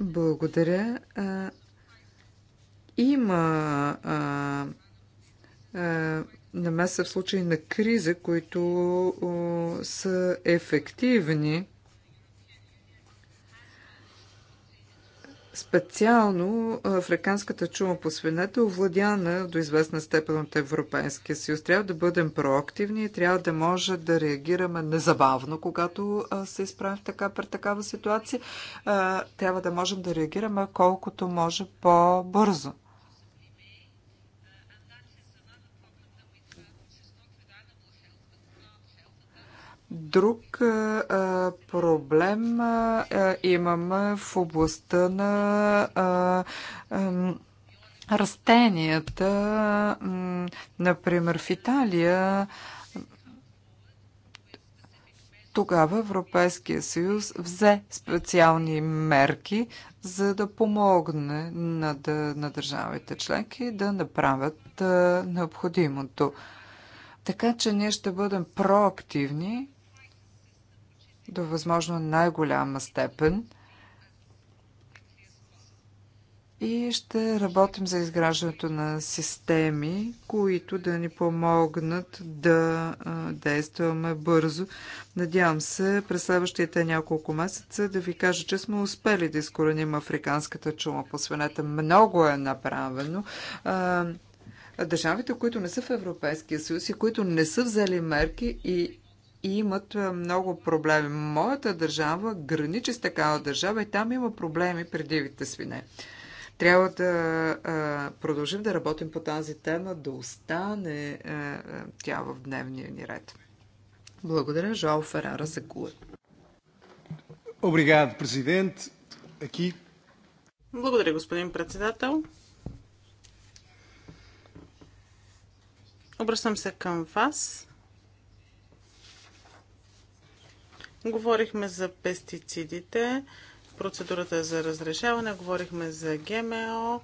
Благодаря. Има а, а, намеса в случай на криза, които са ефективни. Специално африканската чума по свинете овладяна до известна степен от Европейския съюз. Трябва да бъдем проактивни и трябва да може да реагираме незабавно, когато се изправим така, пред такава ситуация. Трябва да можем да реагираме колкото може по-бързо. Друг а, проблем а, имаме в областта на а, а, растенията. Например, в Италия тогава Европейския съюз взе специални мерки, за да помогне на, да, на държавите членки да направят а, необходимото. Така че ние ще бъдем проактивни до възможно най-голяма степен и ще работим за изграждането на системи, които да ни помогнат да действаме бързо. Надявам се през следващите няколко месеца да ви кажа, че сме успели да изкореним африканската чума по свинете. Много е направено. Държавите, които не са в Европейския съюз и които не са взели мерки и и имат много проблеми. Моята държава граничи с такава държава и там има проблеми при дивите свине. Трябва да а, продължим да работим по тази тема, да остане а, тя в дневния ни ред. Благодаря, Жоал Ферара за кула. Обригад, президент. Аки. Благодаря, господин председател. Обръщам се към вас Говорихме за пестицидите, процедурата е за разрешаване, говорихме за ГМО,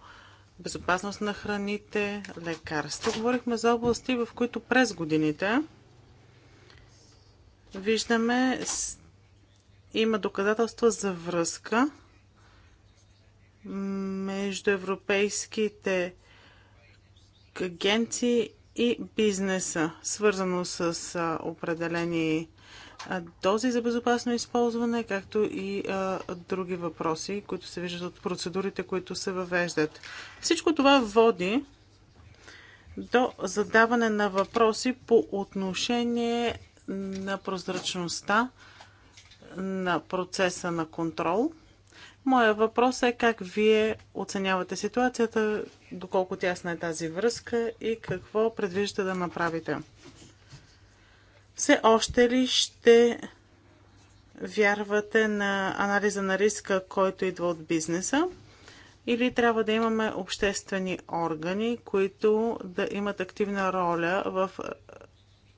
безопасност на храните, лекарства. Говорихме за области, в които през годините виждаме има доказателства за връзка между европейските агенции и бизнеса, свързано с определени дози за безопасно използване, както и а, други въпроси, които се виждат от процедурите, които се въвеждат. Всичко това води до задаване на въпроси по отношение на прозрачността на процеса на контрол. Моя въпрос е как вие оценявате ситуацията, доколко тясна е тази връзка и какво предвиждате да направите. Все още ли ще вярвате на анализа на риска, който идва от бизнеса? Или трябва да имаме обществени органи, които да имат активна роля в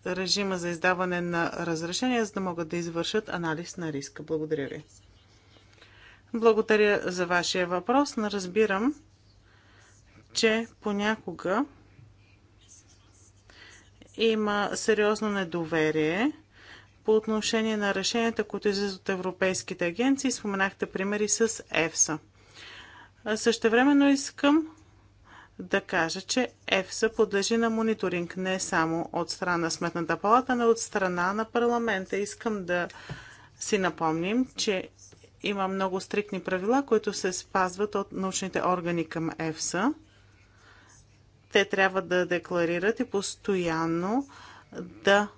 режима за издаване на разрешения, за да могат да извършат анализ на риска? Благодаря ви. Благодаря за вашия въпрос. разбирам, че понякога има сериозно недоверие по отношение на решенията, които излизат от европейските агенции. Споменахте примери с ЕФСА. времено искам да кажа, че ЕФСА подлежи на мониторинг не само от страна на Сметната палата, но от страна на парламента. Искам да си напомним, че има много стрикни правила, които се спазват от научните органи към ЕФСА. Те трябва да декларират и постоянно да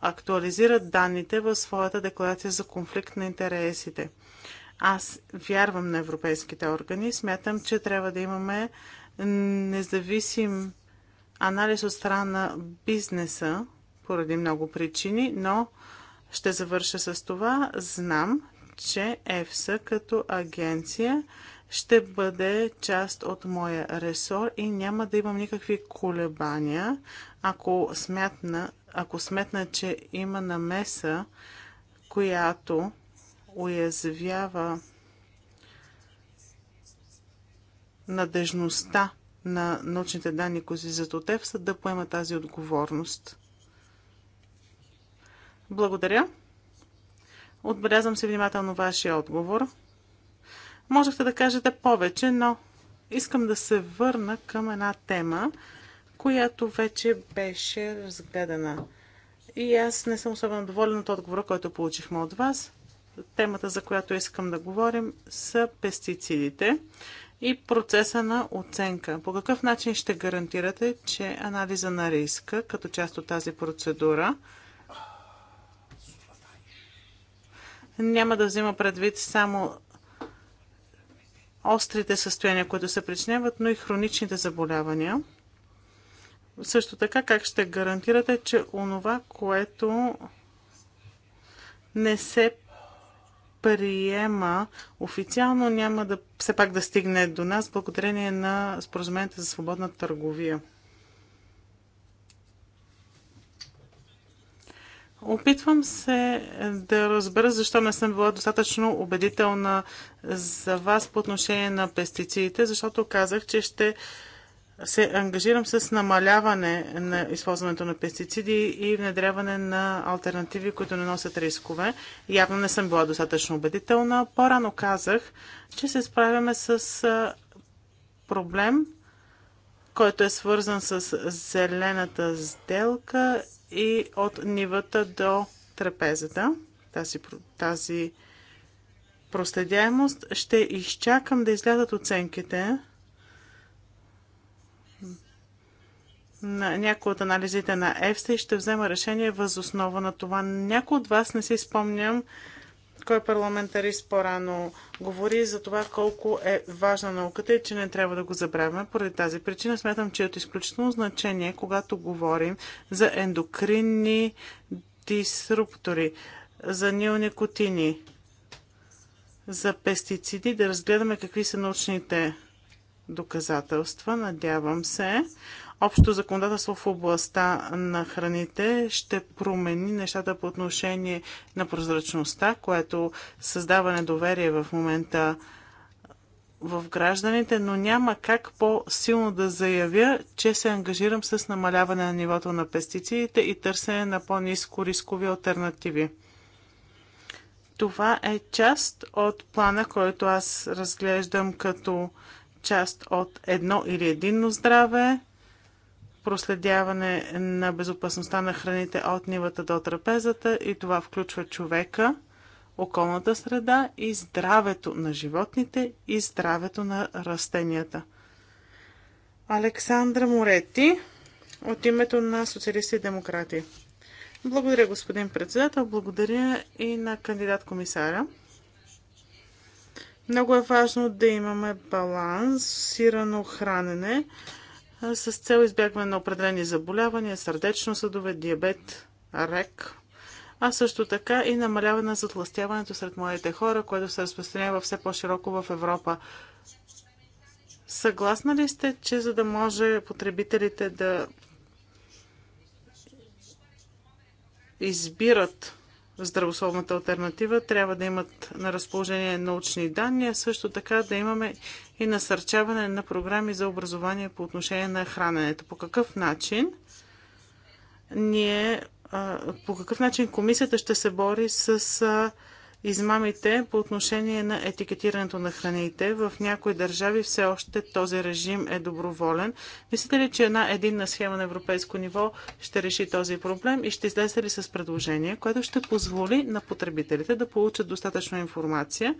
актуализират данните в своята декларация за конфликт на интересите. Аз вярвам на европейските органи. Смятам, че трябва да имаме независим анализ от страна на бизнеса поради много причини, но ще завърша с това. Знам, че ЕФСА като агенция ще бъде част от моя ресор и няма да имам никакви колебания, ако сметна, ако сметна че има намеса, която уязвява надежността на научните данни, които излизат от да поема тази отговорност. Благодаря. Отбелязвам се внимателно вашия отговор. Можехте да кажете повече, но искам да се върна към една тема, която вече беше разгледана. И аз не съм особено доволен от отговора, който получихме от вас. Темата, за която искам да говорим, са пестицидите и процеса на оценка. По какъв начин ще гарантирате, че анализа на риска, като част от тази процедура, няма да взима предвид само острите състояния, които се причиняват, но и хроничните заболявания. Също така, как ще гарантирате, че онова, което не се приема официално, няма да все пак да стигне до нас, благодарение на споразумението за свободна търговия. Опитвам се да разбера защо не съм била достатъчно убедителна за вас по отношение на пестицидите, защото казах, че ще се ангажирам с намаляване на използването на пестициди и внедряване на альтернативи, които не носят рискове. Явно не съм била достатъчно убедителна. По-рано казах, че се справяме с проблем, който е свързан с зелената сделка и от нивата до трапезата. Тази, тази проследяемост. Ще изчакам да излядат оценките на някои от анализите на EFSA и ще взема решение възоснова на това. Някои от вас не си спомням кой парламентарист по-рано говори за това колко е важна науката и че не трябва да го забравяме. Поради тази причина смятам, че е от изключително значение, когато говорим за ендокринни дисруптори, за неоникотини, за пестициди, да разгледаме какви са научните доказателства. Надявам се общото законодателство в областта на храните ще промени нещата по отношение на прозрачността, което създава недоверие в момента в гражданите, но няма как по-силно да заявя, че се ангажирам с намаляване на нивото на пестицидите и търсене на по-низко рискови альтернативи. Това е част от плана, който аз разглеждам като част от едно или единно здраве, проследяване на безопасността на храните от нивата до трапезата и това включва човека, околната среда и здравето на животните и здравето на растенията. Александра Морети от името на социалисти и демократи. Благодаря, господин председател. Благодаря и на кандидат комисара. Много е важно да имаме балансирано хранене с цел избягване на определени заболявания, сърдечно-съдове, диабет, рек, а също така и намаляване на затластяването сред младите хора, което се разпространява все по-широко в Европа. Съгласна ли сте, че за да може потребителите да избират здравословната альтернатива, трябва да имат на разположение научни данни, а също така да имаме и насърчаване на програми за образование по отношение на храненето. По какъв начин ние, по какъв начин комисията ще се бори с измамите по отношение на етикетирането на храните. В някои държави все още този режим е доброволен. Мислите ли, че една единна схема на европейско ниво ще реши този проблем и ще излезе ли с предложение, което ще позволи на потребителите да получат достатъчно информация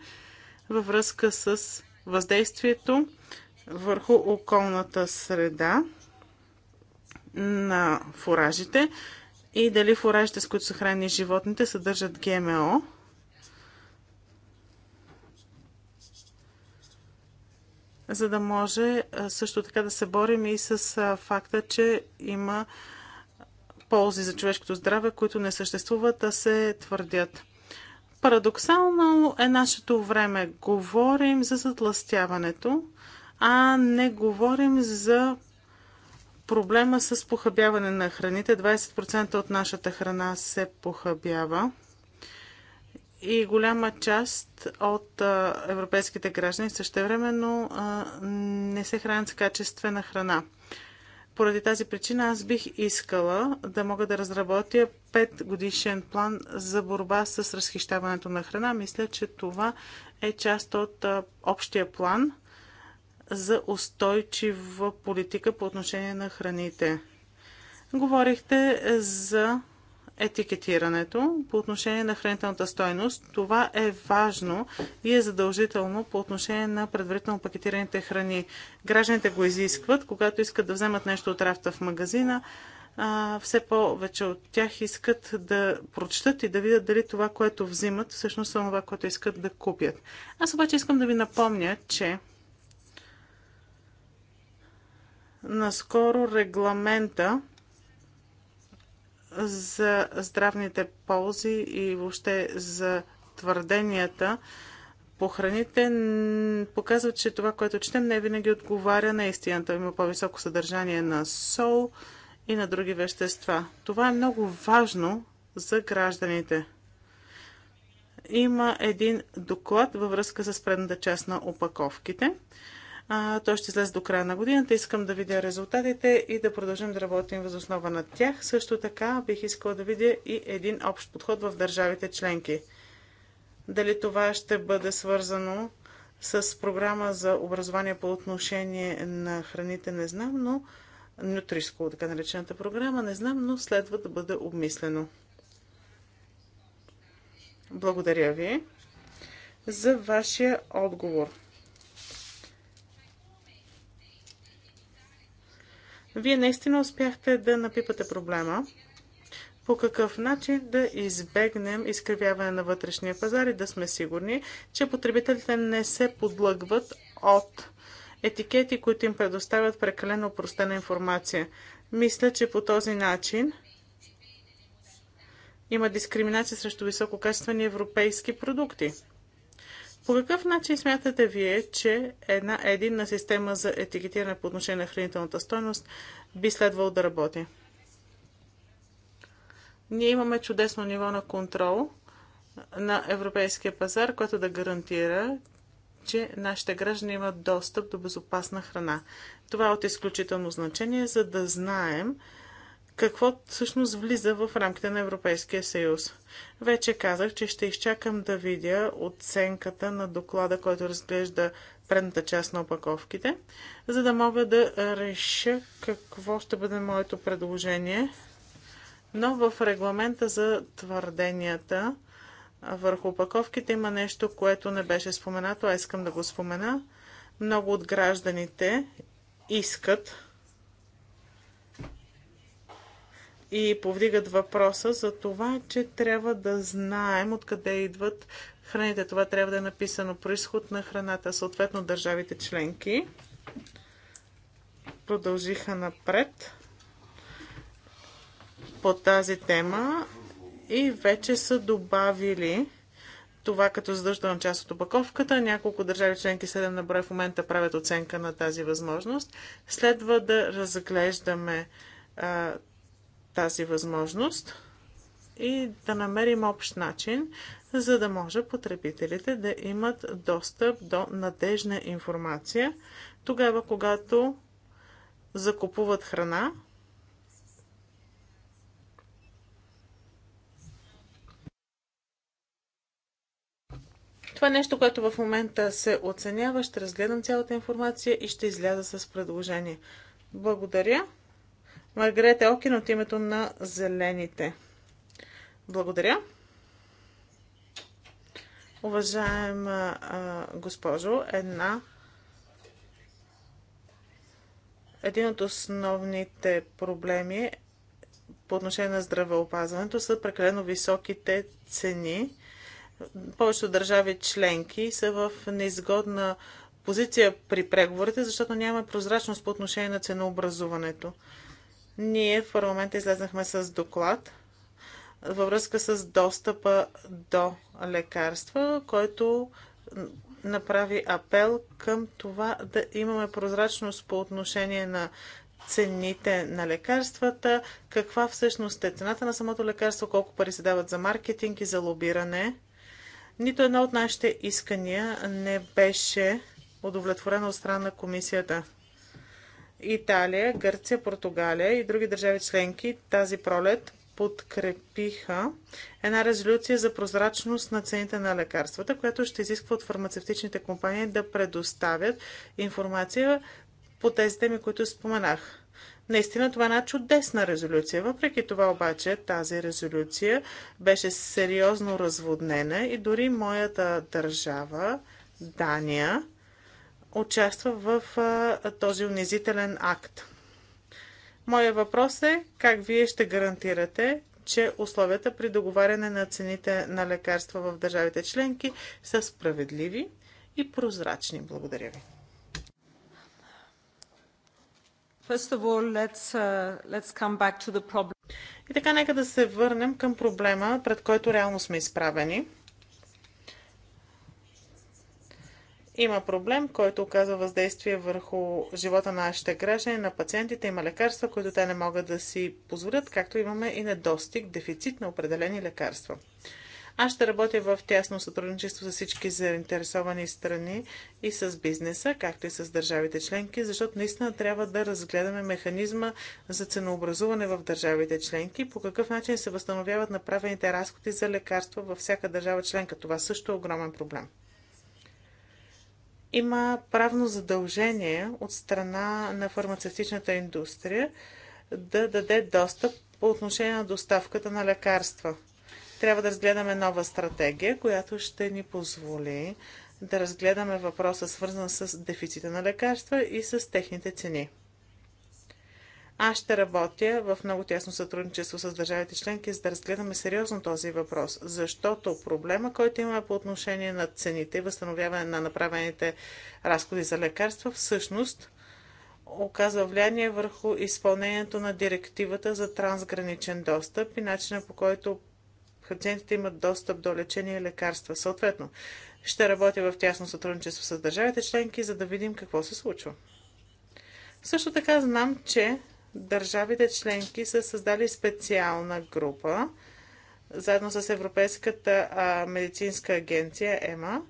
във връзка с въздействието върху околната среда на фуражите и дали фуражите, с които са хранени животните, съдържат ГМО? за да може също така да се борим и с факта, че има ползи за човешкото здраве, които не съществуват, а се твърдят. Парадоксално е нашето време. Говорим за затластяването, а не говорим за проблема с похабяване на храните. 20% от нашата храна се похабява и голяма част от а, европейските граждани същевременно а, не се хранят с качествена храна. Поради тази причина аз бих искала да мога да разработя 5 годишен план за борба с разхищаването на храна. Мисля, че това е част от а, общия план за устойчива политика по отношение на храните. Говорихте за етикетирането по отношение на хранителната стойност. Това е важно и е задължително по отношение на предварително пакетираните храни. Гражданите го изискват, когато искат да вземат нещо от рафта в магазина. А, все повече от тях искат да прочитат и да видят дали това, което взимат, всъщност е това, което искат да купят. Аз обаче искам да ви напомня, че наскоро регламента за здравните ползи и въобще за твърденията по храните показва, че това, което четем, не винаги отговаря на истината. Има по-високо съдържание на сол и на други вещества. Това е много важно за гражданите. Има един доклад във връзка с предната част на опаковките – а, той ще излезе до края на годината. Искам да видя резултатите и да продължим да работим въз основа на тях. Също така бих искала да видя и един общ подход в държавите членки. Дали това ще бъде свързано с програма за образование по отношение на храните, не знам, но Нютриско, така наречената програма, не знам, но следва да бъде обмислено. Благодаря ви за вашия отговор. Вие наистина успяхте да напипате проблема. По какъв начин да избегнем изкривяване на вътрешния пазар и да сме сигурни, че потребителите не се подлъгват от етикети, които им предоставят прекалено простена информация. Мисля, че по този начин има дискриминация срещу висококачествени европейски продукти. По какъв начин смятате вие, че една единна система за етикетиране по отношение на хранителната стойност би следвало да работи? Ние имаме чудесно ниво на контрол на европейския пазар, което да гарантира, че нашите граждани имат достъп до безопасна храна. Това е от изключително значение, за да знаем, какво всъщност влиза в рамките на Европейския съюз. Вече казах, че ще изчакам да видя оценката на доклада, който разглежда предната част на опаковките, за да мога да реша какво ще бъде моето предложение. Но в регламента за твърденията върху опаковките има нещо, което не беше споменато, а искам да го спомена. Много от гражданите искат и повдигат въпроса за това, че трябва да знаем откъде идват храните. Това трябва да е написано происход на храната, съответно държавите членки. Продължиха напред по тази тема и вече са добавили това като задължителна част от опаковката. Няколко държави членки 7 на брой в момента правят оценка на тази възможност. Следва да разглеждаме а, тази възможност и да намерим общ начин, за да може потребителите да имат достъп до надежна информация тогава, когато закупуват храна. Това е нещо, което в момента се оценява. Ще разгледам цялата информация и ще изляза с предложение. Благодаря. Маргарет Окин от името на Зелените. Благодаря. Уважаема а, госпожо, една един от основните проблеми по отношение на здравеопазването са прекалено високите цени. Повечето държави членки са в неизгодна позиция при преговорите, защото няма прозрачност по отношение на ценообразуването. Ние в парламента излезнахме с доклад във връзка с достъпа до лекарства, който направи апел към това да имаме прозрачност по отношение на цените на лекарствата, каква всъщност е цената на самото лекарство, колко пари се дават за маркетинг и за лобиране. Нито едно от нашите искания не беше удовлетворено от страна на комисията. Италия, Гърция, Португалия и други държави членки тази пролет подкрепиха една резолюция за прозрачност на цените на лекарствата, която ще изисква от фармацевтичните компании да предоставят информация по тези теми, които споменах. Наистина това е една чудесна резолюция. Въпреки това обаче тази резолюция беше сериозно разводнена и дори моята държава, Дания, участва в този унизителен акт. Моя въпрос е как вие ще гарантирате, че условията при договаряне на цените на лекарства в държавите членки са справедливи и прозрачни. Благодаря ви. All, let's, uh, let's и така, нека да се върнем към проблема, пред който реално сме изправени. Има проблем, който оказва въздействие върху живота на нашите граждани, на пациентите. Има лекарства, които те не могат да си позволят, както имаме и недостиг, дефицит на определени лекарства. Аз ще работя в тясно сътрудничество с всички заинтересовани страни и с бизнеса, както и с държавите членки, защото наистина трябва да разгледаме механизма за ценообразуване в държавите членки, по какъв начин се възстановяват направените разходи за лекарства във всяка държава членка. Това също е огромен проблем има правно задължение от страна на фармацевтичната индустрия да даде достъп по отношение на доставката на лекарства. Трябва да разгледаме нова стратегия, която ще ни позволи да разгледаме въпроса свързан с дефицита на лекарства и с техните цени. Аз ще работя в много тясно сътрудничество с държавите членки, за да разгледаме сериозно този въпрос, защото проблема, който имаме по отношение на цените и възстановяване на направените разходи за лекарства, всъщност оказва влияние върху изпълнението на директивата за трансграничен достъп и начина по който пациентите имат достъп до лечение и лекарства. Съответно, ще работя в тясно сътрудничество с държавите членки, за да видим какво се случва. Също така знам, че държавите членки са създали специална група, заедно с Европейската а, медицинска агенция ЕМА.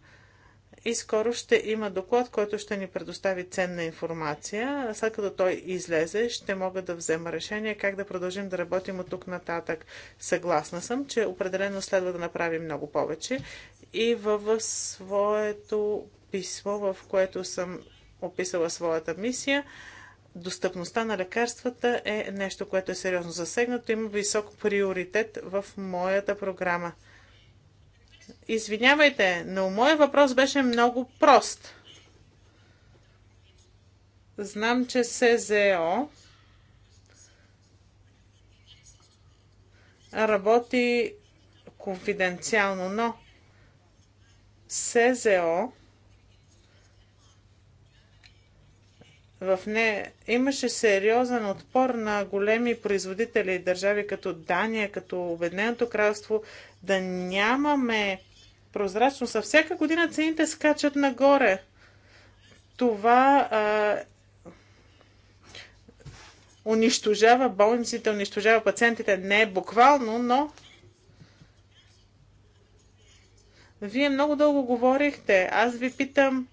И скоро ще има доклад, който ще ни предостави ценна информация. След като той излезе, ще мога да взема решение как да продължим да работим от тук нататък. Съгласна съм, че определено следва да направим много повече. И във своето писмо, в което съм описала своята мисия, достъпността на лекарствата е нещо, което е сериозно засегнато. Има висок приоритет в моята програма. Извинявайте, но моя въпрос беше много прост. Знам, че СЗО работи конфиденциално, но СЗО в нея имаше сериозен отпор на големи производители, и държави като Дания, като Обединеното кралство, да нямаме прозрачност. А всяка година цените скачат нагоре. Това а, унищожава болниците, унищожава пациентите. Не буквално, но вие много дълго говорихте. Аз ви питам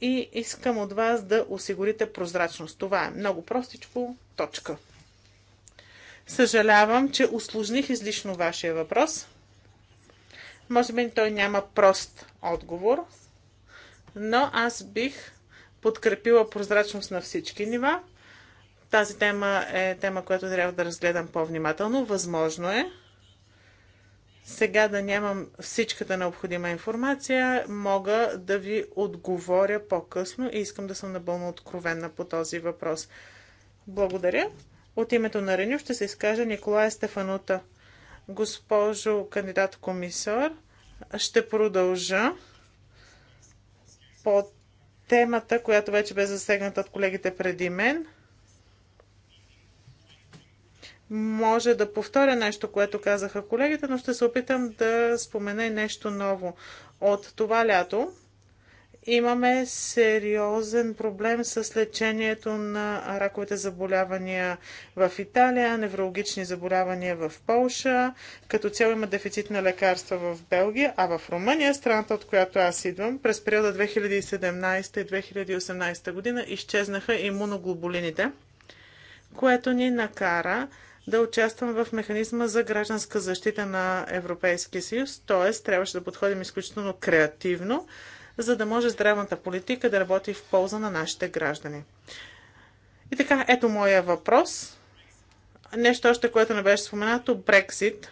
и искам от вас да осигурите прозрачност. Това е много простичко. Точка. Съжалявам, че усложних излишно вашия въпрос. Може би той няма прост отговор, но аз бих подкрепила прозрачност на всички нива. Тази тема е тема, която трябва да разгледам по-внимателно. Възможно е сега да нямам всичката необходима информация, мога да ви отговоря по-късно и искам да съм напълно откровенна по този въпрос. Благодаря. От името на Реню ще се изкаже Николая Стефанута. Госпожо кандидат комисар, ще продължа по темата, която вече бе засегната от колегите преди мен – може да повторя нещо, което казаха колегите, но ще се опитам да спомена и нещо ново. От това лято имаме сериозен проблем с лечението на раковите заболявания в Италия, неврологични заболявания в Полша. Като цяло има дефицит на лекарства в Белгия, а в Румъния, страната от която аз идвам, през периода 2017 и 2018 година изчезнаха имуноглобулините, което ни накара да участвам в механизма за гражданска защита на Европейския съюз, т.е. трябваше да подходим изключително креативно, за да може здравната политика да работи в полза на нашите граждани. И така, ето моя въпрос. Нещо още, което не беше споменато, Брексит.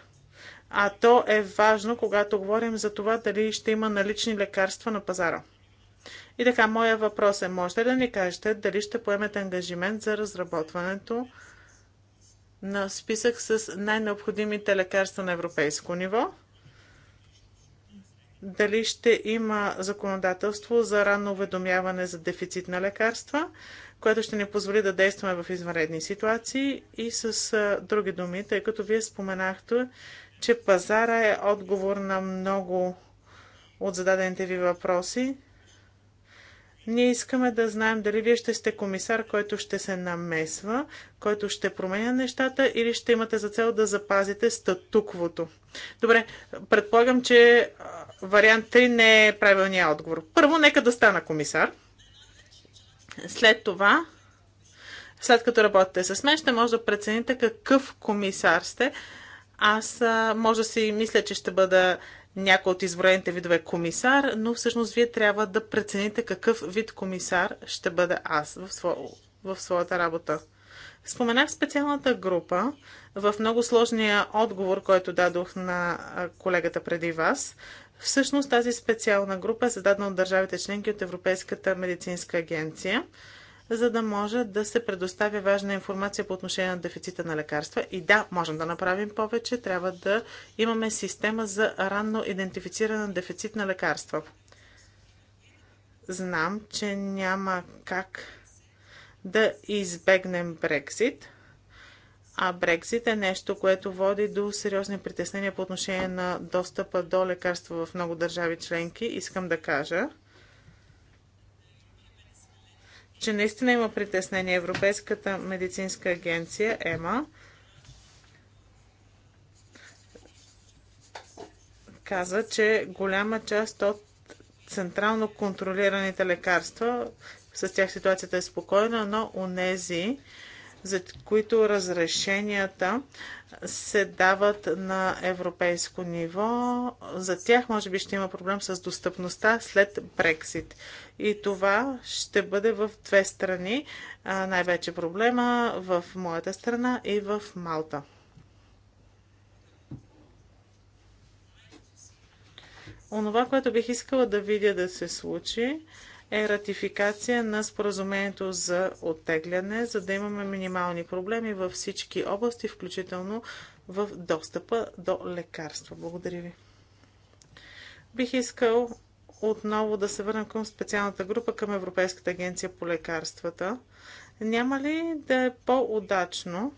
А то е важно, когато говорим за това дали ще има налични лекарства на пазара. И така, моя въпрос е, можете ли да ни кажете дали ще поемете ангажимент за разработването на списък с най-необходимите лекарства на европейско ниво. Дали ще има законодателство за ранно уведомяване за дефицит на лекарства, което ще ни позволи да действаме в извънредни ситуации и с други думи, тъй като вие споменахте, че пазара е отговор на много от зададените ви въпроси. Ние искаме да знаем дали вие ще сте комисар, който ще се намесва, който ще променя нещата или ще имате за цел да запазите статуквото. Добре, предполагам, че вариант 3 не е правилният отговор. Първо, нека да стана комисар. След това, след като работите с мен, ще може да прецените какъв комисар сте. Аз може да си мисля, че ще бъда някой от изброените видове комисар, но всъщност вие трябва да прецените какъв вид комисар ще бъда аз в, сво, в своята работа. Споменах специалната група в много сложния отговор, който дадох на колегата преди вас. Всъщност тази специална група е създадена от държавите членки от Европейската медицинска агенция за да може да се предоставя важна информация по отношение на дефицита на лекарства. И да, можем да направим повече. Трябва да имаме система за ранно идентифициране на дефицит на лекарства. Знам, че няма как да избегнем Брексит. А Брекзит е нещо, което води до сериозни притеснения по отношение на достъпа до лекарства в много държави членки. Искам да кажа, че наистина има притеснение. Европейската медицинска агенция ЕМА каза, че голяма част от централно контролираните лекарства, с тях ситуацията е спокойна, но у нези, за които разрешенията се дават на европейско ниво. За тях може би ще има проблем с достъпността след Брексит. И това ще бъде в две страни. най-вече проблема в моята страна и в Малта. Онова, което бих искала да видя да се случи, е ратификация на споразумението за оттегляне, за да имаме минимални проблеми във всички области, включително в достъпа до лекарства. Благодаря ви. Бих искал отново да се върнем към специалната група към Европейската агенция по лекарствата. Няма ли да е по-удачно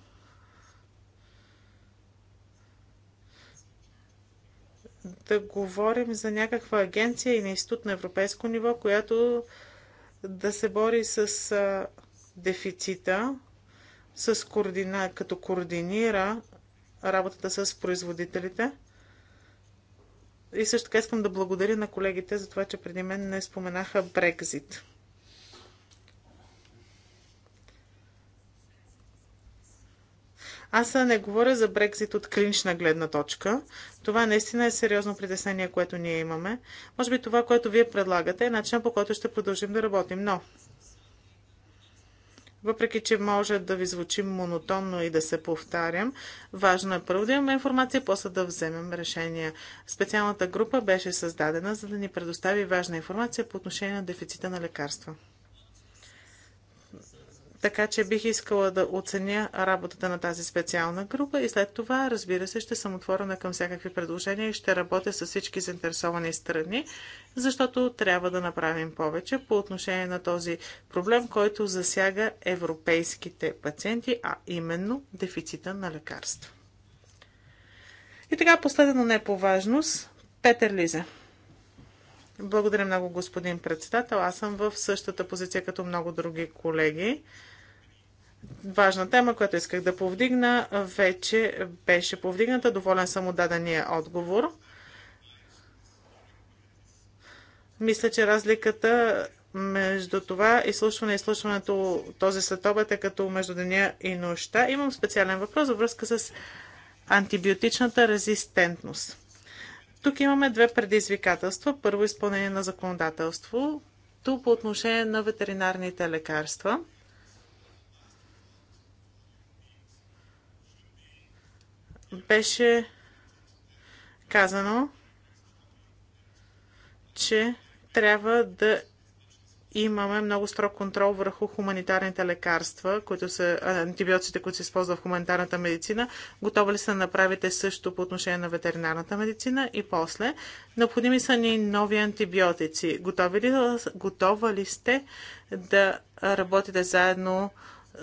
да говорим за някаква агенция или институт на европейско ниво, която да се бори с дефицита, с координа... като координира работата с производителите? И също така искам да благодаря на колегите за това, че преди мен не споменаха Брекзит. Аз не говоря за Брекзит от клинична гледна точка. Това наистина е сериозно притеснение, което ние имаме. Може би това, което вие предлагате, е начинът по който ще продължим да работим. Но въпреки, че може да ви звучи монотонно и да се повтарям, важно е първо да имаме информация, после да вземем решение. Специалната група беше създадена, за да ни предостави важна информация по отношение на дефицита на лекарства. Така че бих искала да оценя работата на тази специална група и след това, разбира се, ще съм отворена към всякакви предложения и ще работя с всички заинтересовани страни, защото трябва да направим повече по отношение на този проблем, който засяга европейските пациенти, а именно дефицита на лекарства. И така, последно не по важност, Петър Лиза. Благодаря много, господин председател. Аз съм в същата позиция като много други колеги важна тема, която исках да повдигна, вече беше повдигната. Доволен съм от дадения отговор. Мисля, че разликата между това и изслушване и изслушването този следобед е като между деня и нощта. Имам специален въпрос във връзка с антибиотичната резистентност. Тук имаме две предизвикателства. Първо изпълнение на законодателство, по отношение на ветеринарните лекарства – беше казано, че трябва да имаме много строг контрол върху хуманитарните лекарства, които са антибиотиците, които се използват в хуманитарната медицина. Готови ли са да направите също по отношение на ветеринарната медицина и после? Необходими са ни нови антибиотици. Готови ли, готова ли сте да работите заедно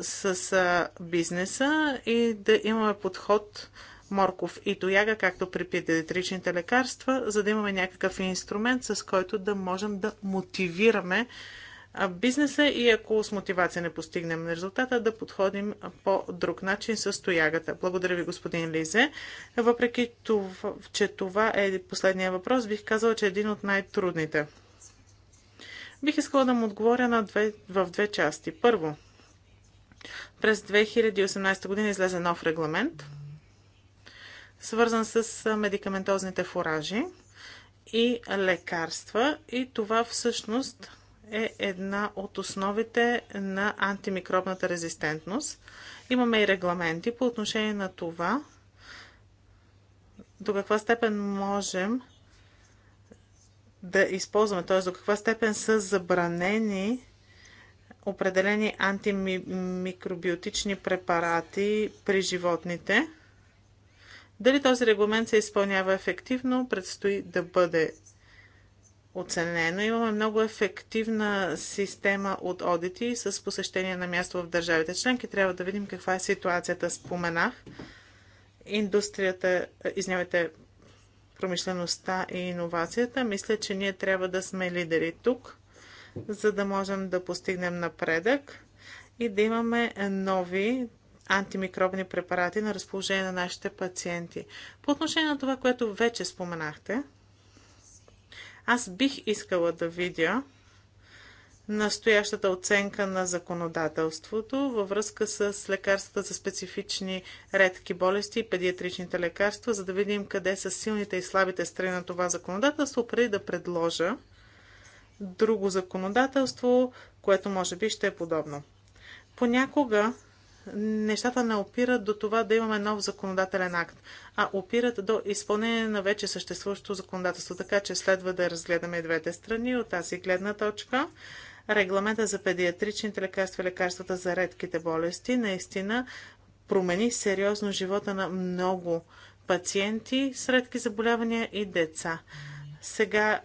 с бизнеса и да имаме подход морков и тояга, както при педиатричните лекарства, за да имаме някакъв инструмент, с който да можем да мотивираме бизнеса и ако с мотивация не постигнем резултата, да подходим по друг начин с тоягата. Благодаря ви, господин Лизе. Въпреки, това, че това е последния въпрос, бих казала, че е един от най-трудните. Бих искала да му отговоря на две, в две части. Първо, през 2018 година излезе нов регламент – свързан с медикаментозните фуражи и лекарства. И това всъщност е една от основите на антимикробната резистентност. Имаме и регламенти по отношение на това, до каква степен можем да използваме, т.е. до каква степен са забранени определени антимикробиотични препарати при животните – дали този регламент се изпълнява ефективно, предстои да бъде оценено. Имаме много ефективна система от одити с посещение на място в държавите членки. Трябва да видим каква е ситуацията. Споменах индустрията, е, изнявайте промишлеността и иновацията. Мисля, че ние трябва да сме лидери тук, за да можем да постигнем напредък и да имаме нови антимикробни препарати на разположение на нашите пациенти. По отношение на това, което вече споменахте, аз бих искала да видя настоящата оценка на законодателството във връзка с лекарствата за специфични редки болести и педиатричните лекарства, за да видим къде са силните и слабите страни на това законодателство, преди да предложа друго законодателство, което може би ще е подобно. Понякога нещата не опират до това да имаме нов законодателен акт, а опират до изпълнение на вече съществуващото законодателство. Така че следва да разгледаме и двете страни от тази гледна точка. Регламента за педиатричните лекарства и лекарствата за редките болести наистина промени сериозно живота на много пациенти с редки заболявания и деца. Сега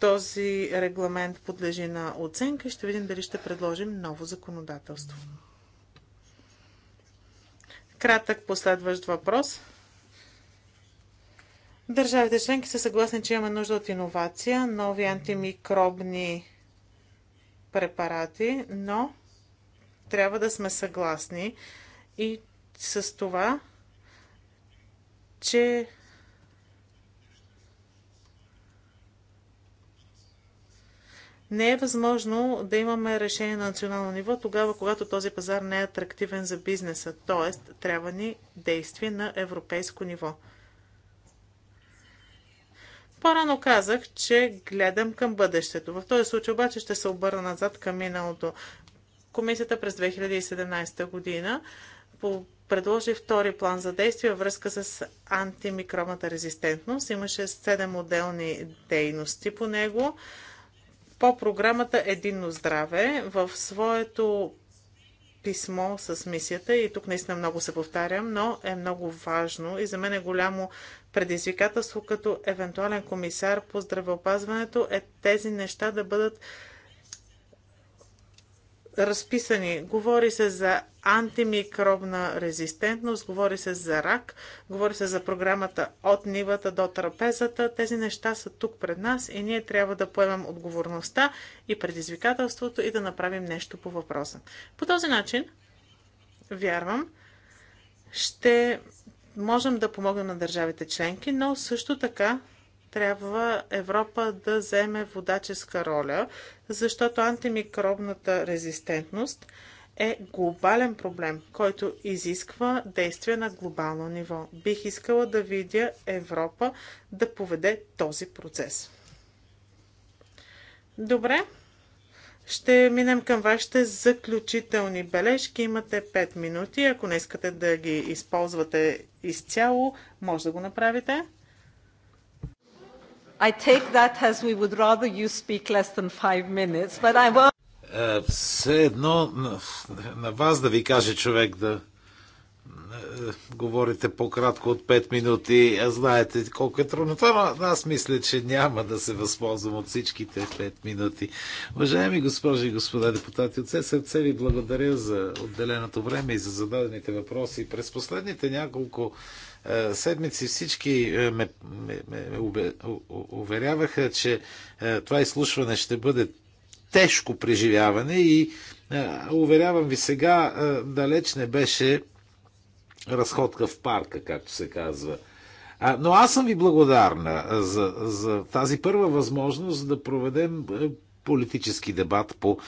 този регламент подлежи на оценка и ще видим дали ще предложим ново законодателство. Кратък последващ въпрос. Държавите членки са съгласни, че имаме нужда от иновация, нови антимикробни препарати, но трябва да сме съгласни и с това, че Не е възможно да имаме решение на национално ниво тогава, когато този пазар не е атрактивен за бизнеса, т.е. трябва ни действие на европейско ниво. По-рано казах, че гледам към бъдещето. В този случай обаче ще се обърна назад към миналото. Комисията през 2017 година предложи втори план за действие във връзка с антимикробната резистентност. Имаше 7 отделни дейности по него по програмата Единно здраве в своето писмо с мисията и тук наистина много се повтарям, но е много важно и за мен е голямо предизвикателство като евентуален комисар по здравеопазването е тези неща да бъдат разписани. Говори се за антимикробна резистентност, говори се за рак, говори се за програмата от нивата до трапезата. Тези неща са тук пред нас и ние трябва да поемем отговорността и предизвикателството и да направим нещо по въпроса. По този начин, вярвам, ще можем да помогнем на държавите членки, но също така трябва Европа да вземе водаческа роля, защото антимикробната резистентност е глобален проблем, който изисква действие на глобално ниво. Бих искала да видя Европа да поведе този процес. Добре. Ще минем към вашите заключителни бележки. Имате 5 минути. Ако не искате да ги използвате изцяло, може да го направите. I take that as we would rather you speak less than five minutes, but I won't. Е, все едно на вас да ви каже човек да е, говорите по-кратко от 5 минути. а Знаете колко е трудно това, аз мисля, че няма да се възползвам от всичките 5 минути. Уважаеми госпожи и господа депутати, от все сърце ви благодаря за отделеното време и за зададените въпроси. През последните няколко е, седмици всички е, ме, ме, ме ме уверяваха, че е, това изслушване ще бъде тежко преживяване и уверявам ви сега, далеч не беше разходка в парка, както се казва. но аз съм ви благодарна за, за тази първа възможност да проведем политически дебат по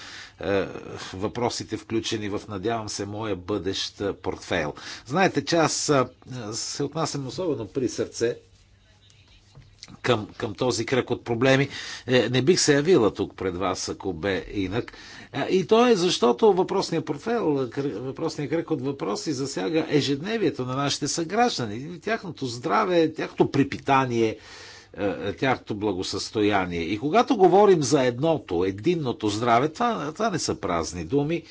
е, въпросите, включени в, надявам се, моя бъдещ е, портфейл. Знаете, че аз е, се отнасям особено при сърце към, към този кръг от проблеми. Е, не бих се явила тук пред вас, ако бе инак. Е, и то е защото въпросният портфел, е, въпросният кръг от въпроси засяга ежедневието на нашите съграждани, тяхното здраве, тяхното припитание, е, е, тяхното благосъстояние. И когато говорим за едното, единното здраве, това, това не са празни думи.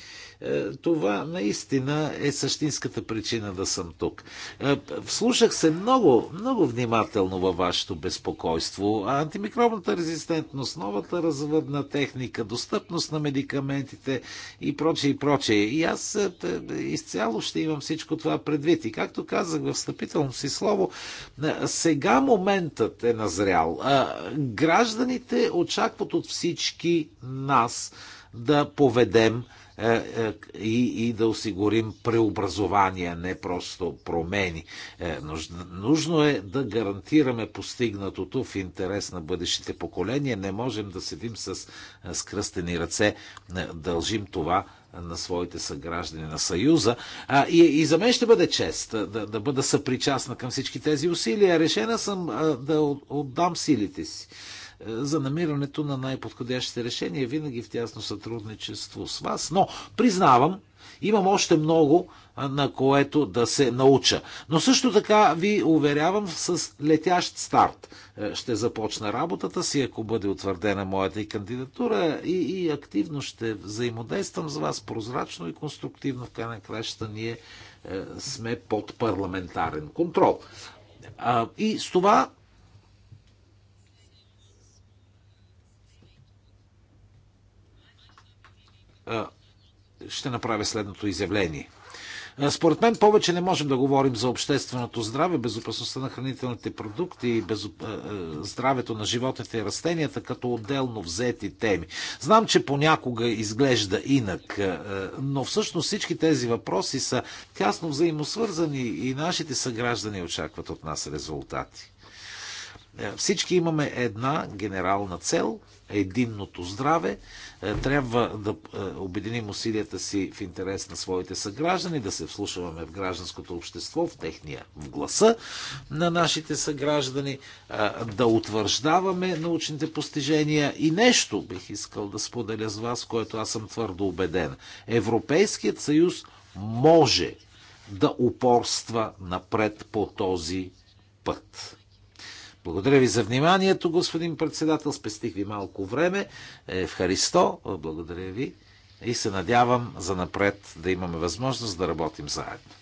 Е, това наистина е същинската причина да съм тук. Е, вслушах се много, много внимателно във вашето безпокойство. Антимикробната резистентност, новата развъдна техника, достъпност на медикаментите и прочее и прочее. И аз е, изцяло ще имам всичко това предвид. И както казах в встъпително си слово, сега моментът е назрял. Гражданите очакват от всички нас да поведем е, е, и, и да осигурим преобразования, не просто промени. Е, нужно е да гарантираме постигнатото в интерес на бъдещите поколения. Не можем да седим с скръстени ръце, дължим това на своите съграждани на Съюза. А, и, и за мен ще бъде чест да, да бъда съпричастна към всички тези усилия. Решена съм а, да отдам силите си за намирането на най-подходящите решения, винаги в тясно сътрудничество с вас. Но, признавам, имам още много на което да се науча. Но също така ви уверявам с летящ старт. Е, ще започна работата си, ако бъде утвърдена моята и кандидатура и, и активно ще взаимодействам с вас прозрачно и конструктивно. В край на краща ние е, сме под парламентарен контрол. А, и с това ще направя следното изявление. Според мен повече не можем да говорим за общественото здраве, безопасността на хранителните продукти и безоп... здравето на животните и растенията като отделно взети теми. Знам, че понякога изглежда инак, но всъщност всички тези въпроси са тясно взаимосвързани и нашите съграждани очакват от нас резултати. Всички имаме една генерална цел – единното здраве. Е, трябва да е, обединим усилията си в интерес на своите съграждани, да се вслушваме в гражданското общество, в техния в гласа на нашите съграждани, е, да утвърждаваме научните постижения и нещо бих искал да споделя с вас, което аз съм твърдо убеден. Европейският съюз може да упорства напред по този път. Благодаря ви за вниманието, господин председател. Спестих ви малко време. Е, в Харисто, благодаря ви. И се надявам за напред да имаме възможност да работим заедно.